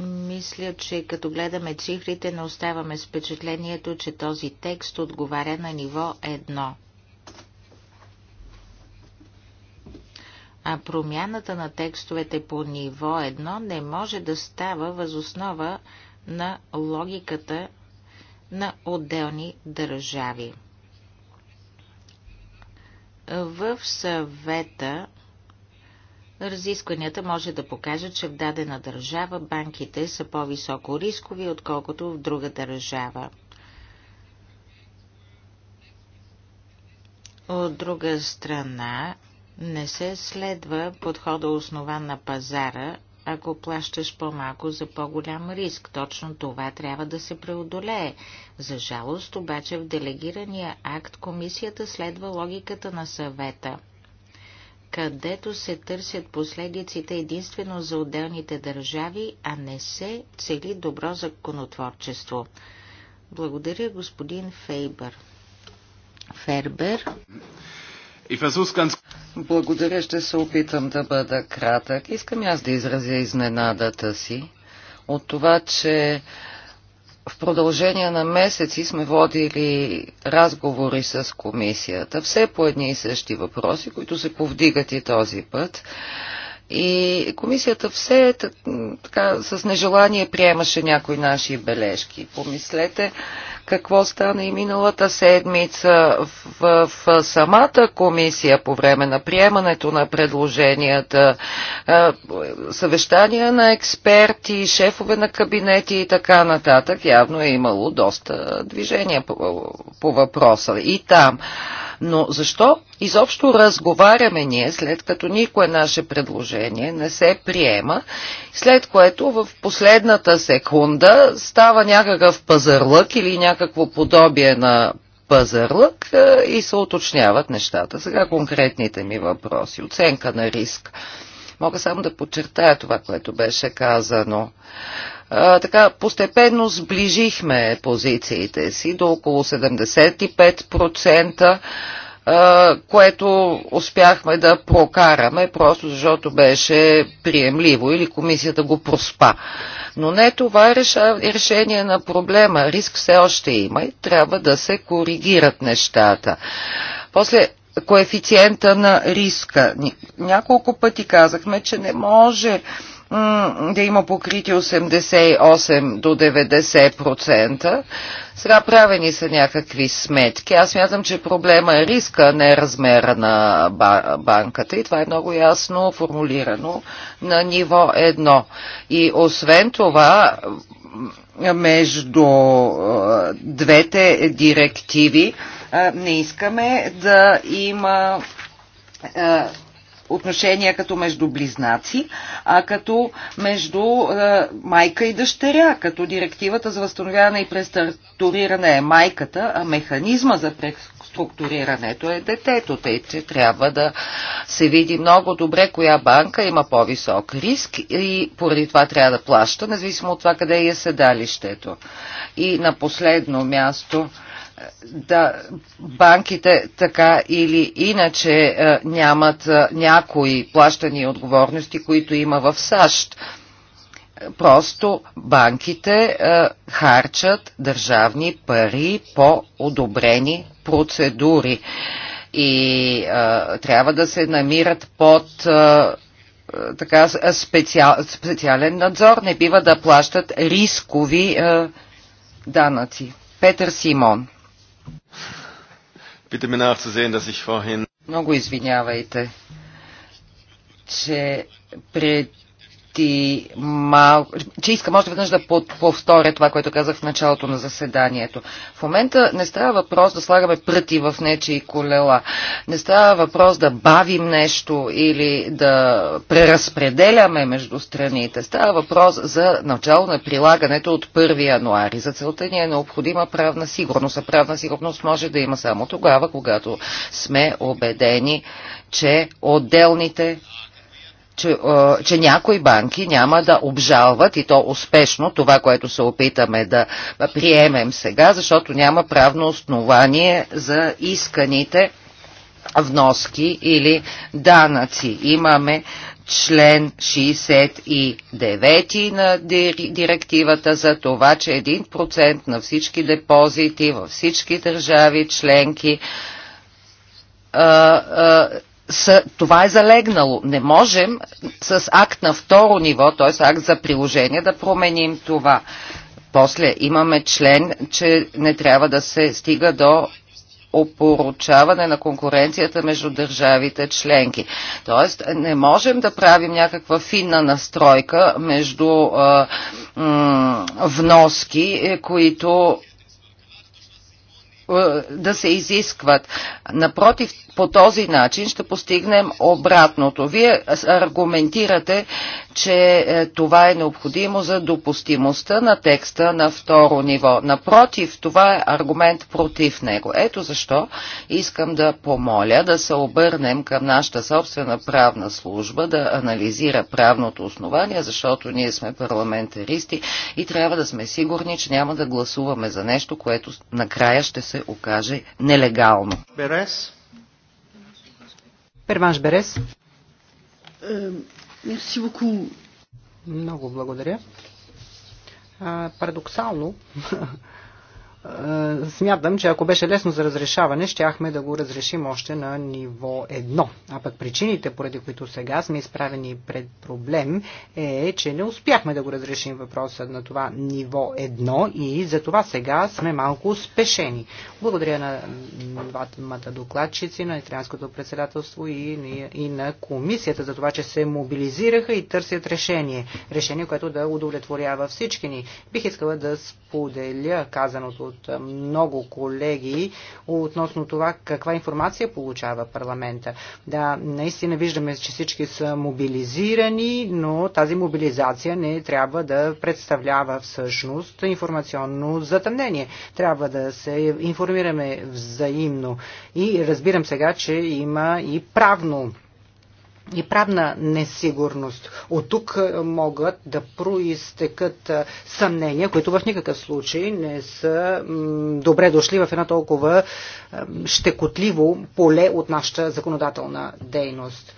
Мисля, че като гледаме цифрите, не оставаме с впечатлението, че този текст отговаря на ниво 1. А промяната на текстовете по ниво 1 не може да става възоснова на логиката на отделни държави. В съвета Разискванията може да покажат, че в дадена държава банките са по-високо рискови, отколкото в друга държава. От друга страна, не се следва подхода основан на пазара, ако плащаш по-малко за по-голям риск. Точно това трябва да се преодолее. За жалост обаче в делегирания акт комисията следва логиката на съвета – където се търсят последиците единствено за отделните държави, а не се цели добро законотворчество. Благодаря, господин Фейбър. Фербер. Благодаря, ще се опитам да бъда кратък. Искам аз да изразя изненадата си от това, че в продължение на месеци сме водили разговори с комисията, все по едни и същи въпроси, които се повдигат и този път. И комисията все така, с нежелание приемаше някои наши бележки. Помислете, какво стана и миналата седмица в, в самата комисия по време на приемането на предложенията, съвещания на експерти, шефове на кабинети и така нататък. Явно е имало доста движения по, по въпроса и там. Но защо изобщо разговаряме ние, след като никое наше предложение не се приема, след което в последната секунда става някакъв пазарлък или някакво подобие на пазарлък е, и се уточняват нещата. Сега конкретните ми въпроси. Оценка на риск. Мога само да подчертая това, което беше казано. А, така, постепенно сближихме позициите си до около 75% което успяхме да прокараме, просто защото беше приемливо или комисията го проспа. Но не това е решение на проблема. Риск все още има и трябва да се коригират нещата. После коефициента на риска. Няколко пъти казахме, че не може да има покрити 88 до 90%. Сега правени са някакви сметки. Аз мятам, че проблема е риска, не е размера на банката и това е много ясно формулирано на ниво 1. И освен това, между двете директиви не искаме да има отношения като между близнаци, а като между а, е, майка и дъщеря, като директивата за възстановяване и преструктуриране е майката, а механизма за преструктурирането е детето, тъй че трябва да се види много добре коя банка има по-висок риск и поради това трябва да плаща, независимо от това къде е седалището. И на последно място, да, банките така или иначе е, нямат е, някои плащани отговорности, които има в САЩ. Просто банките е, харчат държавни пари по одобрени процедури и трябва да се намират под така, специал, специален надзор. Не бива да плащат рискови данъци. Петър Симон. Много извинявайте, че пред ти малко, че искам още веднъж да повторя това, което казах в началото на заседанието. В момента не става въпрос да слагаме пръти в нечи и колела. Не става въпрос да бавим нещо или да преразпределяме между страните. Става въпрос за начало на прилагането от 1 януари. За целта ни е необходима правна сигурност. А правна сигурност може да има само тогава, когато сме убедени, че отделните че, че някои банки няма да обжалват и то успешно това, което се опитаме да приемем сега, защото няма правно основание за исканите вноски или данъци. Имаме член 69 на директивата за това, че 1% на всички депозити във всички държави членки а, а, са, това е залегнало. Не можем с акт на второ ниво, т.е. акт за приложение, да променим това. После имаме член, че не трябва да се стига до опоручаване на конкуренцията между държавите членки. Тоест, не можем да правим някаква финна настройка между а, м, вноски, е, които е, да се изискват. Напротив, по този начин ще постигнем обратното. Вие аргументирате, че е, това е необходимо за допустимостта на текста на второ ниво. Напротив, това е аргумент против него. Ето защо искам да помоля да се обърнем към нашата собствена правна служба да анализира правното основание, защото ние сме парламентаристи и трябва да сме сигурни, че няма да гласуваме за нещо, което накрая ще се се окаже нелегално. Берес. Перванш Берес. Мерси beaucoup. Много благодаря. парадоксално, Е, смятам, че ако беше лесно за разрешаване, щяхме да го разрешим още на ниво едно. А пък причините, поради които сега сме изправени пред проблем, е, че не успяхме да го разрешим въпроса на това ниво едно и за това сега сме малко спешени. Благодаря на двамата докладчици, на Италианското председателство и, и на комисията за това, че се мобилизираха и търсят решение. Решение, което да удовлетворява всички ни. Бих искала да споделя казаното от много колеги относно това каква информация получава парламента. Да, наистина виждаме, че всички са мобилизирани, но тази мобилизация не трябва да представлява всъщност информационно затъмнение. Трябва да се информираме взаимно. И разбирам сега, че има и правно и правна несигурност. От тук е, могат да проистекат е, съмнения, които в никакъв случай не са добре дошли в едно толкова е, щекотливо поле от нашата законодателна дейност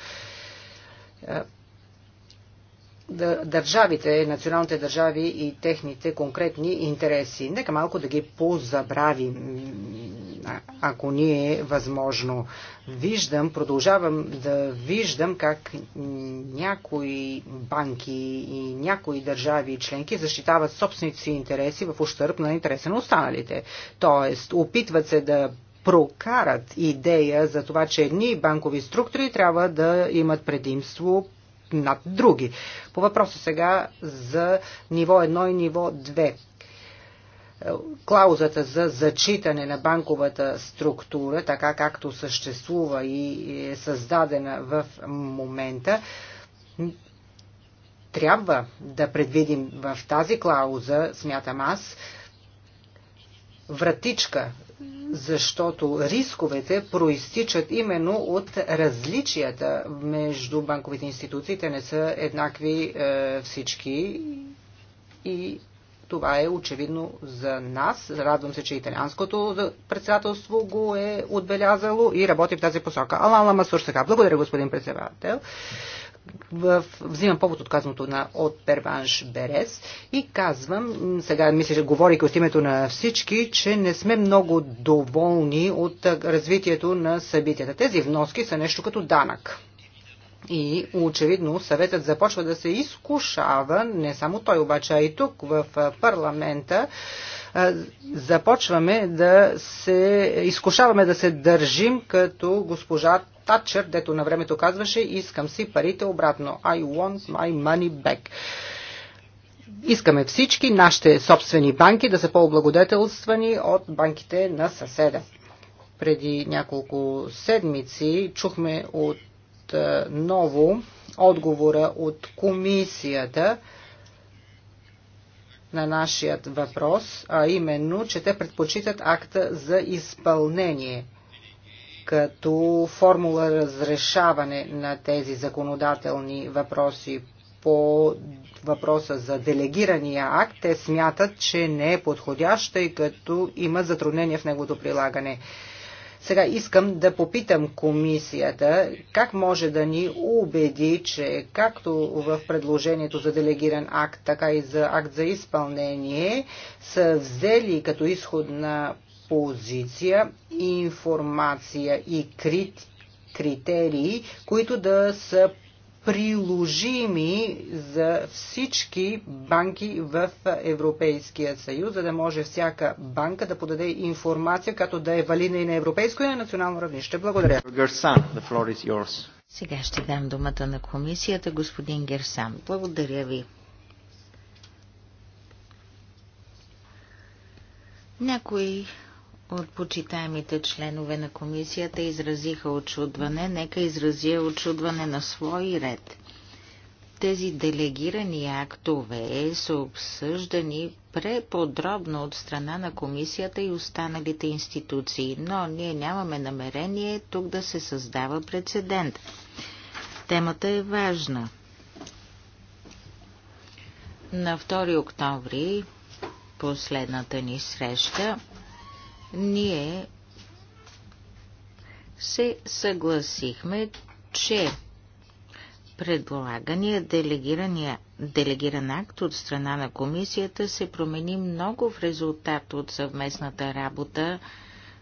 държавите, националните държави и техните конкретни интереси. Нека малко да ги позабравим, ако ни е възможно. Виждам, продължавам да виждам как някои банки и някои държави и членки защитават собствените си интереси в ущърп на интереса на останалите. Тоест, опитват се да прокарат идея за това, че едни банкови структури трябва да имат предимство над други. По въпроса сега за ниво 1 и ниво 2 клаузата за зачитане на банковата структура, така както съществува и е създадена в момента, трябва да предвидим в тази клауза, смятам аз, вратичка защото рисковете проистичат именно от различията между банковите институции. Те не са еднакви е, всички и това е очевидно за нас. Радвам се, че италианското председателство го е отбелязало и работи в тази посока. Алан Ламасур сега. Благодаря, господин председател в, взимам повод от казаното на, от Перванш Берес и казвам, сега мисля, говорейки от името на всички, че не сме много доволни от развитието на събитията. Тези вноски са нещо като данък. И очевидно съветът започва да се изкушава, не само той обаче, а и тук в парламента, започваме да се изкушаваме да се държим като госпожа Тачър, дето на времето казваше искам си парите обратно. I want my money back. Искаме всички нашите собствени банки да са по-облагодетелствани от банките на съседа. Преди няколко седмици чухме от е, ново отговора от комисията на нашият въпрос, а именно, че те предпочитат акта за изпълнение като формула разрешаване на тези законодателни въпроси по въпроса за делегирания акт, те смятат, че не е подходящ, тъй като има затруднения в неговото прилагане. Сега искам да попитам комисията как може да ни убеди, че както в предложението за делегиран акт, така и за акт за изпълнение са взели като изходна позиция, информация и крит, критерии, които да са приложими за всички банки в Европейския съюз, за да може всяка банка да подаде информация, като да е валидна и на европейско и на национално равнище. Благодаря. Герсан, the floor is yours. Сега ще дам думата на комисията, господин Герсан. Благодаря ви. Някои от почитаемите членове на комисията изразиха очудване, нека изразя очудване на свой ред. Тези делегирани актове са обсъждани преподробно от страна на комисията и останалите институции, но ние нямаме намерение тук да се създава прецедент. Темата е важна. На 2 октомври последната ни среща ние се съгласихме, че предлагания делегирания, делегиран акт от страна на комисията се промени много в резултат от съвместната работа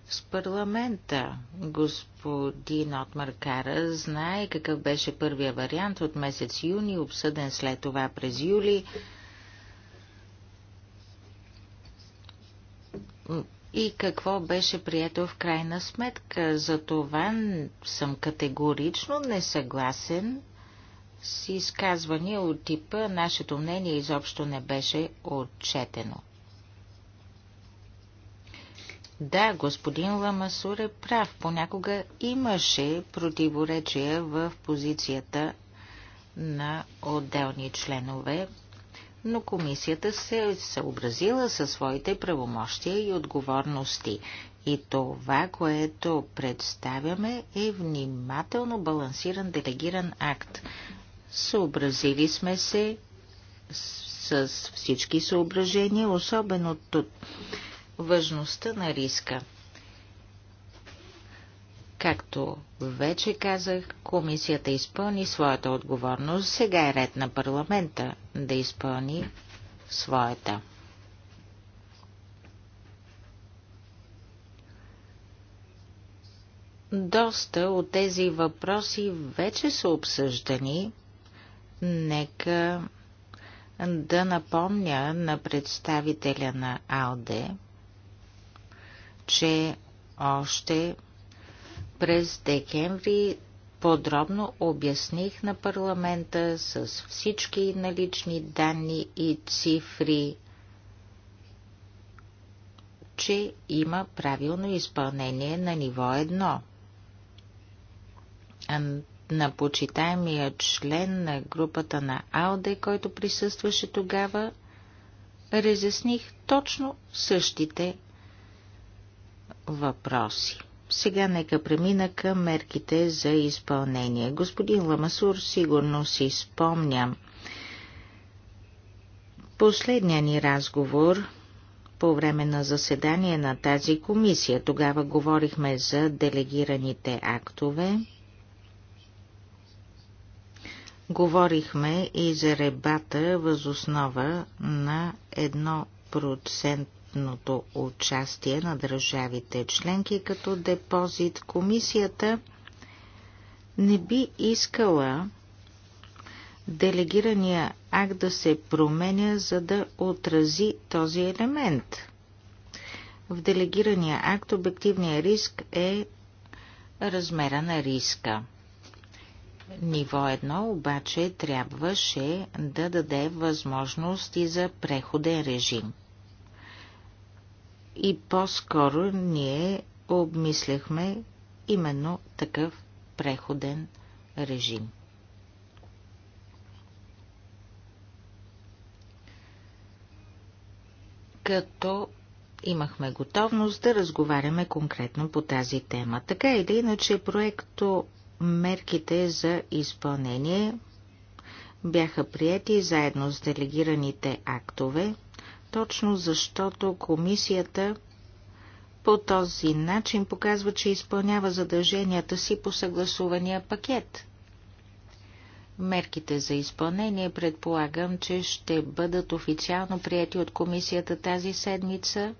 с парламента. Господин Отмар Кара знае какъв беше първия вариант от месец юни, обсъден след това през юли и какво беше прието в крайна сметка. За това съм категорично несъгласен с изказвания от типа «Нашето мнение изобщо не беше отчетено». Да, господин Ламасур е прав. Понякога имаше противоречия в позицията на отделни членове но комисията се е съобразила със своите правомощия и отговорности. И това, което представяме, е внимателно балансиран делегиран акт. Съобразили сме се с, с всички съображения, особено от важността на риска. Както вече казах, комисията изпълни своята отговорност. Сега е ред на парламента да изпълни своята. Доста от тези въпроси вече са обсъждани. Нека да напомня на представителя на АЛДЕ, че още през декември подробно обясних на парламента с всички налични данни и цифри, че има правилно изпълнение на ниво 1. На почитаемия член на групата на АЛДЕ, който присъстваше тогава, разясних точно същите въпроси. Сега нека премина към мерките за изпълнение. Господин Ламасур сигурно си спомня. Последния ни разговор по време на заседание на тази комисия. Тогава говорихме за делегираните актове. Говорихме и за ребата възоснова на процент обратното участие на държавите членки като депозит. Комисията не би искала делегирания акт да се променя, за да отрази този елемент. В делегирания акт обективният риск е размера на риска. Ниво 1 обаче трябваше да даде възможност и за преходен режим и по-скоро ние обмисляхме именно такъв преходен режим. Като имахме готовност да разговаряме конкретно по тази тема. Така или иначе, проекто мерките за изпълнение бяха прияти заедно с делегираните актове точно защото комисията по този начин показва, че изпълнява задълженията си по съгласувания пакет. Мерките за изпълнение предполагам, че ще бъдат официално прияти от комисията тази седмица,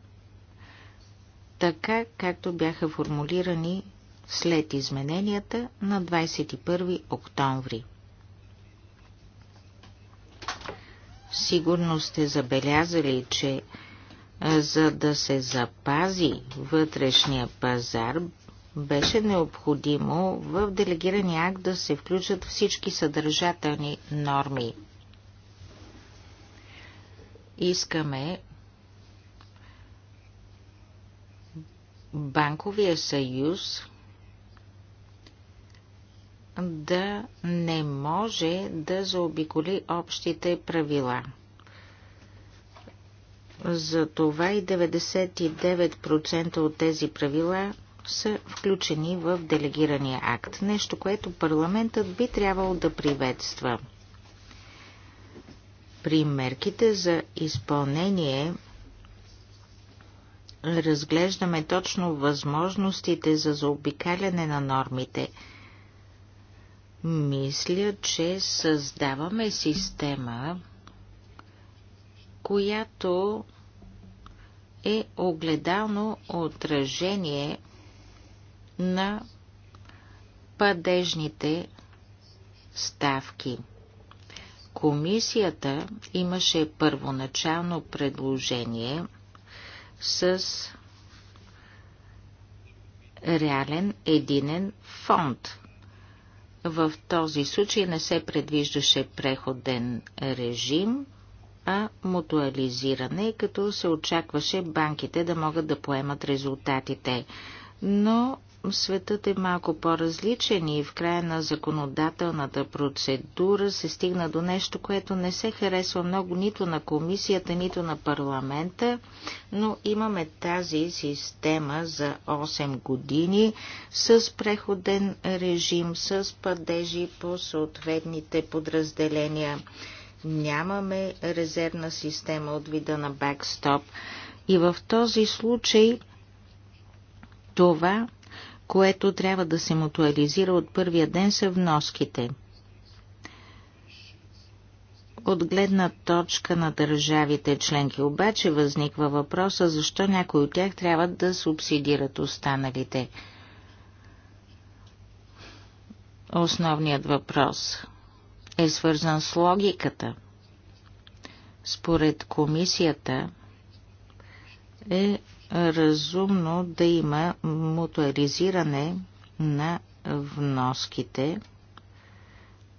така както бяха формулирани след измененията на 21 октомври. Сигурно сте забелязали, че за да се запази вътрешния пазар, беше необходимо в делегирания акт да се включат всички съдържателни норми. Искаме Банковия съюз да не може да заобиколи общите правила. Затова и 99% от тези правила са включени в делегирания акт, нещо, което парламентът би трябвало да приветства. При мерките за изпълнение разглеждаме точно възможностите за заобикаляне на нормите – мисля, че създаваме система, която е огледално отражение на падежните ставки. Комисията имаше първоначално предложение с реален единен фонд – в този случай не се предвиждаше преходен режим, а мутуализиране, като се очакваше банките да могат да поемат резултатите. Но светът е малко по-различен и в края на законодателната процедура се стигна до нещо, което не се харесва много нито на комисията, нито на парламента, но имаме тази система за 8 години с преходен режим, с падежи по съответните подразделения. Нямаме резервна система от вида на бакстоп. И в този случай това което трябва да се мутуализира от първия ден са вноските. От гледна точка на държавите членки обаче възниква въпроса защо някои от тях трябва да субсидират останалите. Основният въпрос е свързан с логиката. Според комисията е разумно да има мутуализиране на вноските,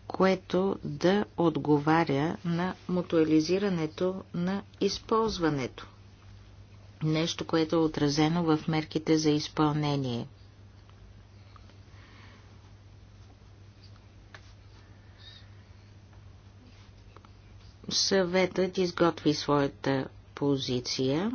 което да отговаря на мутуализирането на използването. Нещо, което е отразено в мерките за изпълнение. Съветът изготви своята позиция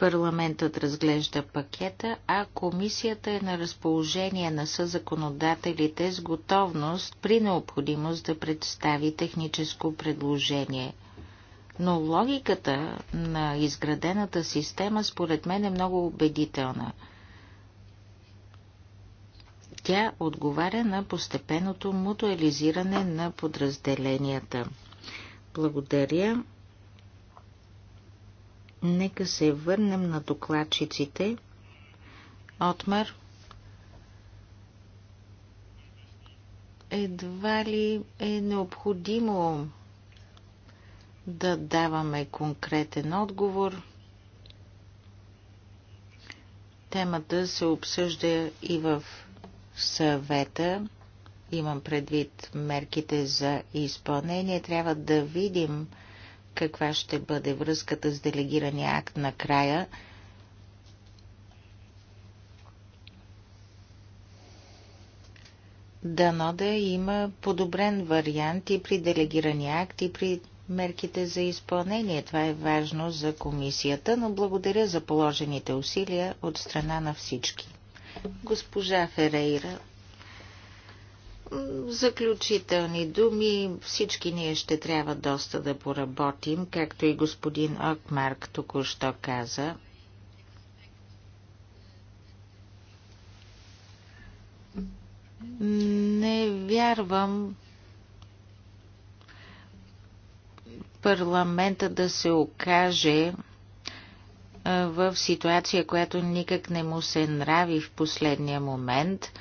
Парламентът разглежда пакета, а комисията е на разположение на съзаконодателите с готовност при необходимост да представи техническо предложение. Но логиката на изградената система според мен е много убедителна. Тя отговаря на постепенното мутуализиране на подразделенията. Благодаря. Нека се върнем на докладчиците. Отмар едва ли е необходимо да даваме конкретен отговор. Темата се обсъжда и в съвета. Имам предвид мерките за изпълнение. Трябва да видим каква ще бъде връзката с делегирания акт накрая. Дано да има подобрен вариант и при делегирания акт и при мерките за изпълнение. Това е важно за комисията, но благодаря за положените усилия от страна на всички. Госпожа Ферейра Заключителни думи. Всички ние ще трябва доста да поработим, както и господин Окмарк току-що каза. Не вярвам парламента да се окаже в ситуация, която никак не му се нрави в последния момент –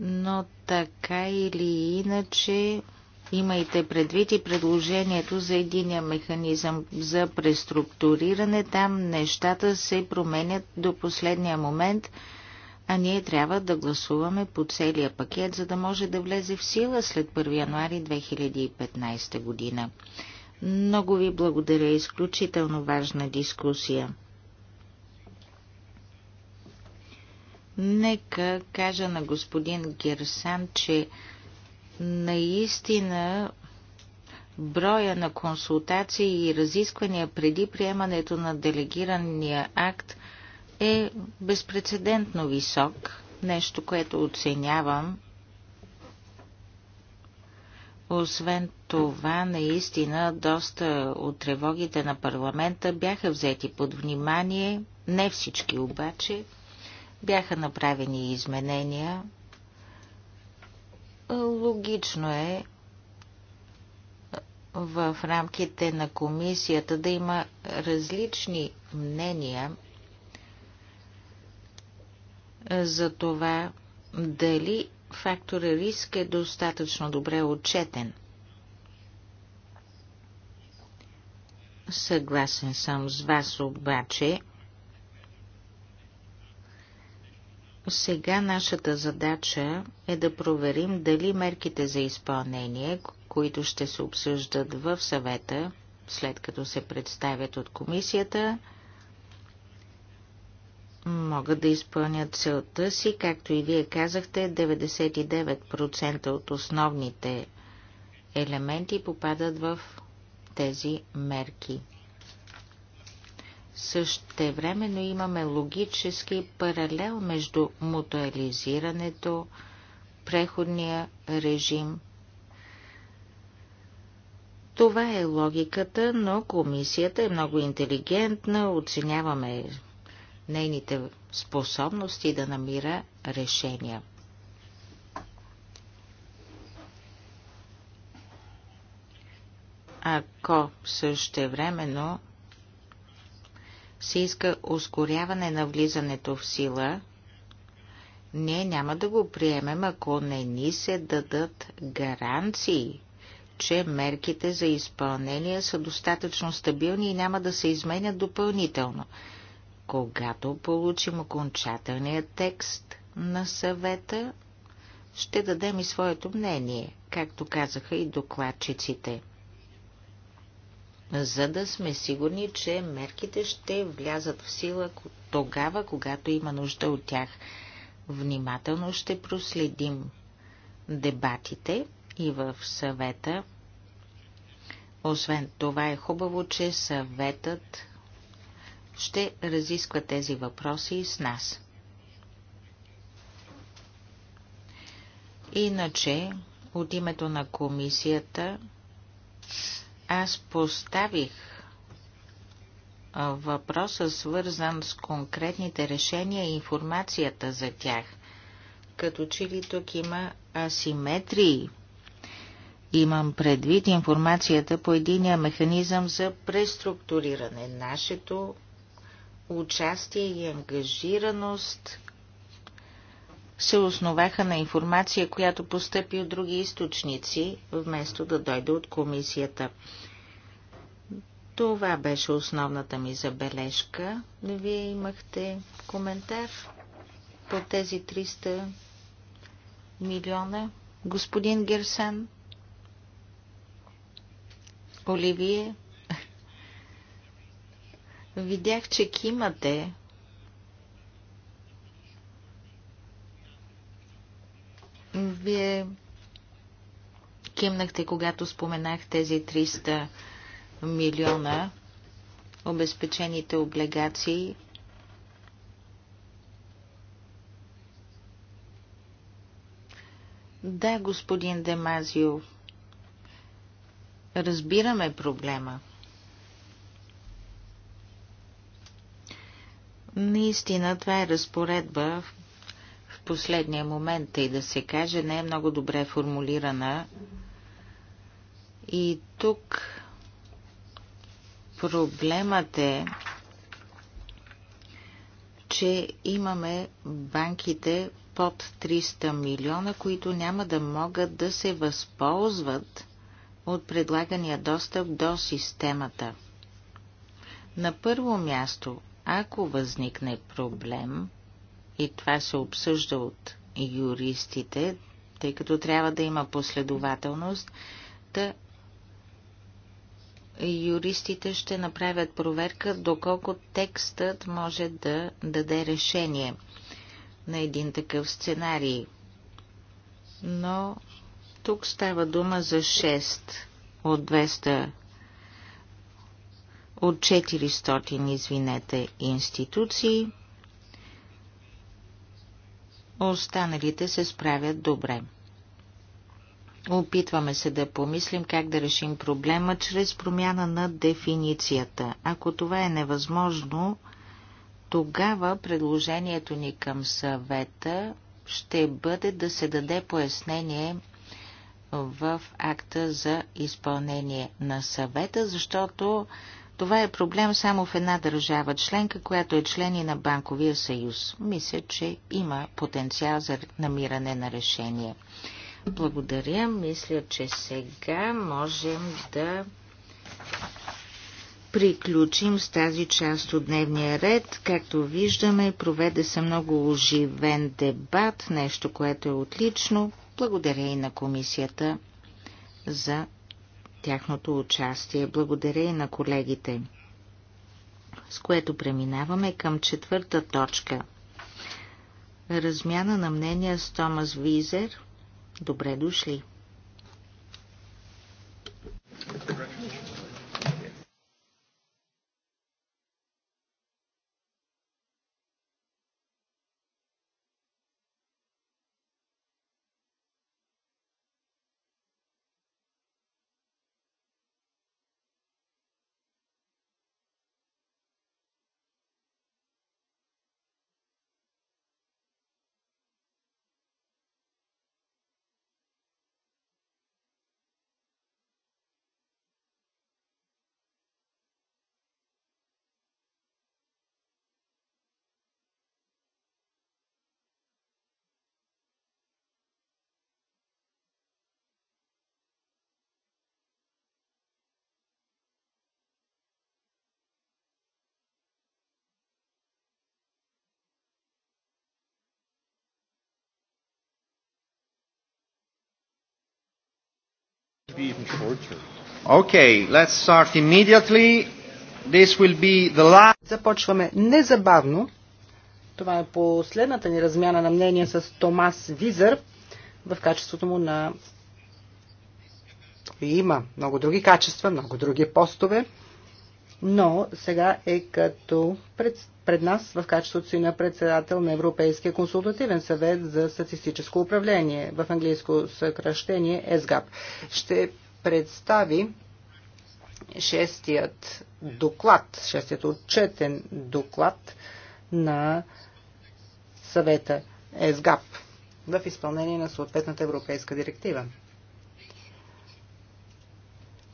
но така или иначе имайте предвид и предложението за единия механизъм за преструктуриране. Там нещата се променят до последния момент, а ние трябва да гласуваме по целия пакет, за да може да влезе в сила след 1 януари 2015 година. Много ви благодаря, изключително важна дискусия. Нека кажа на господин Герсан, че наистина броя на консултации и разисквания преди приемането на делегирания акт е безпредседентно висок, нещо, което оценявам. Освен това, наистина, доста от тревогите на парламента бяха взети под внимание, не всички обаче – бяха направени изменения. Логично е в рамките на комисията да има различни мнения за това дали фактора риск е достатъчно добре отчетен. Съгласен съм с вас обаче, Сега нашата задача е да проверим дали мерките за изпълнение, които ще се обсъждат в съвета, след като се представят от комисията, могат да изпълнят целта си, както и вие казахте, 99% от основните елементи попадат в тези мерки. Същевременно имаме логически паралел между мутуализирането, преходния режим. Това е логиката, но комисията е много интелигентна, оценяваме нейните способности да намира решения. Ако същевременно времено се иска ускоряване на влизането в сила, ние няма да го приемем, ако не ни се дадат гаранции, че мерките за изпълнение са достатъчно стабилни и няма да се изменят допълнително. Когато получим окончателния текст на съвета, ще дадем и своето мнение, както казаха и докладчиците – за да сме сигурни, че мерките ще влязат в сила тогава, когато има нужда от тях. Внимателно ще проследим дебатите и в съвета. Освен това е хубаво, че съветът ще разисква тези въпроси с нас. Иначе, от името на комисията, аз поставих въпроса, свързан с конкретните решения и информацията за тях. Като че ли тук има асиметрии? Имам предвид информацията по единия механизъм за преструктуриране. Нашето участие и ангажираност се основаха на информация, която постъпи от други източници, вместо да дойде от комисията. Това беше основната ми забележка. Вие имахте коментар по тези 300 милиона. Господин Герсен, Оливие, видях, че кимате, Вие кимнахте, когато споменах тези 300 милиона обезпечените облигации. Да, господин Демазио, разбираме проблема. Наистина, това е разпоредба, последния момент и да се каже не е много добре формулирана. И тук проблемът е, че имаме банките под 300 милиона, които няма да могат да се възползват от предлагания достъп до системата. На първо място, ако възникне проблем, и това се обсъжда от юристите, тъй като трябва да има последователност, да юристите ще направят проверка доколко текстът може да даде решение на един такъв сценарий. Но тук става дума за 6 от 200 от 400, извинете, институции – Останалите се справят добре. Опитваме се да помислим как да решим проблема чрез промяна на дефиницията. Ако това е невъзможно, тогава предложението ни към съвета ще бъде да се даде пояснение в акта за изпълнение на съвета, защото това е проблем само в една държава членка, която е член и на Банковия съюз. Мисля, че има потенциал за намиране на решение. Благодаря. Мисля, че сега можем да приключим с тази част от дневния ред. Както виждаме, проведе се много оживен дебат, нещо, което е отлично. Благодаря и на комисията за тяхното участие. Благодаря и на колегите. С което преминаваме към четвърта точка. Размяна на мнения с Томас Визер. Добре дошли! Okay, let's start immediately. This will be the last... Започваме незабавно. Това е последната ни размяна на мнение с Томас Визър в качеството му на... И има много други качества, много други постове, но сега е като представител пред нас в качеството си на председател на Европейския консултативен съвет за статистическо управление, в английско съкръщение ЕСГАП. Ще представи шестият доклад, шестият отчетен доклад на съвета ЕСГАП в изпълнение на съответната европейска директива.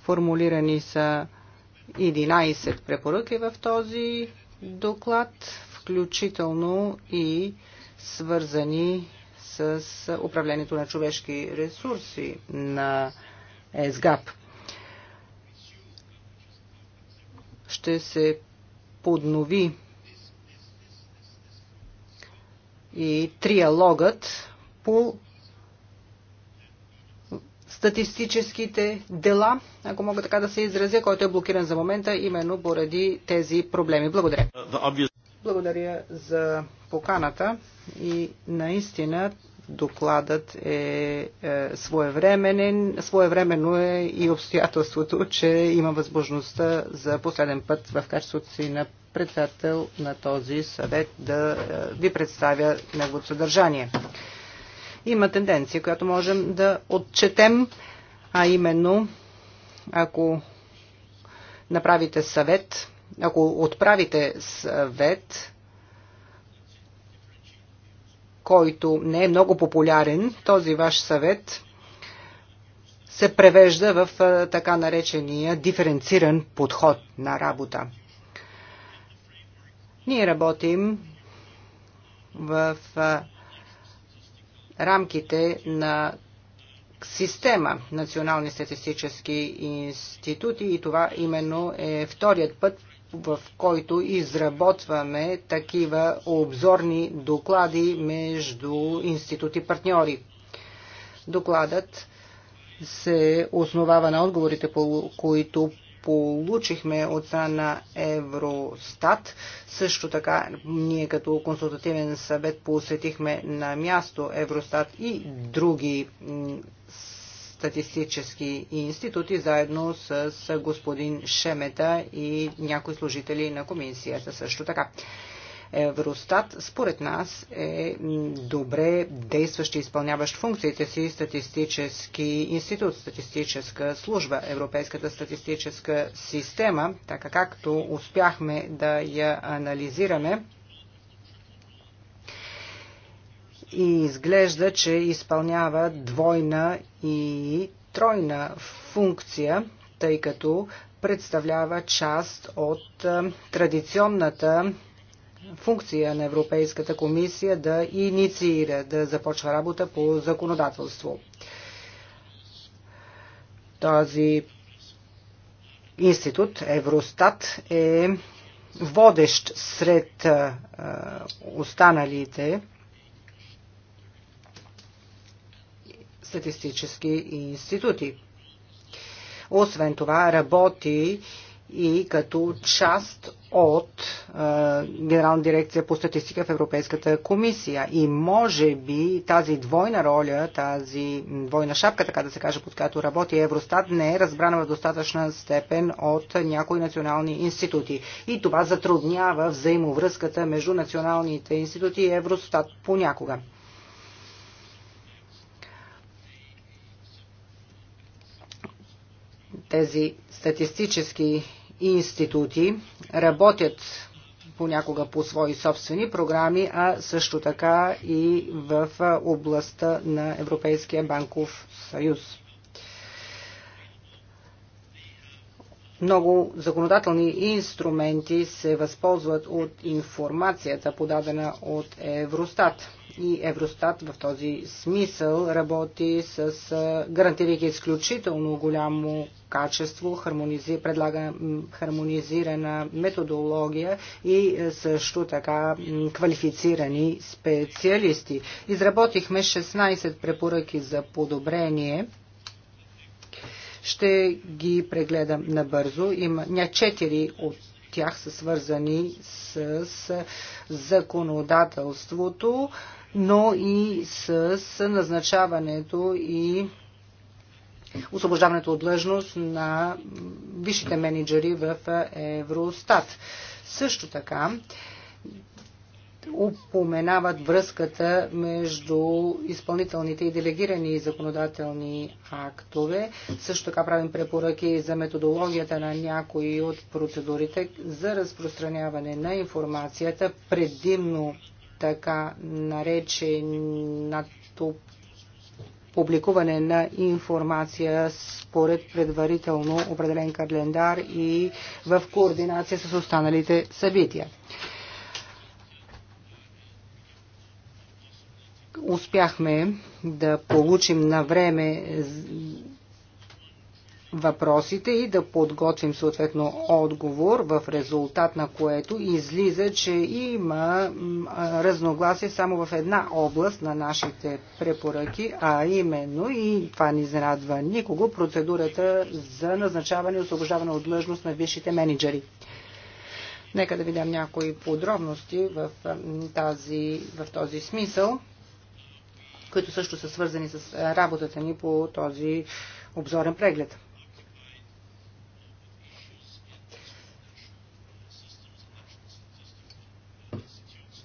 Формулирани са 11 препоръки в този доклад, включително и свързани с управлението на човешки ресурси на ЕСГАП. Ще се поднови и триалогът по статистическите дела, ако мога така да се изразя, който е блокиран за момента именно поради тези проблеми. Благодаря. Благодаря за поканата и наистина докладът е, е своевременен. Своевременно е и обстоятелството, че има възможността за последен път в качеството си на председател на този съвет да е, ви представя неговото съдържание има тенденция, която можем да отчетем, а именно ако направите съвет, ако отправите съвет, който не е много популярен, този ваш съвет се превежда в така наречения диференциран подход на работа. Ние работим в рамките на система национални статистически институти и това именно е вторият път, в който изработваме такива обзорни доклади между институти партньори. Докладът се основава на отговорите, по които получихме от страна на Евростат. Също така ние като консултативен съвет посетихме на място Евростат и други статистически институти, заедно с господин Шемета и някои служители на комисията също така. Евростат, според нас, е добре действащ и изпълняващ функциите си статистически институт, статистическа служба, Европейската статистическа система, така както успяхме да я анализираме. И изглежда, че изпълнява двойна и тройна функция, тъй като представлява част от традиционната функция на Европейската комисия да инициира, да започва работа по законодателство. Този институт, Евростат, е водещ сред останалите статистически институти. Освен това работи и като част от е, Генерална дирекция по статистика в Европейската комисия. И може би тази двойна роля, тази двойна шапка, така да се каже, под която работи Евростат, не е разбрана в достатъчна степен от някои национални институти. И това затруднява взаимовръзката между националните институти и Евростат понякога. Тези статистически институти работят понякога по свои собствени програми, а също така и в областта на Европейския банков съюз. Много законодателни инструменти се възползват от информацията, подадена от Евростат. И Евростат в този смисъл работи с, гарантирайки изключително голямо качество, хармонизи, предлага хармонизирана методология и също така квалифицирани специалисти. Изработихме 16 препоръки за подобрение ще ги прегледам набързо. Има ня четири от тях са свързани с законодателството, но и с назначаването и освобождаването от длъжност на висшите менеджери в Евростат. Също така, упоменават връзката между изпълнителните и делегирани законодателни актове. Също така правим препоръки за методологията на някои от процедурите за разпространяване на информацията, предимно така нареченото публикуване на информация според предварително определен календар и в координация с останалите събития. успяхме да получим на време въпросите и да подготвим съответно отговор, в резултат на което излиза, че има разногласие само в една област на нашите препоръки, а именно, и това не зарадва никого, процедурата за назначаване и освобождаване от длъжност на висшите менеджери. Нека да ви дам някои подробности в, тази, в този смисъл които също са свързани с е, работата ни по този обзорен преглед.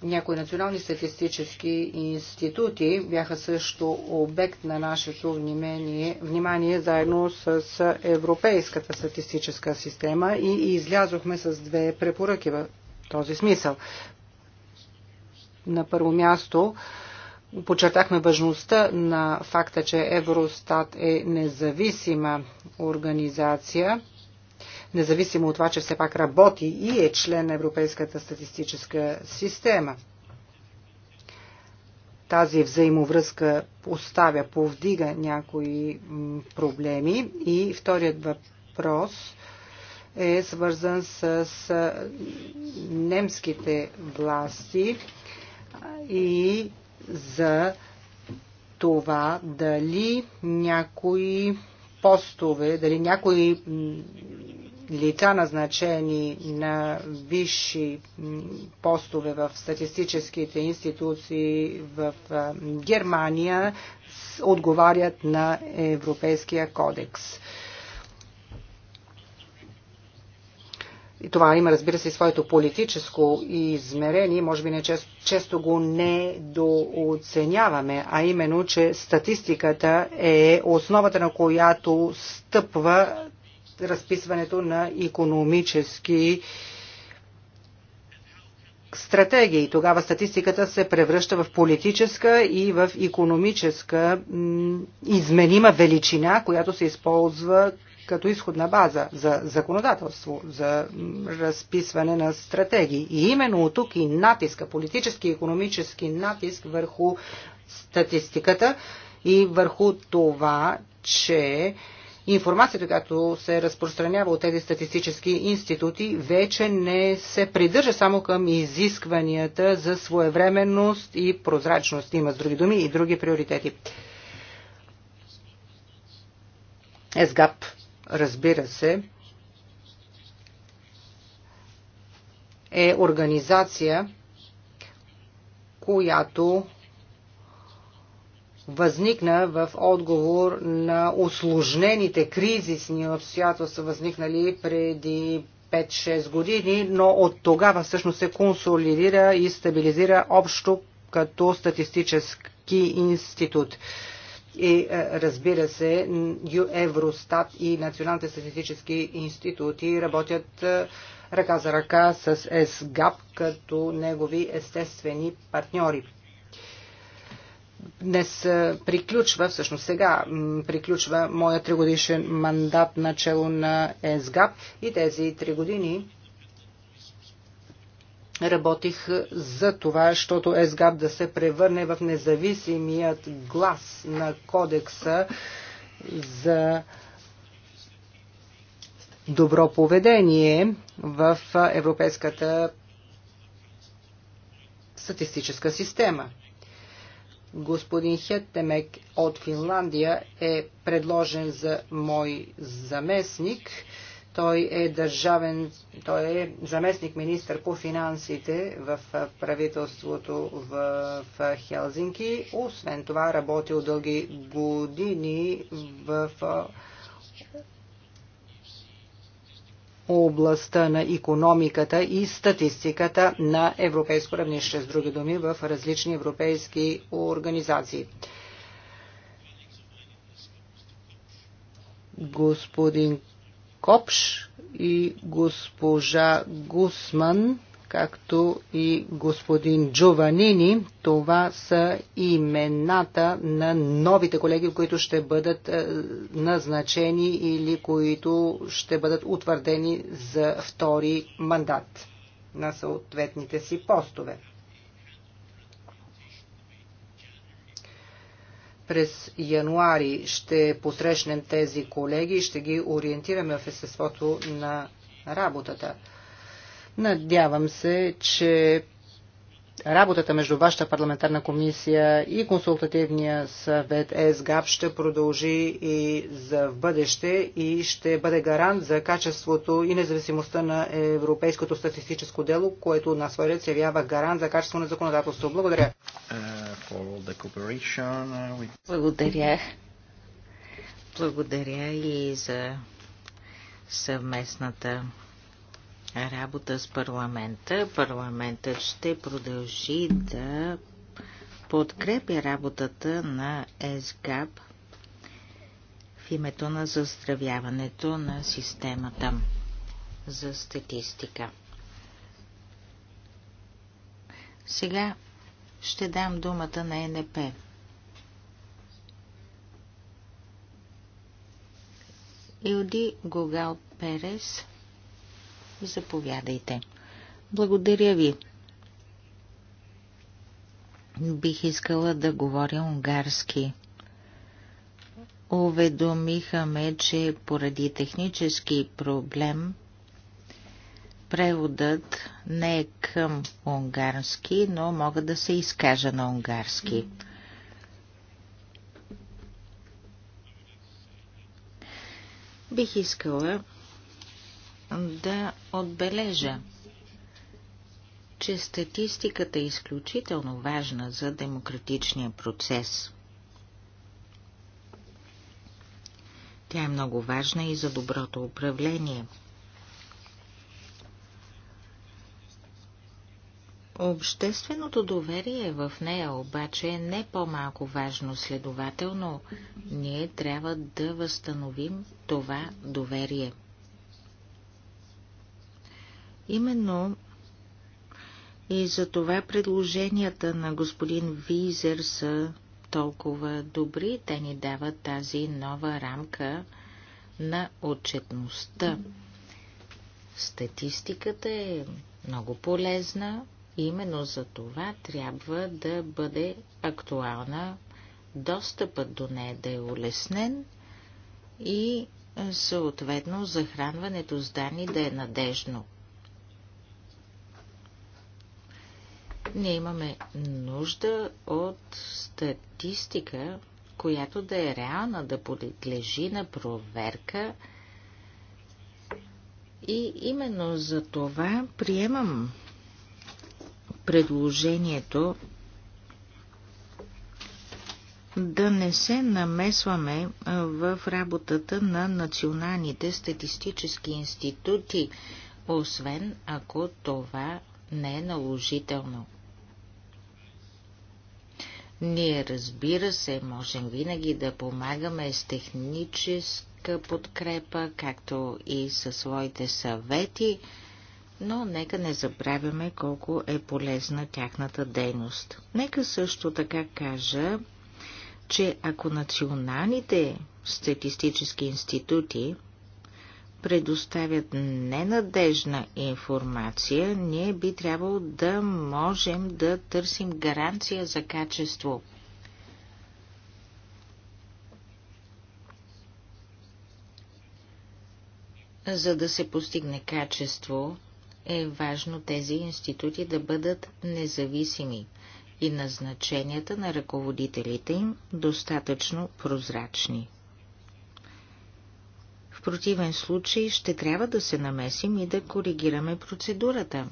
Някои национални статистически институти бяха също обект на нашето внимание, внимание заедно с Европейската статистическа система и излязохме с две препоръки в този смисъл. На първо място Подчертахме важността на факта, че Евростат е независима организация, независимо от това, че все пак работи и е член на Европейската статистическа система. Тази взаимовръзка поставя, повдига някои проблеми. И вторият въпрос е свързан с немските власти и за това дали някои постове, дали някои лица назначени на висши постове в статистическите институции в Германия отговарят на Европейския кодекс. И това има, разбира се, и своето политическо измерение, може би не често, често го недооценяваме, а именно, че статистиката е основата, на която стъпва разписването на економически стратегии. Тогава статистиката се превръща в политическа и в економическа изменима величина, която се използва като изходна база за законодателство, за разписване на стратегии. И именно от тук и натиска, политически и економически натиск върху статистиката и върху това, че информацията, която се разпространява от тези статистически институти, вече не се придържа само към изискванията за своевременност и прозрачност. Има с други думи и други приоритети. ЕСГАП разбира се, е организация, която възникна в отговор на осложнените кризисни обстоятелства, възникнали преди 5-6 години, но от тогава всъщност се консолидира и стабилизира общо като статистически институт и е, разбира се Евростат и националните статистически институти работят е, ръка за ръка с ЕСГАП като негови естествени партньори. Днес е, приключва, всъщност сега приключва моя тригодишен мандат на чело на ЕСГАП и тези три години работих за това, защото ЕСГАП да се превърне в независимият глас на кодекса за добро поведение в Европейската статистическа система. Господин Хеттемек от Финландия е предложен за мой заместник той е държавен, той е заместник министр по финансите в правителството в Хелзинки. Освен това работил дълги години в областта на економиката и статистиката на европейско равнище, с други думи, в различни европейски организации. Господин Копш и госпожа Гусман, както и господин Джованини. Това са имената на новите колеги, които ще бъдат е, назначени или които ще бъдат утвърдени за втори мандат на съответните си постове. През януари ще посрещнем тези колеги и ще ги ориентираме в естеството на работата. Надявам се, че работата между вашата парламентарна комисия и консултативния съвет ЕСГАП ще продължи и за в бъдеще и ще бъде гарант за качеството и независимостта на европейското статистическо дело, което на своя ред се явява гарант за качество на законодателство. Благодаря. Е, Uh, Благодаря. Благодаря и за съвместната работа с парламента. Парламентът ще продължи да подкрепя работата на ЕСГАП в името на заздравяването на системата за статистика. Сега ще дам думата на НП. Илди Гогал Перес, заповядайте. Благодаря ви. Бих искала да говоря унгарски. Уведомиха ме, че поради технически проблем Преводът не е към унгарски, но мога да се изкажа на унгарски. Бих искала да отбележа, че статистиката е изключително важна за демократичния процес. Тя е много важна и за доброто управление – Общественото доверие в нея обаче е не по-малко важно, следователно ние трябва да възстановим това доверие. Именно и за това предложенията на господин Визер са толкова добри, те ни дават тази нова рамка на отчетността. Статистиката е много полезна, именно за това трябва да бъде актуална, достъпът до нея да е улеснен и е, съответно захранването с данни да е надежно. Ние имаме нужда от статистика, която да е реална, да подлежи на проверка. И именно за това приемам предложението да не се намесваме в работата на националните статистически институти, освен ако това не е наложително. Ние, разбира се, можем винаги да помагаме с техническа подкрепа, както и със своите съвети, но нека не забравяме колко е полезна тяхната дейност. Нека също така кажа, че ако националните статистически институти предоставят ненадежна информация, ние би трябвало да можем да търсим гаранция за качество. За да се постигне качество, е важно тези институти да бъдат независими и назначенията на ръководителите им достатъчно прозрачни. В противен случай ще трябва да се намесим и да коригираме процедурата.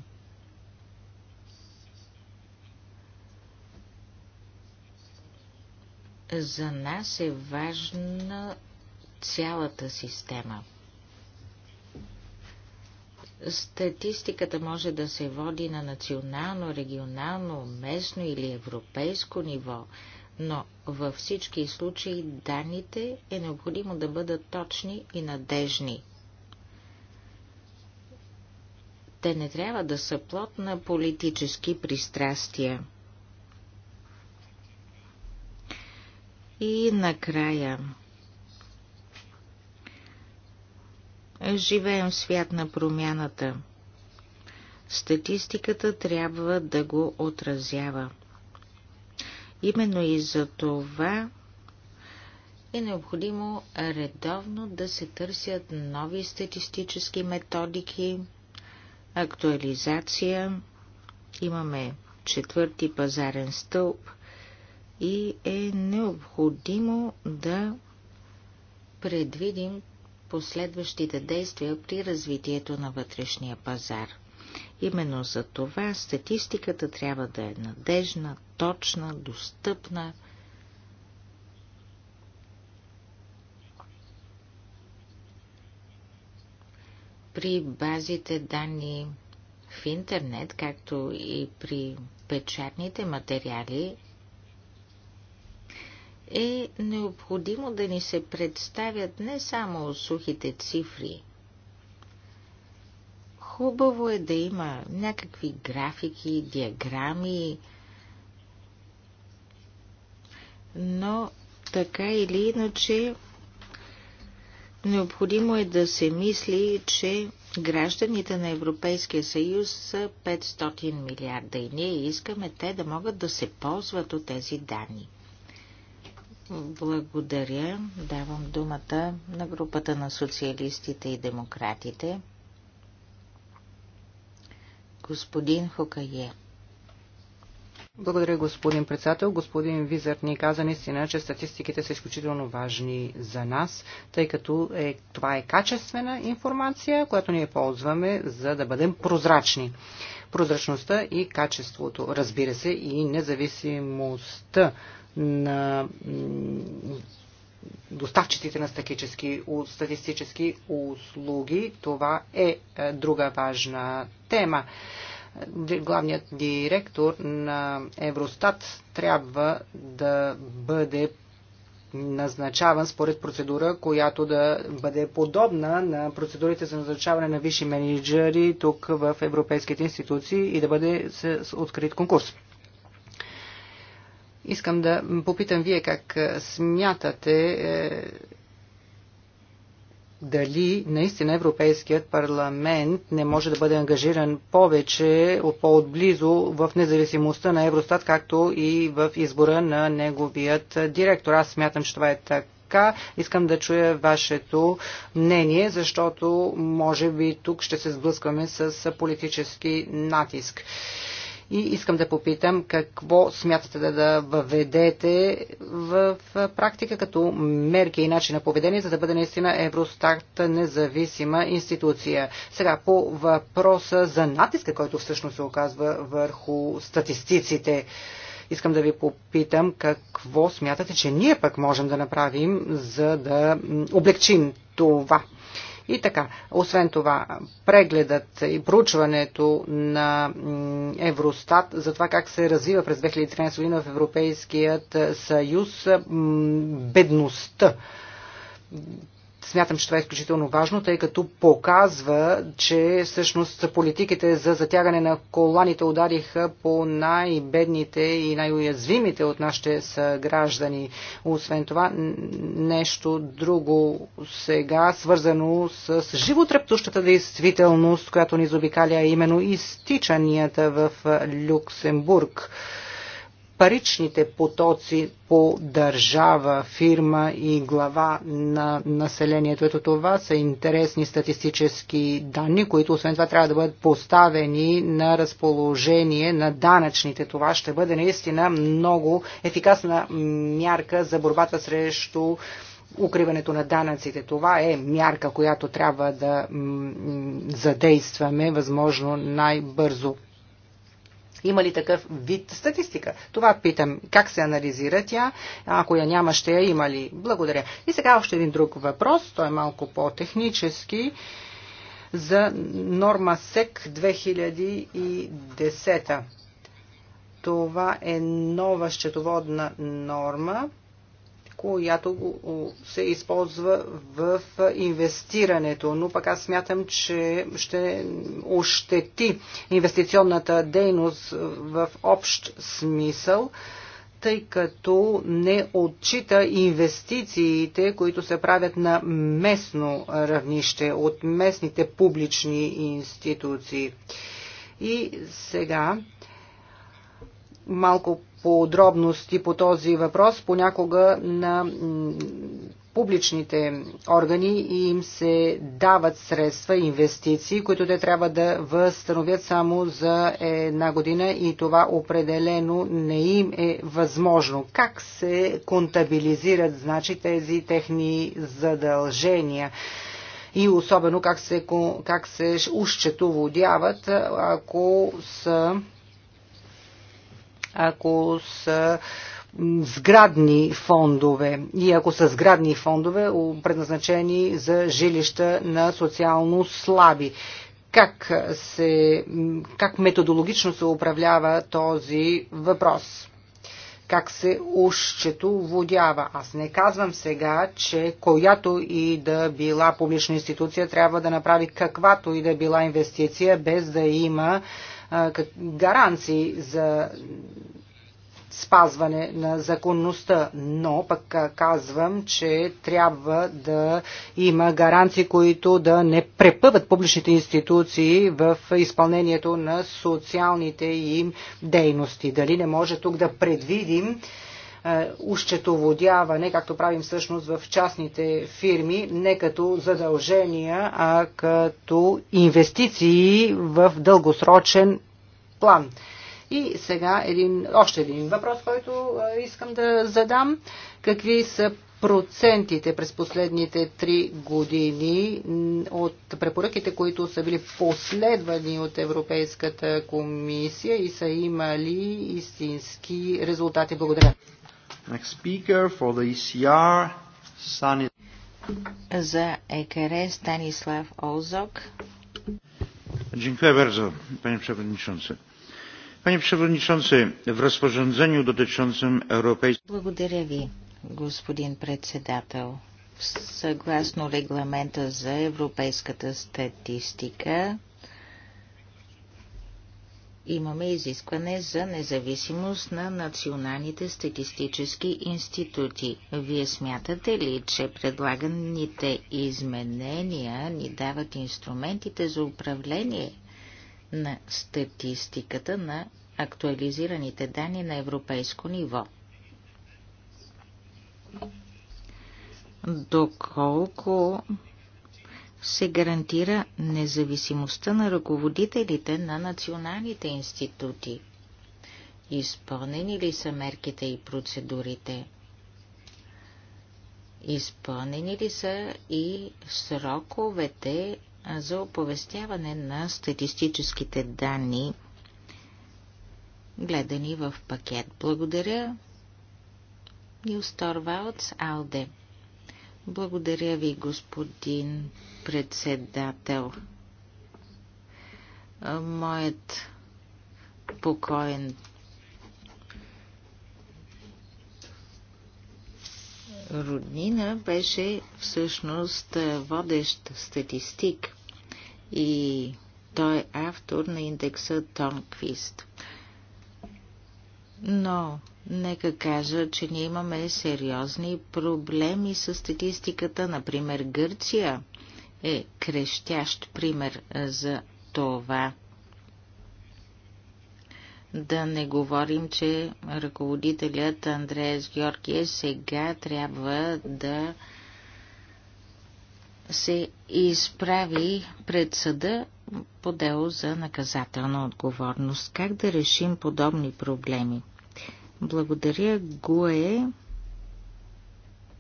За нас е важна цялата система – Статистиката може да се води на национално, регионално, местно или европейско ниво, но във всички случаи данните е необходимо да бъдат точни и надежни. Те не трябва да са плод на политически пристрастия. И накрая Живеем в свят на промяната. Статистиката трябва да го отразява. Именно и за това е необходимо редовно да се търсят нови статистически методики, актуализация. Имаме четвърти пазарен стълб и е необходимо да предвидим последващите действия при развитието на вътрешния пазар. Именно за това статистиката трябва да е надежна, точна, достъпна. При базите данни в интернет, както и при печатните материали, е необходимо да ни се представят не само сухите цифри. Хубаво е да има някакви графики, диаграми, но така или иначе необходимо е да се мисли, че гражданите на Европейския съюз са 500 милиарда и ние искаме те да могат да се ползват от тези данни. Благодаря. Давам думата на групата на социалистите и демократите. Господин Хокае. Благодаря, господин председател. Господин Визър ни каза наистина, че статистиките са изключително важни за нас, тъй като е, това е качествена информация, която ние ползваме, за да бъдем прозрачни. Прозрачността и качеството, разбира се, и независимостта на доставчиците на статистически услуги. Това е, е друга важна тема. Главният директор на Евростат трябва да бъде назначаван според процедура, която да бъде подобна на процедурите за назначаване на висши менеджери тук в европейските институции и да бъде с открит конкурс. Искам да попитам вие как е, смятате е, дали наистина Европейският парламент не може да бъде ангажиран повече, по-отблизо в независимостта на Евростат, както и в избора на неговият директор. Аз смятам, че това е така така. Искам да чуя вашето мнение, защото може би тук ще се сблъскваме с политически натиск. И искам да попитам какво смятате да, да въведете в практика като мерки и начин на поведение, за да бъде наистина Евростарт независима институция. Сега по въпроса за натиска, който всъщност се оказва върху статистиците. Искам да ви попитам какво смятате, че ние пък можем да направим, за да облегчим това и така, освен това, прегледът и проучването на Евростат за това как се развива през 2013 година в Европейският съюз бедността Смятам, че това е изключително важно, тъй като показва, че всъщност политиките за затягане на коланите удариха по най-бедните и най-уязвимите от нашите граждани. Освен това, нещо друго сега, свързано с животрептущата действителност, която ни заобикаля, именно изтичанията в Люксембург паричните потоци по държава, фирма и глава на населението. Ето това са интересни статистически данни, които освен това трябва да бъдат поставени на разположение на данъчните. Това ще бъде наистина много ефикасна мярка за борбата срещу укриването на данъците. Това е мярка, която трябва да задействаме възможно най-бързо. Има ли такъв вид статистика? Това питам. Как се анализира тя? Ако я няма, ще я има ли? Благодаря. И сега още един друг въпрос. Той е малко по-технически за норма СЕК 2010. Това е нова счетоводна норма, която се използва в инвестирането. Но пък аз смятам, че ще ощети инвестиционната дейност в общ смисъл тъй като не отчита инвестициите, които се правят на местно равнище от местните публични институции. И сега малко подробности по този въпрос понякога на публичните органи и им се дават средства, инвестиции, които те трябва да възстановят само за една година и това определено не им е възможно. Как се контабилизират значи, тези техни задължения? И особено как се, как се ущетоводяват, ако са ако са сградни фондове и ако са сградни фондове, предназначени за жилища на социално слаби. Как, се, как методологично се управлява този въпрос? как се ущетоводява. Аз не казвам сега, че която и да била публична институция трябва да направи каквато и да била инвестиция, без да има гаранции за спазване на законността, но пък казвам, че трябва да има гаранции, които да не препъват публичните институции в изпълнението на социалните им дейности. Дали не може тук да предвидим е, ущетоводяване, както правим всъщност в частните фирми, не като задължения, а като инвестиции в дългосрочен план. И сега един, още един въпрос, който е, искам да задам. Какви са процентите през последните три години от препоръките, които са били последвани от Европейската комисия и са имали истински резултати? Благодаря. Next speaker for the ECR, Sani. За ЕКР Станислав Олзок. Dziękuję bardzo, panie przewodniczący. Panie przewodniczący, w rozporządzeniu dotyczącym europejskiej... Благодаря ви, господин председател. Съгласно регламента за европейската статистика, имаме изискване за независимост на националните статистически институти. Вие смятате ли, че предлаганите изменения ни дават инструментите за управление на статистиката на актуализираните данни на европейско ниво? Доколко се гарантира независимостта на ръководителите на националните институти. Изпълнени ли са мерките и процедурите? Изпълнени ли са и сроковете за оповестяване на статистическите данни, гледани в пакет? Благодаря. Нилстор Валц Алде. Благодаря ви, господин председател. Моят покоен роднина беше всъщност водещ статистик и той е автор на индекса Тонквист. Но Нека кажа, че ние имаме сериозни проблеми с статистиката. Например, Гърция е крещящ пример за това. Да не говорим, че ръководителят Андреас Георгия сега трябва да се изправи пред съда по дело за наказателна отговорност. Как да решим подобни проблеми? Благодаря. Гуе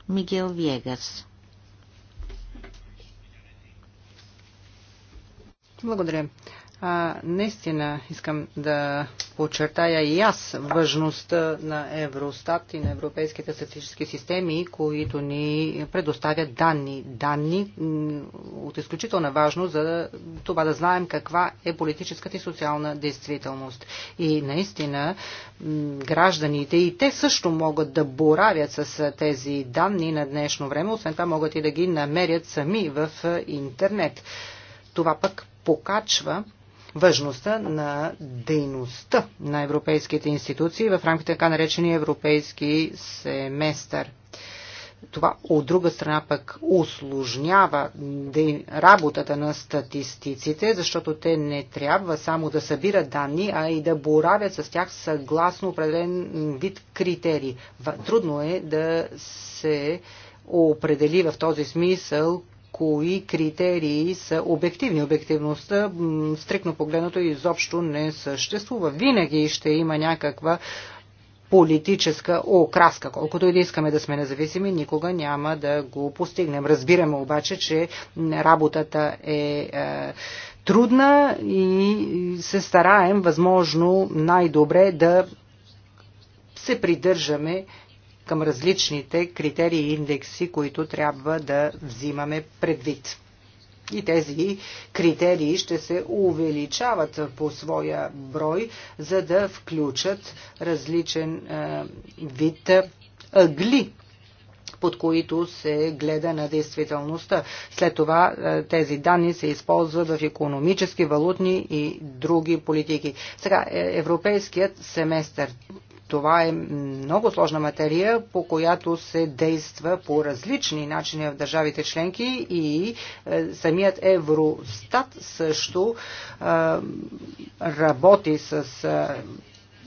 Мигел Вегас. Благодаря. А, наистина искам да подчертая и аз важността на Евростат и на европейските статистически системи, които ни предоставят данни. Данни от изключителна важност за това да знаем каква е политическата и социална действителност. И наистина гражданите и те също могат да боравят с тези данни на днешно време, освен това могат и да ги намерят сами в интернет. Това пък покачва важността на дейността на европейските институции в рамките така наречения европейски семестър. Това от друга страна пък усложнява работата на статистиците, защото те не трябва само да събират данни, а и да боравят с тях съгласно определен вид критерии. Трудно е да се определи в този смисъл кои критерии са обективни. Обективността, стрикно погледнато, изобщо не съществува. Винаги ще има някаква политическа окраска. Колкото и да искаме да сме независими, никога няма да го постигнем. Разбираме обаче, че работата е, е трудна и се стараем възможно най-добре да се придържаме към различните критерии и индекси, които трябва да взимаме предвид. И тези критерии ще се увеличават по своя брой, за да включат различен е, вид ъгли под които се гледа на действителността. След това е, тези данни се използват в економически, валутни и други политики. Сега, е, европейският семестър. Това е много сложна материя, по която се действа по различни начини в държавите членки и е, самият Евростат също е, работи с е,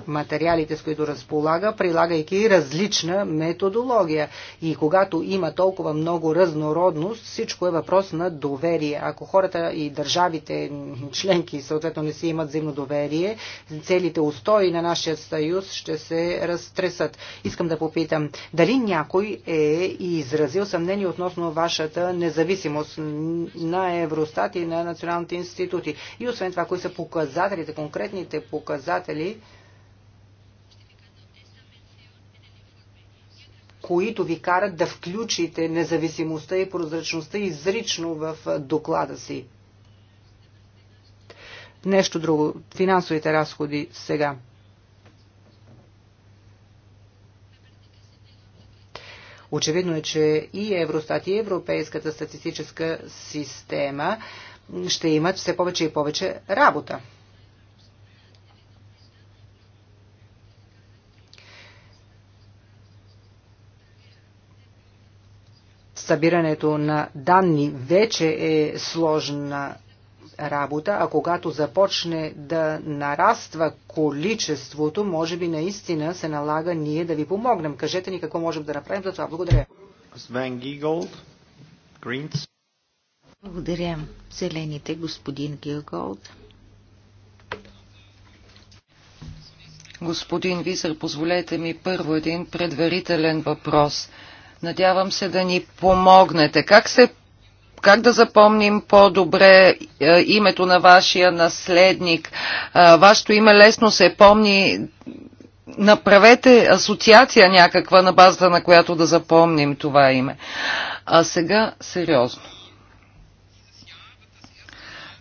материалите, с които разполага, прилагайки различна методология. И когато има толкова много разнородност, всичко е въпрос на доверие. Ако хората и държавите членки съответно не си имат взаимно доверие, целите устои на нашия съюз ще се разтресат. Искам да попитам, дали някой е изразил съмнение относно вашата независимост на Евростат и на националните институти? И освен това, кои са показателите, конкретните показатели, които ви карат да включите независимостта и прозрачността изрично в доклада си. Нещо друго. Финансовите разходи сега. Очевидно е, че и Евростат и Европейската статистическа система ще имат все повече и повече работа. събирането на данни вече е сложна работа, а когато започне да нараства количеството, може би наистина се налага ние да ви помогнем. Кажете ни какво можем да направим за това. Благодаря. Свен Гиголд, Гринс. Благодаря. Зелените, господин Гилголд. Господин Висър, позволете ми първо един предварителен въпрос – Надявам се да ни помогнете. Как, се, как да запомним по-добре е, името на вашия наследник? Е, вашето име лесно се помни. Направете асоциация някаква на базата, на която да запомним това име. А сега сериозно.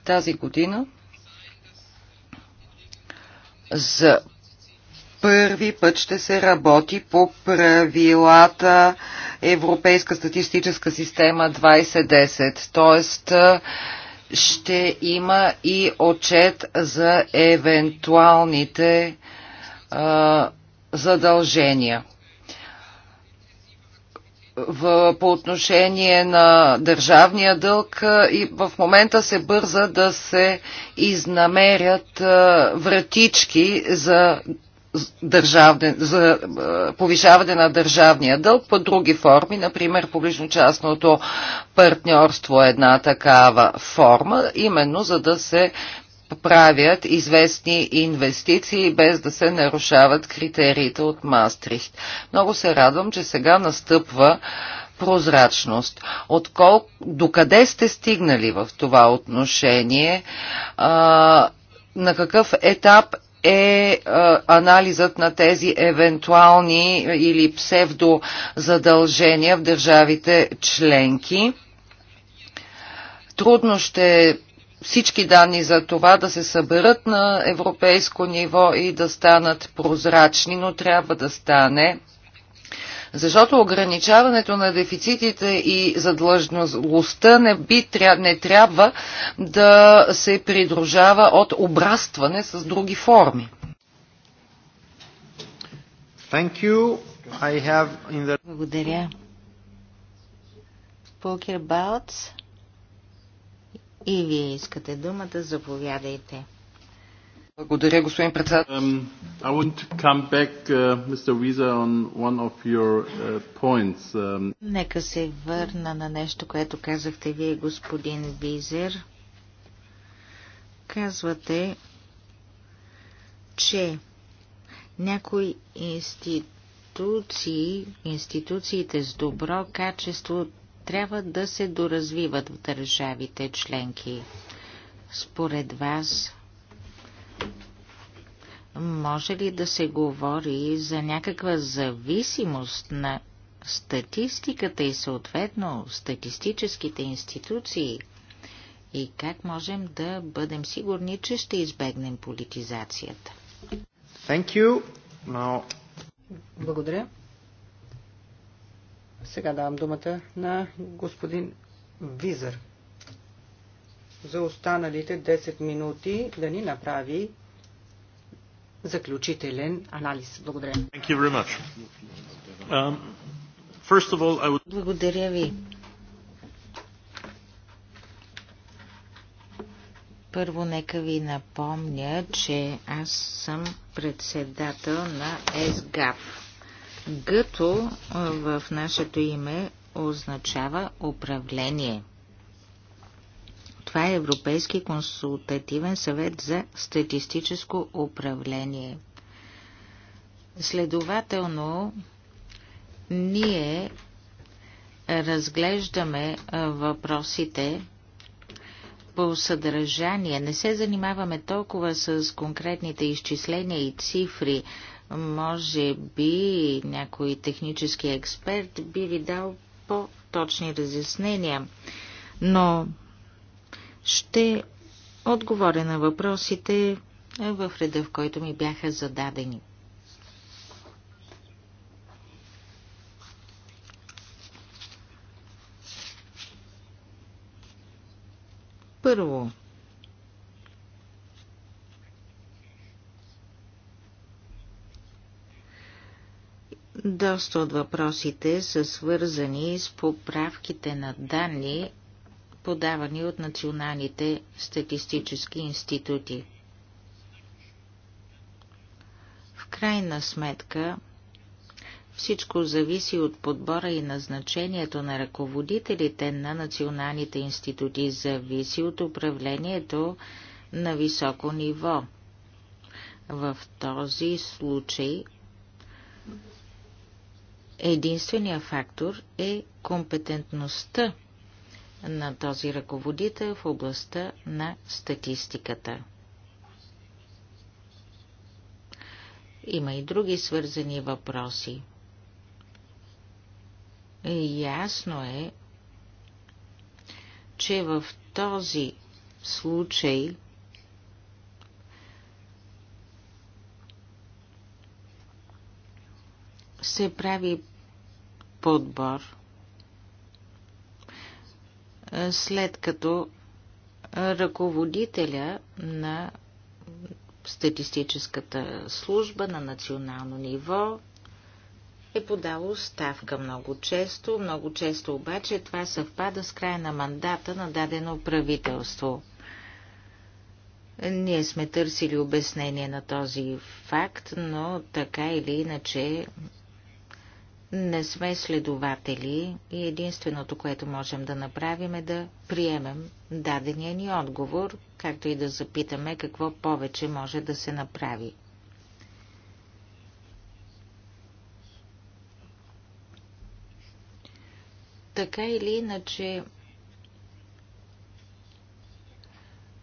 Тази година за първи път ще се работи по правилата Европейска статистическа система 2010. т.е. ще има и отчет за евентуалните а, задължения. В, по отношение на държавния дълг и в момента се бърза да се изнамерят а, вратички за за е, повишаване на държавния дълг по други форми, например публично-частното партньорство е една такава форма, именно за да се правят известни инвестиции без да се нарушават критериите от Мастрихт. Много се радвам, че сега настъпва прозрачност. Откол... Докъде сте стигнали в това отношение? А, на какъв етап е, е анализът на тези евентуални или псевдозадължения в държавите членки. Трудно ще всички данни за това да се съберат на европейско ниво и да станат прозрачни, но трябва да стане защото ограничаването на дефицитите и задлъжността не, би, не трябва да се придружава от обрастване с други форми. Thank you. I have in the... Благодаря. Покер Баутс. И вие искате думата, заповядайте. Благодаря, господин председател. Um, uh, uh, um. Нека се върна на нещо, което казахте вие, господин Визер. Казвате, че някои институции, институциите с добро качество трябва да се доразвиват в държавите членки. Според вас, може ли да се говори за някаква зависимост на статистиката и съответно статистическите институции? И как можем да бъдем сигурни, че ще избегнем политизацията? Thank you. Now... Благодаря. Сега давам думата на господин Визър за останалите 10 минути да ни направи заключителен анализ. Благодаря. Um, all, would... Благодаря ви. Първо нека ви напомня, че аз съм председател на СГАП. Гъто в нашето име означава управление – това е Европейски консултативен съвет за статистическо управление. Следователно, ние разглеждаме въпросите по съдържание. Не се занимаваме толкова с конкретните изчисления и цифри. Може би някой технически експерт би ви дал по-точни разяснения. Но ще отговоря на въпросите в реда, в който ми бяха зададени. Първо, Доста от въпросите са свързани с поправките на данни подавани от националните статистически институти. В крайна сметка, всичко зависи от подбора и назначението на ръководителите на националните институти, зависи от управлението на високо ниво. В този случай единственият фактор е компетентността на този ръководител в областта на статистиката. Има и други свързани въпроси. Ясно е, че в този случай се прави подбор след като ръководителя на статистическата служба на национално ниво е подало ставка много често. Много често обаче това съвпада с края на мандата на дадено правителство. Ние сме търсили обяснение на този факт, но така или иначе не сме следователи и единственото, което можем да направим е да приемем дадения ни отговор, както и да запитаме какво повече може да се направи. Така или иначе,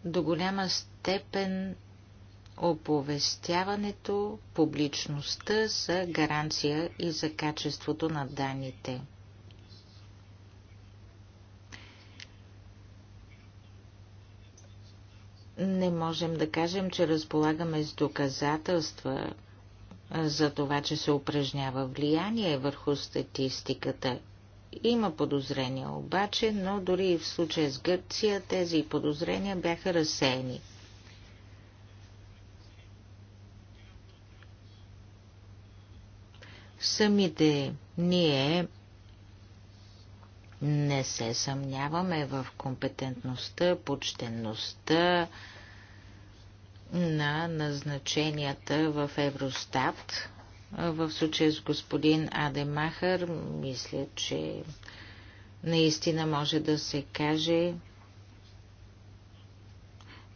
до голяма степен оповестяването, публичността са гаранция и за качеството на данните. Не можем да кажем, че разполагаме с доказателства за това, че се упражнява влияние върху статистиката. Има подозрения обаче, но дори и в случая с Гърция тези подозрения бяха разсеяни. Самите ние не се съмняваме в компетентността, почтенността на назначенията в Евростат. В случая с господин Адемахър, мисля, че наистина може да се каже,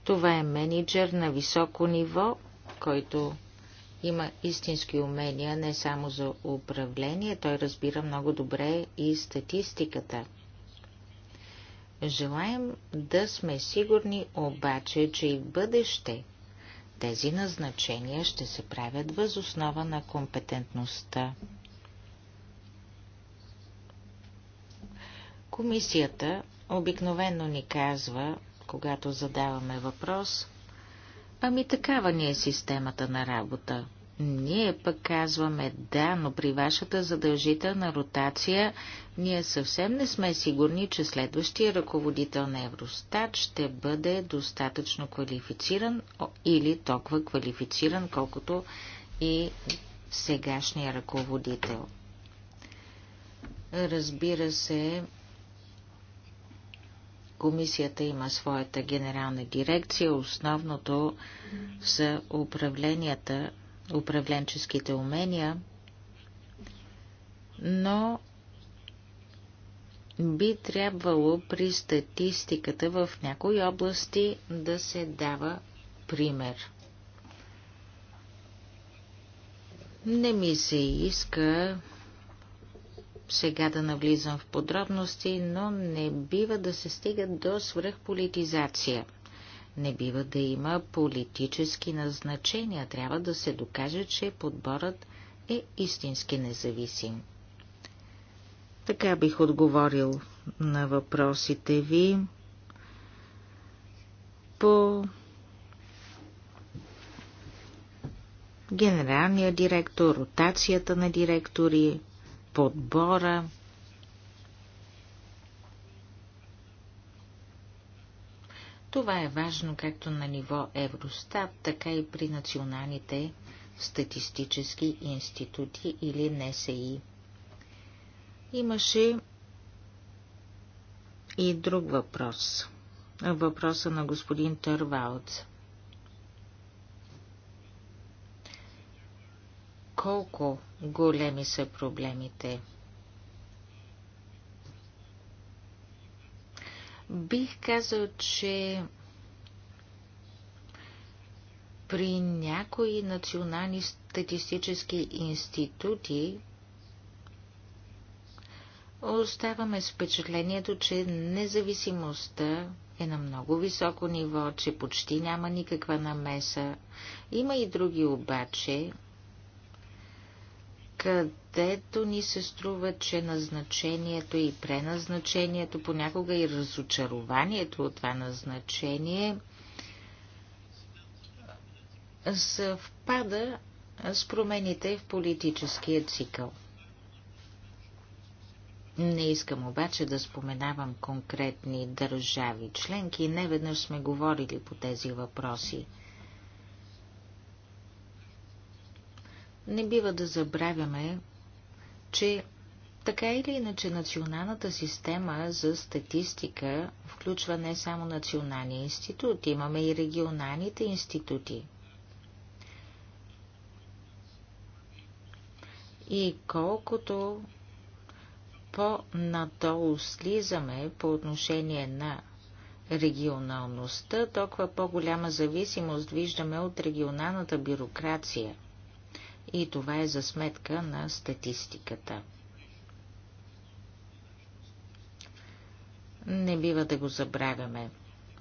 това е менеджер на високо ниво, който има истински умения не само за управление, той разбира много добре и статистиката. Желаем да сме сигурни обаче, че и в бъдеще тези назначения ще се правят въз основа на компетентността. Комисията обикновенно ни казва, когато задаваме въпрос – Ами такава ни е системата на работа. Ние пък казваме да, но при вашата задължителна ротация ние съвсем не сме сигурни, че следващия ръководител на Евростат ще бъде достатъчно квалифициран или толкова квалифициран, колкото и сегашния ръководител. Разбира се, Комисията има своята генерална дирекция. Основното са управленията, управленческите умения, но би трябвало при статистиката в някои области да се дава пример. Не ми се иска сега да навлизам в подробности, но не бива да се стига до свръхполитизация. Не бива да има политически назначения, трябва да се докаже, че подборът е истински независим. Така бих отговорил на въпросите ви по генералния директор, ротацията на директори, подбора. Това е важно както на ниво Евростат, така и при националните статистически институти или НСИ. Имаше и друг въпрос. Въпроса на господин Тървалц – колко големи са проблемите. Бих казал, че при някои национални статистически институти оставаме с впечатлението, че независимостта е на много високо ниво, че почти няма никаква намеса. Има и други обаче, където ни се струва, че назначението и преназначението, понякога и разочарованието от това назначение съвпада с промените в политическия цикъл. Не искам обаче да споменавам конкретни държави членки, не веднъж сме говорили по тези въпроси – Не бива да забравяме, че така или иначе националната система за статистика включва не само националния институт, имаме и регионалните институти. И колкото по-надолу слизаме по отношение на регионалността, толкова по-голяма зависимост виждаме от регионалната бюрокрация – и това е за сметка на статистиката. Не бива да го забравяме.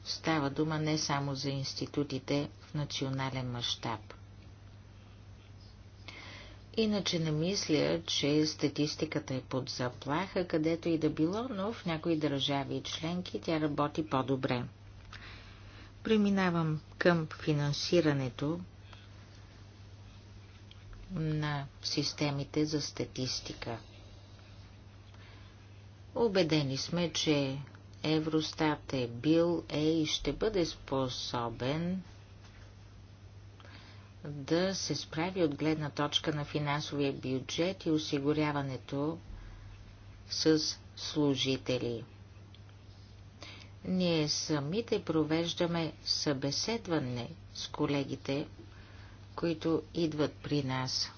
Става дума не само за институтите в национален мащаб. Иначе не мисля, че статистиката е под заплаха, където и да било, но в някои държави и членки тя работи по-добре. Преминавам към финансирането на системите за статистика. Обедени сме, че Евростат е бил, е и ще бъде способен да се справи от гледна точка на финансовия бюджет и осигуряването с служители. Ние самите провеждаме събеседване с колегите които идват при нас.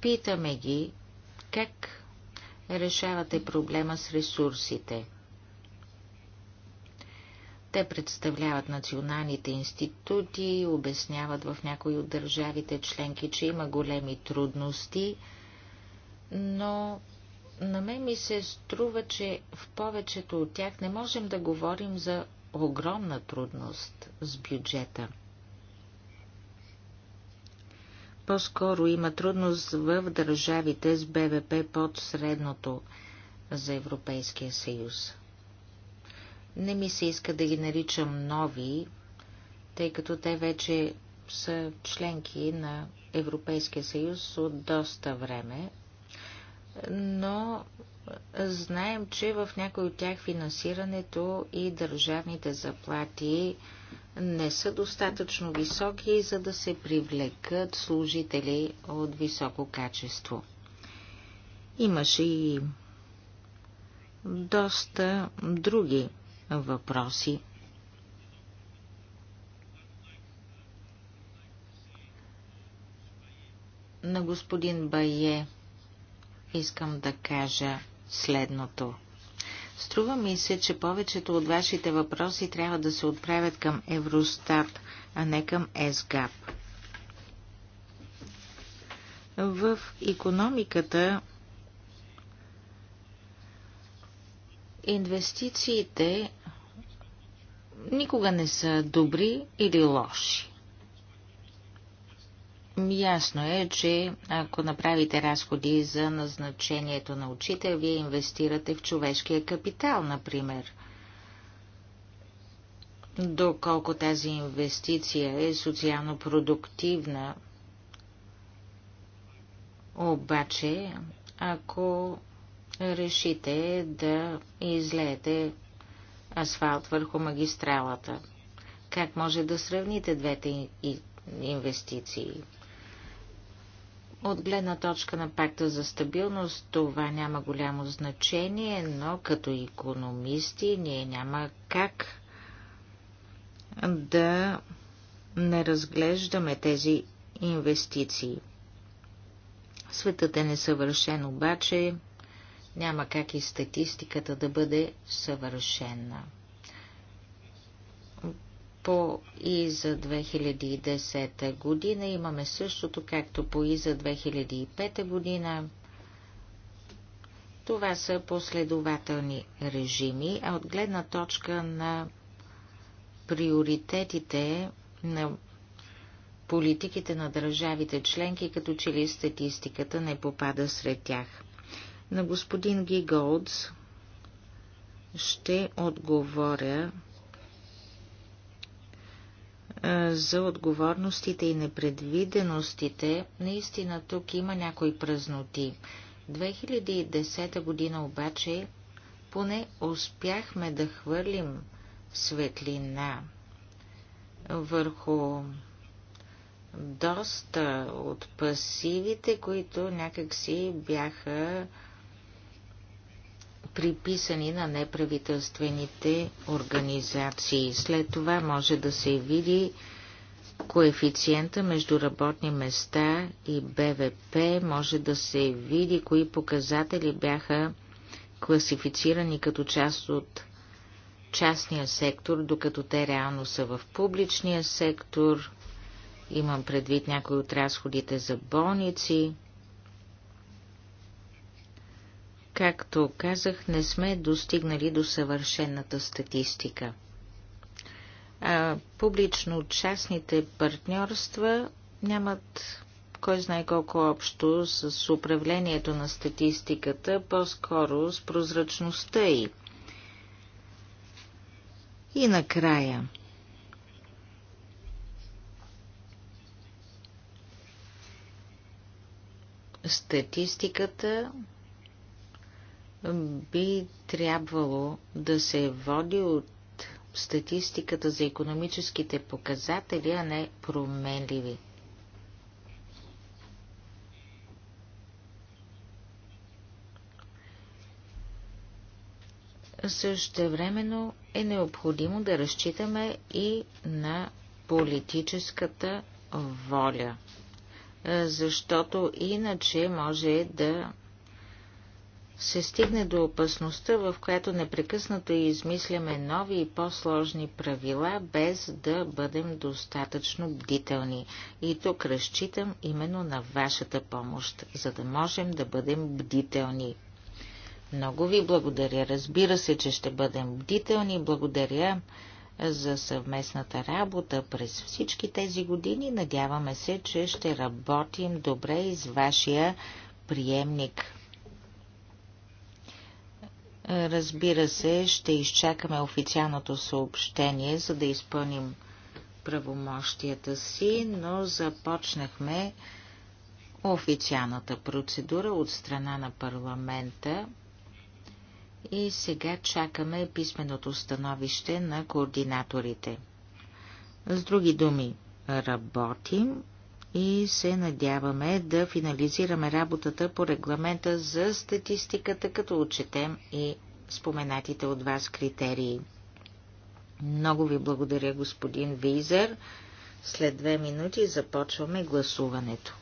Питаме ги как решавате проблема с ресурсите. Те представляват националните институти, обясняват в някои от държавите членки, че има големи трудности, но на мен ми се струва, че в повечето от тях не можем да говорим за огромна трудност с бюджета. По-скоро има трудност в държавите с БВП под средното за Европейския съюз. Не ми се иска да ги наричам нови, тъй като те вече са членки на Европейския съюз от доста време, но Знаем, че в някои от тях финансирането и държавните заплати не са достатъчно високи, за да се привлекат служители от високо качество. Имаше и доста други въпроси. На господин Бае искам да кажа – следното. Струва ми се, че повечето от вашите въпроси трябва да се отправят към Евростат, а не към ЕСГАП. В економиката инвестициите никога не са добри или лоши. Ясно е, че ако направите разходи за назначението на учител, вие инвестирате в човешкия капитал, например. Доколко тази инвестиция е социално продуктивна, обаче, ако решите да излеете асфалт върху магистралата, как може да сравните двете инвестиции? От гледна точка на пакта за стабилност това няма голямо значение, но като економисти ние няма как да не разглеждаме тези инвестиции. Светът е несъвършен обаче, няма как и статистиката да бъде съвършена по и за 2010 година. Имаме същото, както по и за 2005 година. Това са последователни режими, а от гледна точка на приоритетите на политиките на държавите членки, като че ли статистиката не попада сред тях. На господин Гиголдс ще отговоря за отговорностите и непредвиденостите, наистина тук има някои празноти. 2010 година обаче поне успяхме да хвърлим светлина върху доста от пасивите, които някакси бяха приписани на неправителствените организации. След това може да се види коефициента между работни места и БВП, може да се види кои показатели бяха класифицирани като част от частния сектор, докато те реално са в публичния сектор. Имам предвид някои от разходите за болници. Както казах, не сме достигнали до съвършената статистика. публично-частните партньорства нямат кой знае колко общо с управлението на статистиката, по-скоро с прозрачността й. И накрая. Статистиката би трябвало да се води от статистиката за економическите показатели, а не променливи. Същевременно е необходимо да разчитаме и на политическата воля, защото иначе може да се стигне до опасността, в която непрекъснато измисляме нови и по-сложни правила, без да бъдем достатъчно бдителни. И тук разчитам именно на вашата помощ, за да можем да бъдем бдителни. Много ви благодаря. Разбира се, че ще бъдем бдителни. Благодаря за съвместната работа през всички тези години. Надяваме се, че ще работим добре и с вашия приемник. Разбира се, ще изчакаме официалното съобщение, за да изпълним правомощията си, но започнахме официалната процедура от страна на парламента и сега чакаме писменото становище на координаторите. С други думи, работим и се надяваме да финализираме работата по регламента за статистиката, като отчетем и споменатите от вас критерии. Много ви благодаря, господин Визер. След две минути започваме гласуването.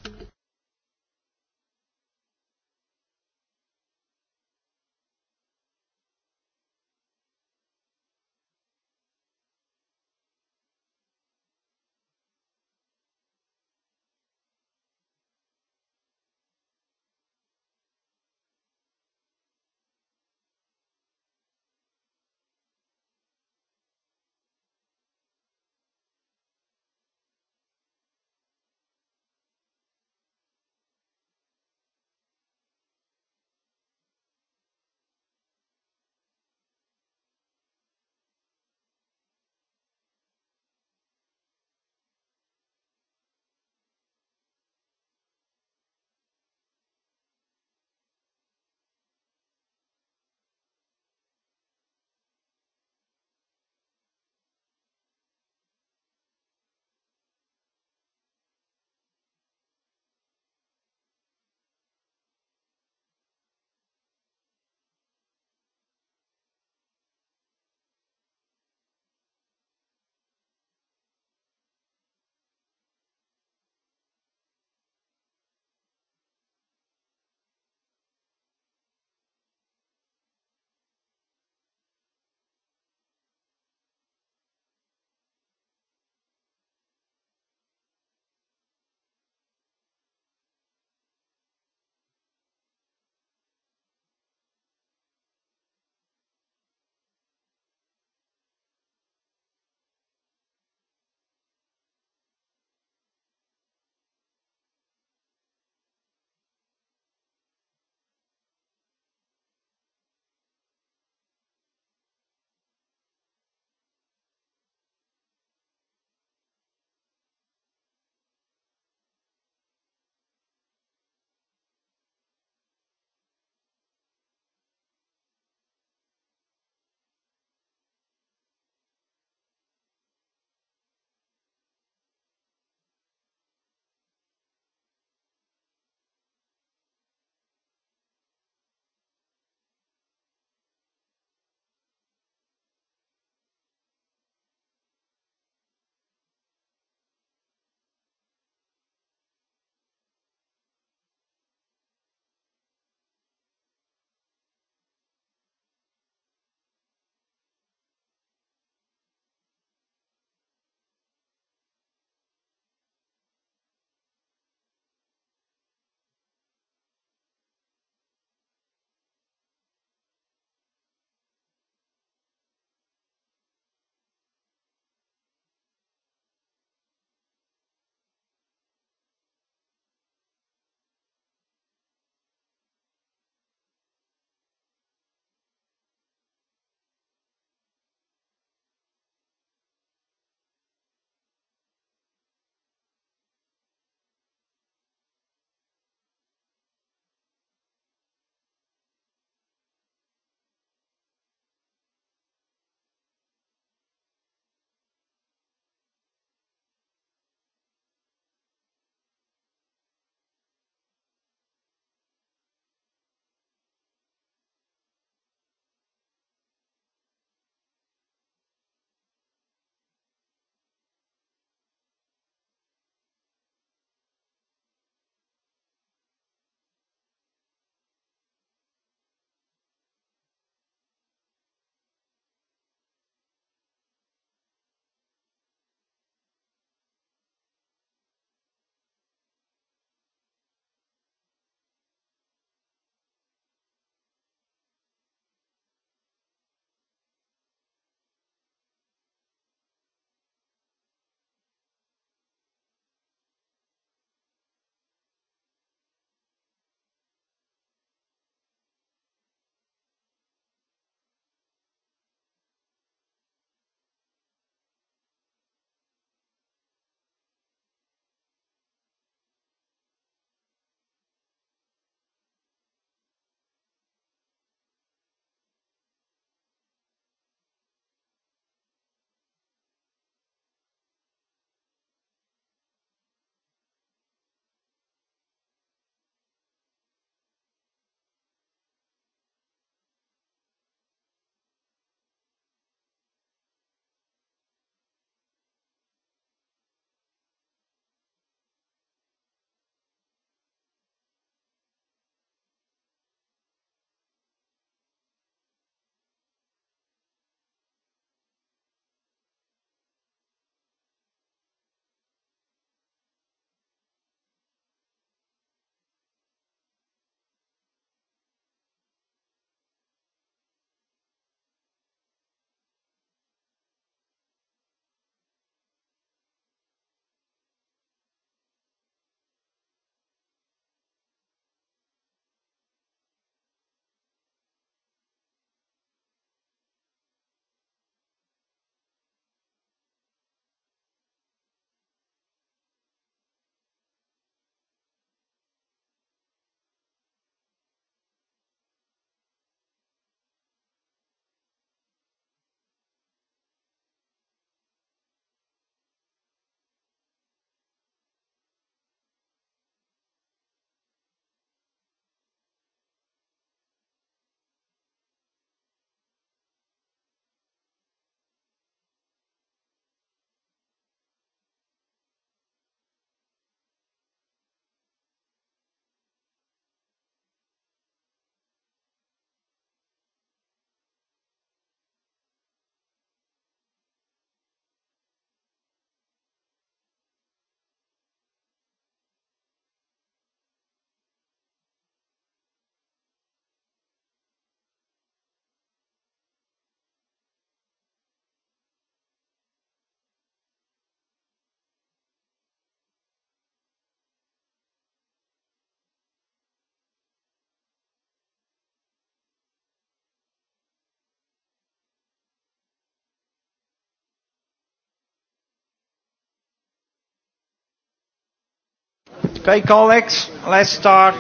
Okay, colleagues, let's start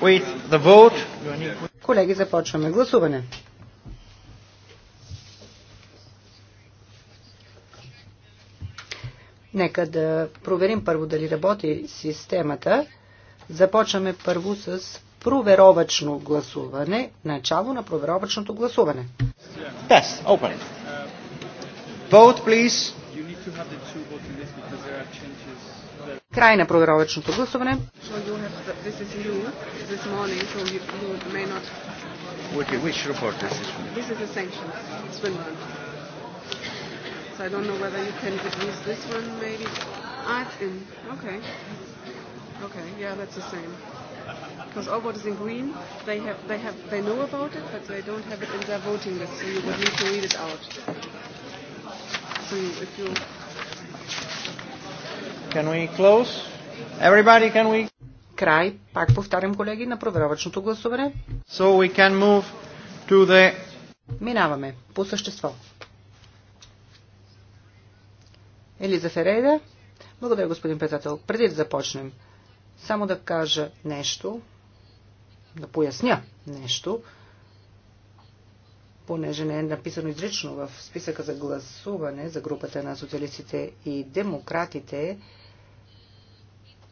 with the vote. Колеги, започваме гласуване. Нека да проверим първо дали работи системата. Започваме първо с проверовачно гласуване. Начало на проверовачното гласуване. Yes, open it. Vote, please. You need to have the two voting lists because there are changes. Край на проверовачното гласуване. So I don't know whether you can use this one, maybe. Ah, in. Okay. Okay. Yeah, that's the same. Because all what is in green, they have, they have, they know about it, but they don't have it in their voting list. So you would need to read it out. So you, if you Can we close? Everybody, can we... Край, пак повтарям колеги, на проверовачното гласуване. So we can move to the... Минаваме по същество. Елиза Ферейда. Благодаря, господин председател. Преди да започнем, само да кажа нещо, да поясня нещо понеже не е написано изрично в списъка за гласуване за групата на социалистите и демократите,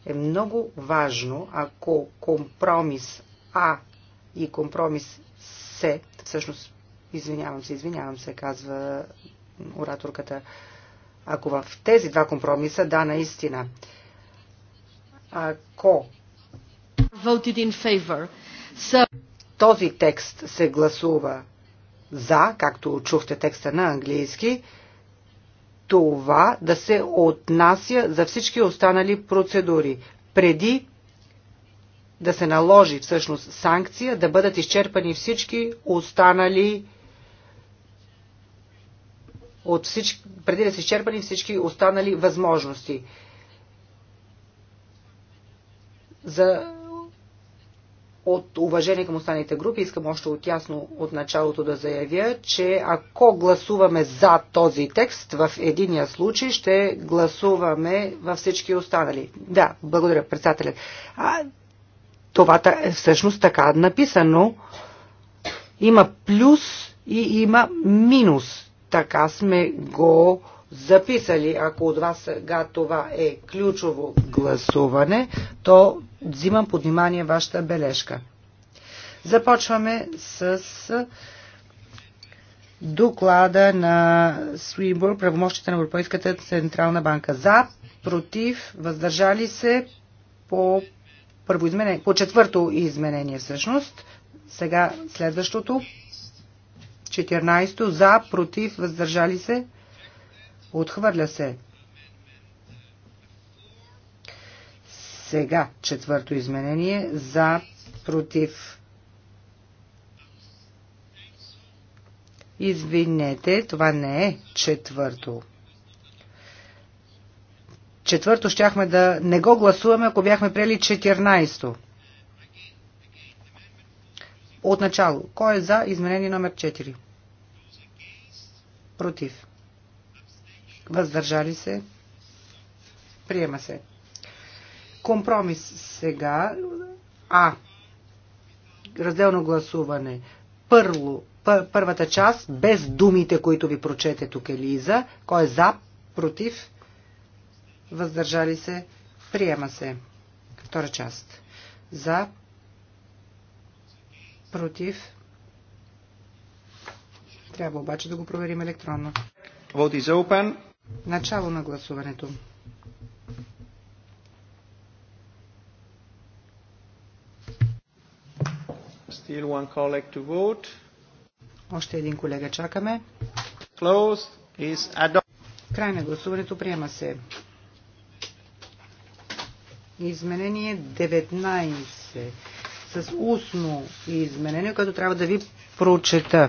е много важно, ако компромис А и компромис С, всъщност, извинявам се, извинявам се, казва ораторката, ако в тези два компромиса, да, наистина, ако voted in favor. So... този текст се гласува за, както чухте текста на английски, това да се отнася за всички останали процедури, преди да се наложи всъщност санкция, да бъдат изчерпани всички останали от всички, преди да се изчерпани всички останали възможности за от уважение към останалите групи искам още от ясно от началото да заявя, че ако гласуваме за този текст, в единия случай ще гласуваме във всички останали. Да, благодаря, председателя. А, това е всъщност така написано. Има плюс и има минус. Така сме го записали, ако от вас сега това е ключово гласуване, то взимам под внимание вашата бележка. Започваме с доклада на Суибор, правомощите на Европейската Централна банка. За, против, въздържали се по, първо изменение, по четвърто изменение всъщност. Сега следващото. 14. За, против, въздържали се. Отхвърля се. Сега четвърто изменение за против. Извинете, това не е четвърто. Четвърто щяхме да не го гласуваме, ако бяхме прели 14-то. Отначало. Кой е за изменение номер 4? Против въздържали се, приема се. Компромис сега, А, разделно гласуване, първо, първата част, без думите, които ви прочете тук Елиза, кой е за, против, въздържали се, приема се. Втора част. За, против, трябва обаче да го проверим електронно. Vote is open. Начало на гласуването. Still one colleague to vote. Още един колега чакаме. Close is adopted. Край на гласуването приема се. Изменение 19 с устно изменение, което трябва да ви прочета.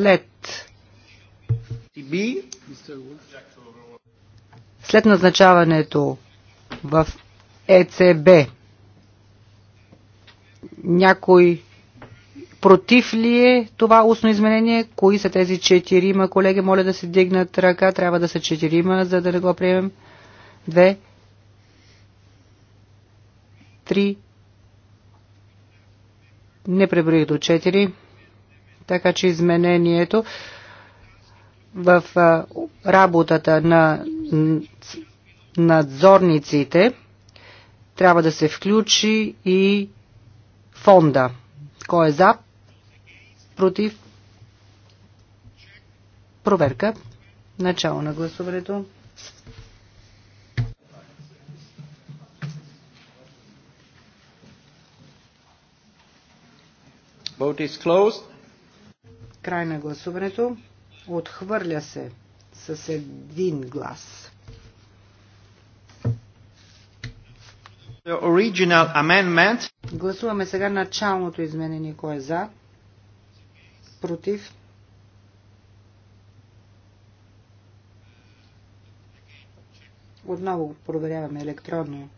след след назначаването в ЕЦБ някой против ли е това устно изменение? Кои са тези четирима? Колеги, моля да се дигнат ръка. Трябва да са четирима, за да не го приемем. Две. Три. Не преброих до четири. Така че изменението в работата на надзорниците трябва да се включи и фонда. Кой е за? Против? Проверка. Начало на гласуването. Vote is closed. Край на гласуването. Отхвърля се с един глас. Гласуваме сега началното изменение. Кой е за? Против? Отново проверяваме електронно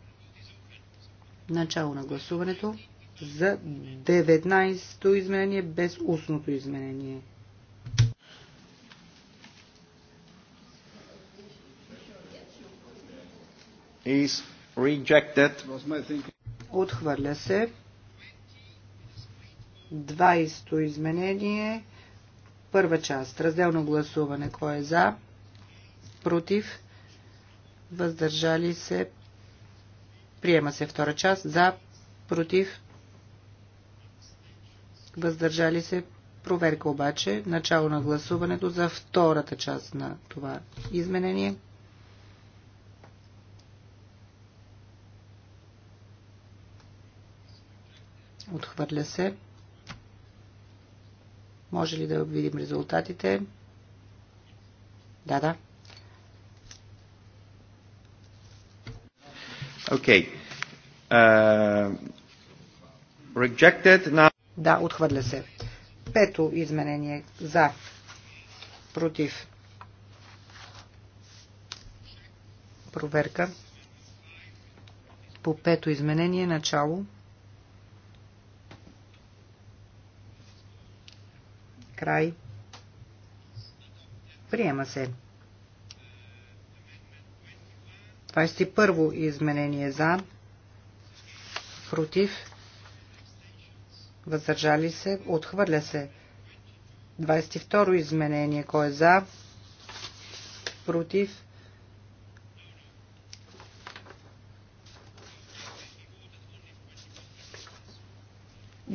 начало на гласуването за 19-то изменение без устното изменение. Is rejected. Отхвърля се. 20-то изменение. Първа част. Разделно гласуване. Кой е за? Против? Въздържали се? Приема се втора част. За? Против? въздържали се, проверка обаче, начало на гласуването за втората част на това изменение. Отхвърля се. Може ли да видим резултатите? Да, да. Okay. Uh, rejected now. Да, отхвърля се. Пето изменение. За. Против. Проверка. По пето изменение. Начало. Край. Приема се. 21 изменение за, против, въздържали се, отхвърля се. 22 изменение, кой е за, против,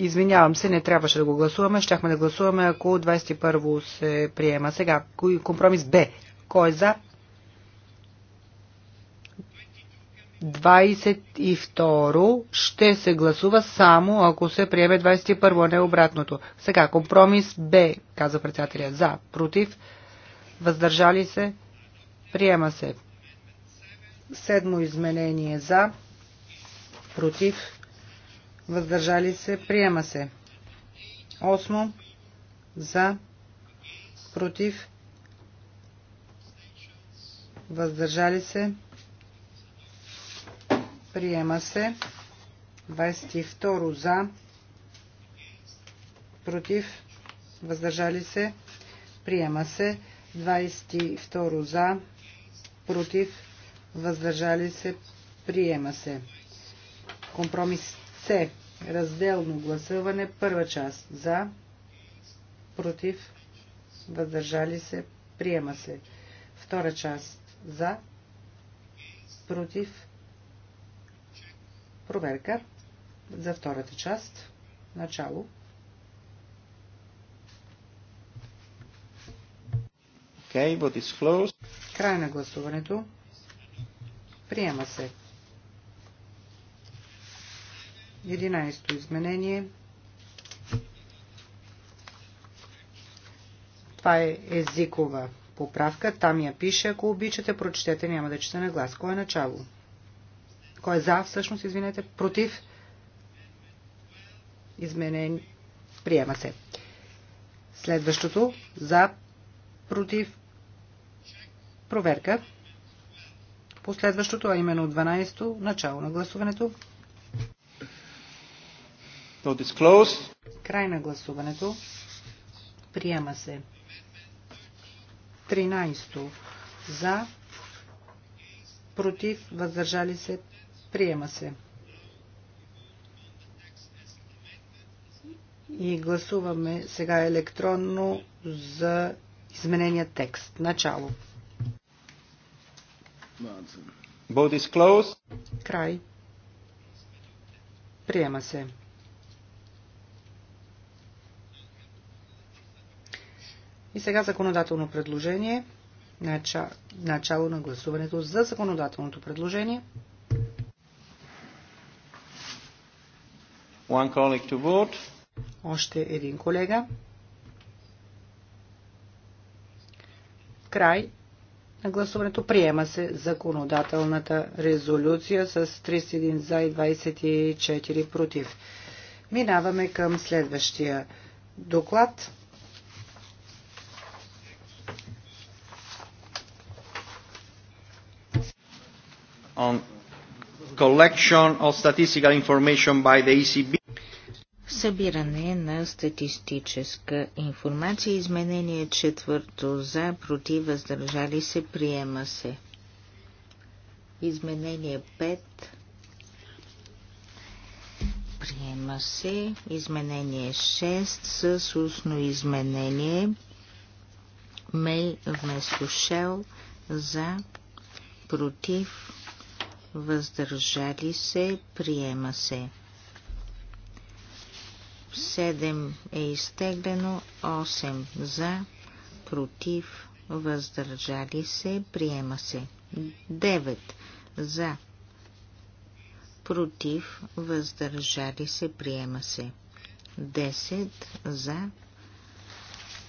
Извинявам се, не трябваше да го гласуваме. Щяхме да гласуваме, ако 21-во се приема. Сега, компромис Б. Кой е за? 22 ще се гласува само ако се приеме 21, а не обратното. Сега, компромис Б, каза председателя. За, против, въздържали се, приема се. Седмо изменение за, против, въздържали се, приема се. Осмо, за, против, въздържали се, приема се. Приема се. 22 за. Против. Въздържали се. Приема се. 22 за. Против. Въздържали се. Приема се. Компромис С. Разделно гласуване. Първа част. За. Против. Въздържали се. Приема се. Втора част. За. Против. Проверка за втората част. Начало. Okay, but it's closed. Край на гласуването. Приема се. 11-то изменение. Това е езикова поправка. Там я пише. Ако обичате, прочетете. Няма да чета на глас. Кое е начало? Кой е за, всъщност, извинете, против, изменен, приема се. Следващото, за, против, проверка. Последващото, а именно 12-то, начало на гласуването. Край на гласуването. Приема се. 13. За. Против. Въздържали се. Приема се. И гласуваме сега електронно за изменения текст. Начало. is closed. Край. Приема се. И сега законодателно предложение. Начало на гласуването за законодателното предложение. One colleague to vote. Още един колега. Край на гласуването приема се законодателната резолюция с 31 за и 24 против. Минаваме към следващия доклад. On collection of statistical information by the ECB Събиране на статистическа информация. Изменение четвърто за, против, въздържали се, приема се. Изменение 5. Приема се. Изменение 6 с устно изменение. Мей вместо Шел за, против, въздържали се, приема се. 7 е изтеглено, 8 за, против, въздържали се, приема се. 9 за, против, въздържали се, приема се. 10 за,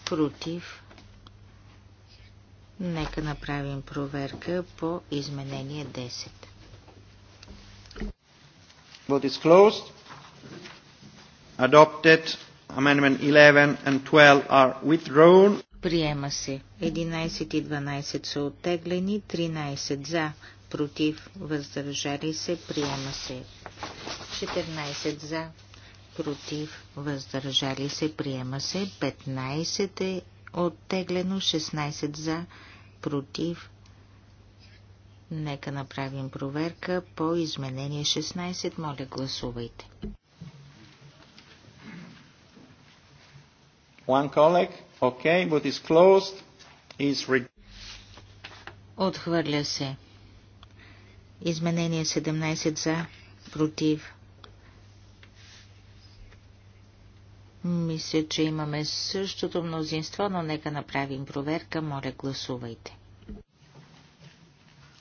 против. Нека направим проверка по изменение 10. Вот е closed adopted. Amendment 11 and 12 are withdrawn. Приема се. 11 и 12 са оттеглени, 13 за, против, въздържали се, приема се. 14 за, против, въздържали се, приема се. 15 е оттеглено, 16 за, против. Нека направим проверка по изменение 16. Моля, гласувайте. One colleague. Okay, but closed. Отхвърля се. Изменение 17 за, против. Мисля, че имаме същото мнозинство, но нека направим проверка. Моля, гласувайте.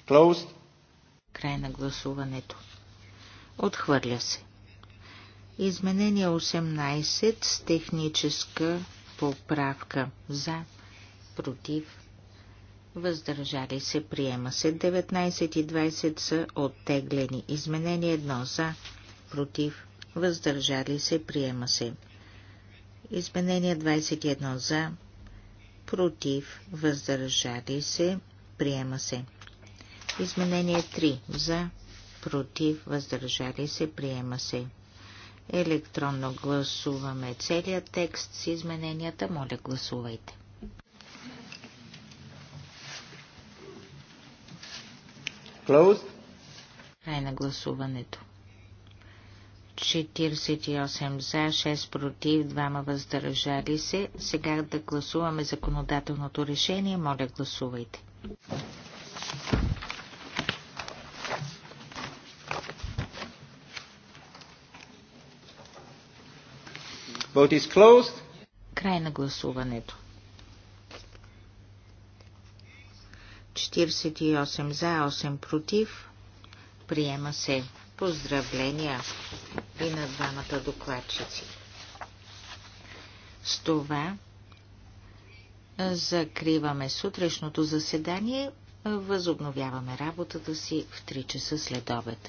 Closed. Край на гласуването. Отхвърля се. Изменение 18 с техническа поправка. За, против, въздържали се, приема се. 19 и 20 са оттеглени. Изменение 1 за, против, въздържали се, приема се. Изменение 21 за, против, въздържали се, приема се. Изменение 3 за, против, въздържали се, приема се. Електронно гласуваме целият текст с измененията. Моля, гласувайте. Closed. Край на гласуването. 48 за, 6 против, 2 въздържали се. Сега да гласуваме законодателното решение. Моля, гласувайте. Vote is closed. Край на гласуването. 48 за, 8 против. Приема се. Поздравления и на двамата докладчици. С това закриваме сутрешното заседание. Възобновяваме работата си в 3 часа след обед.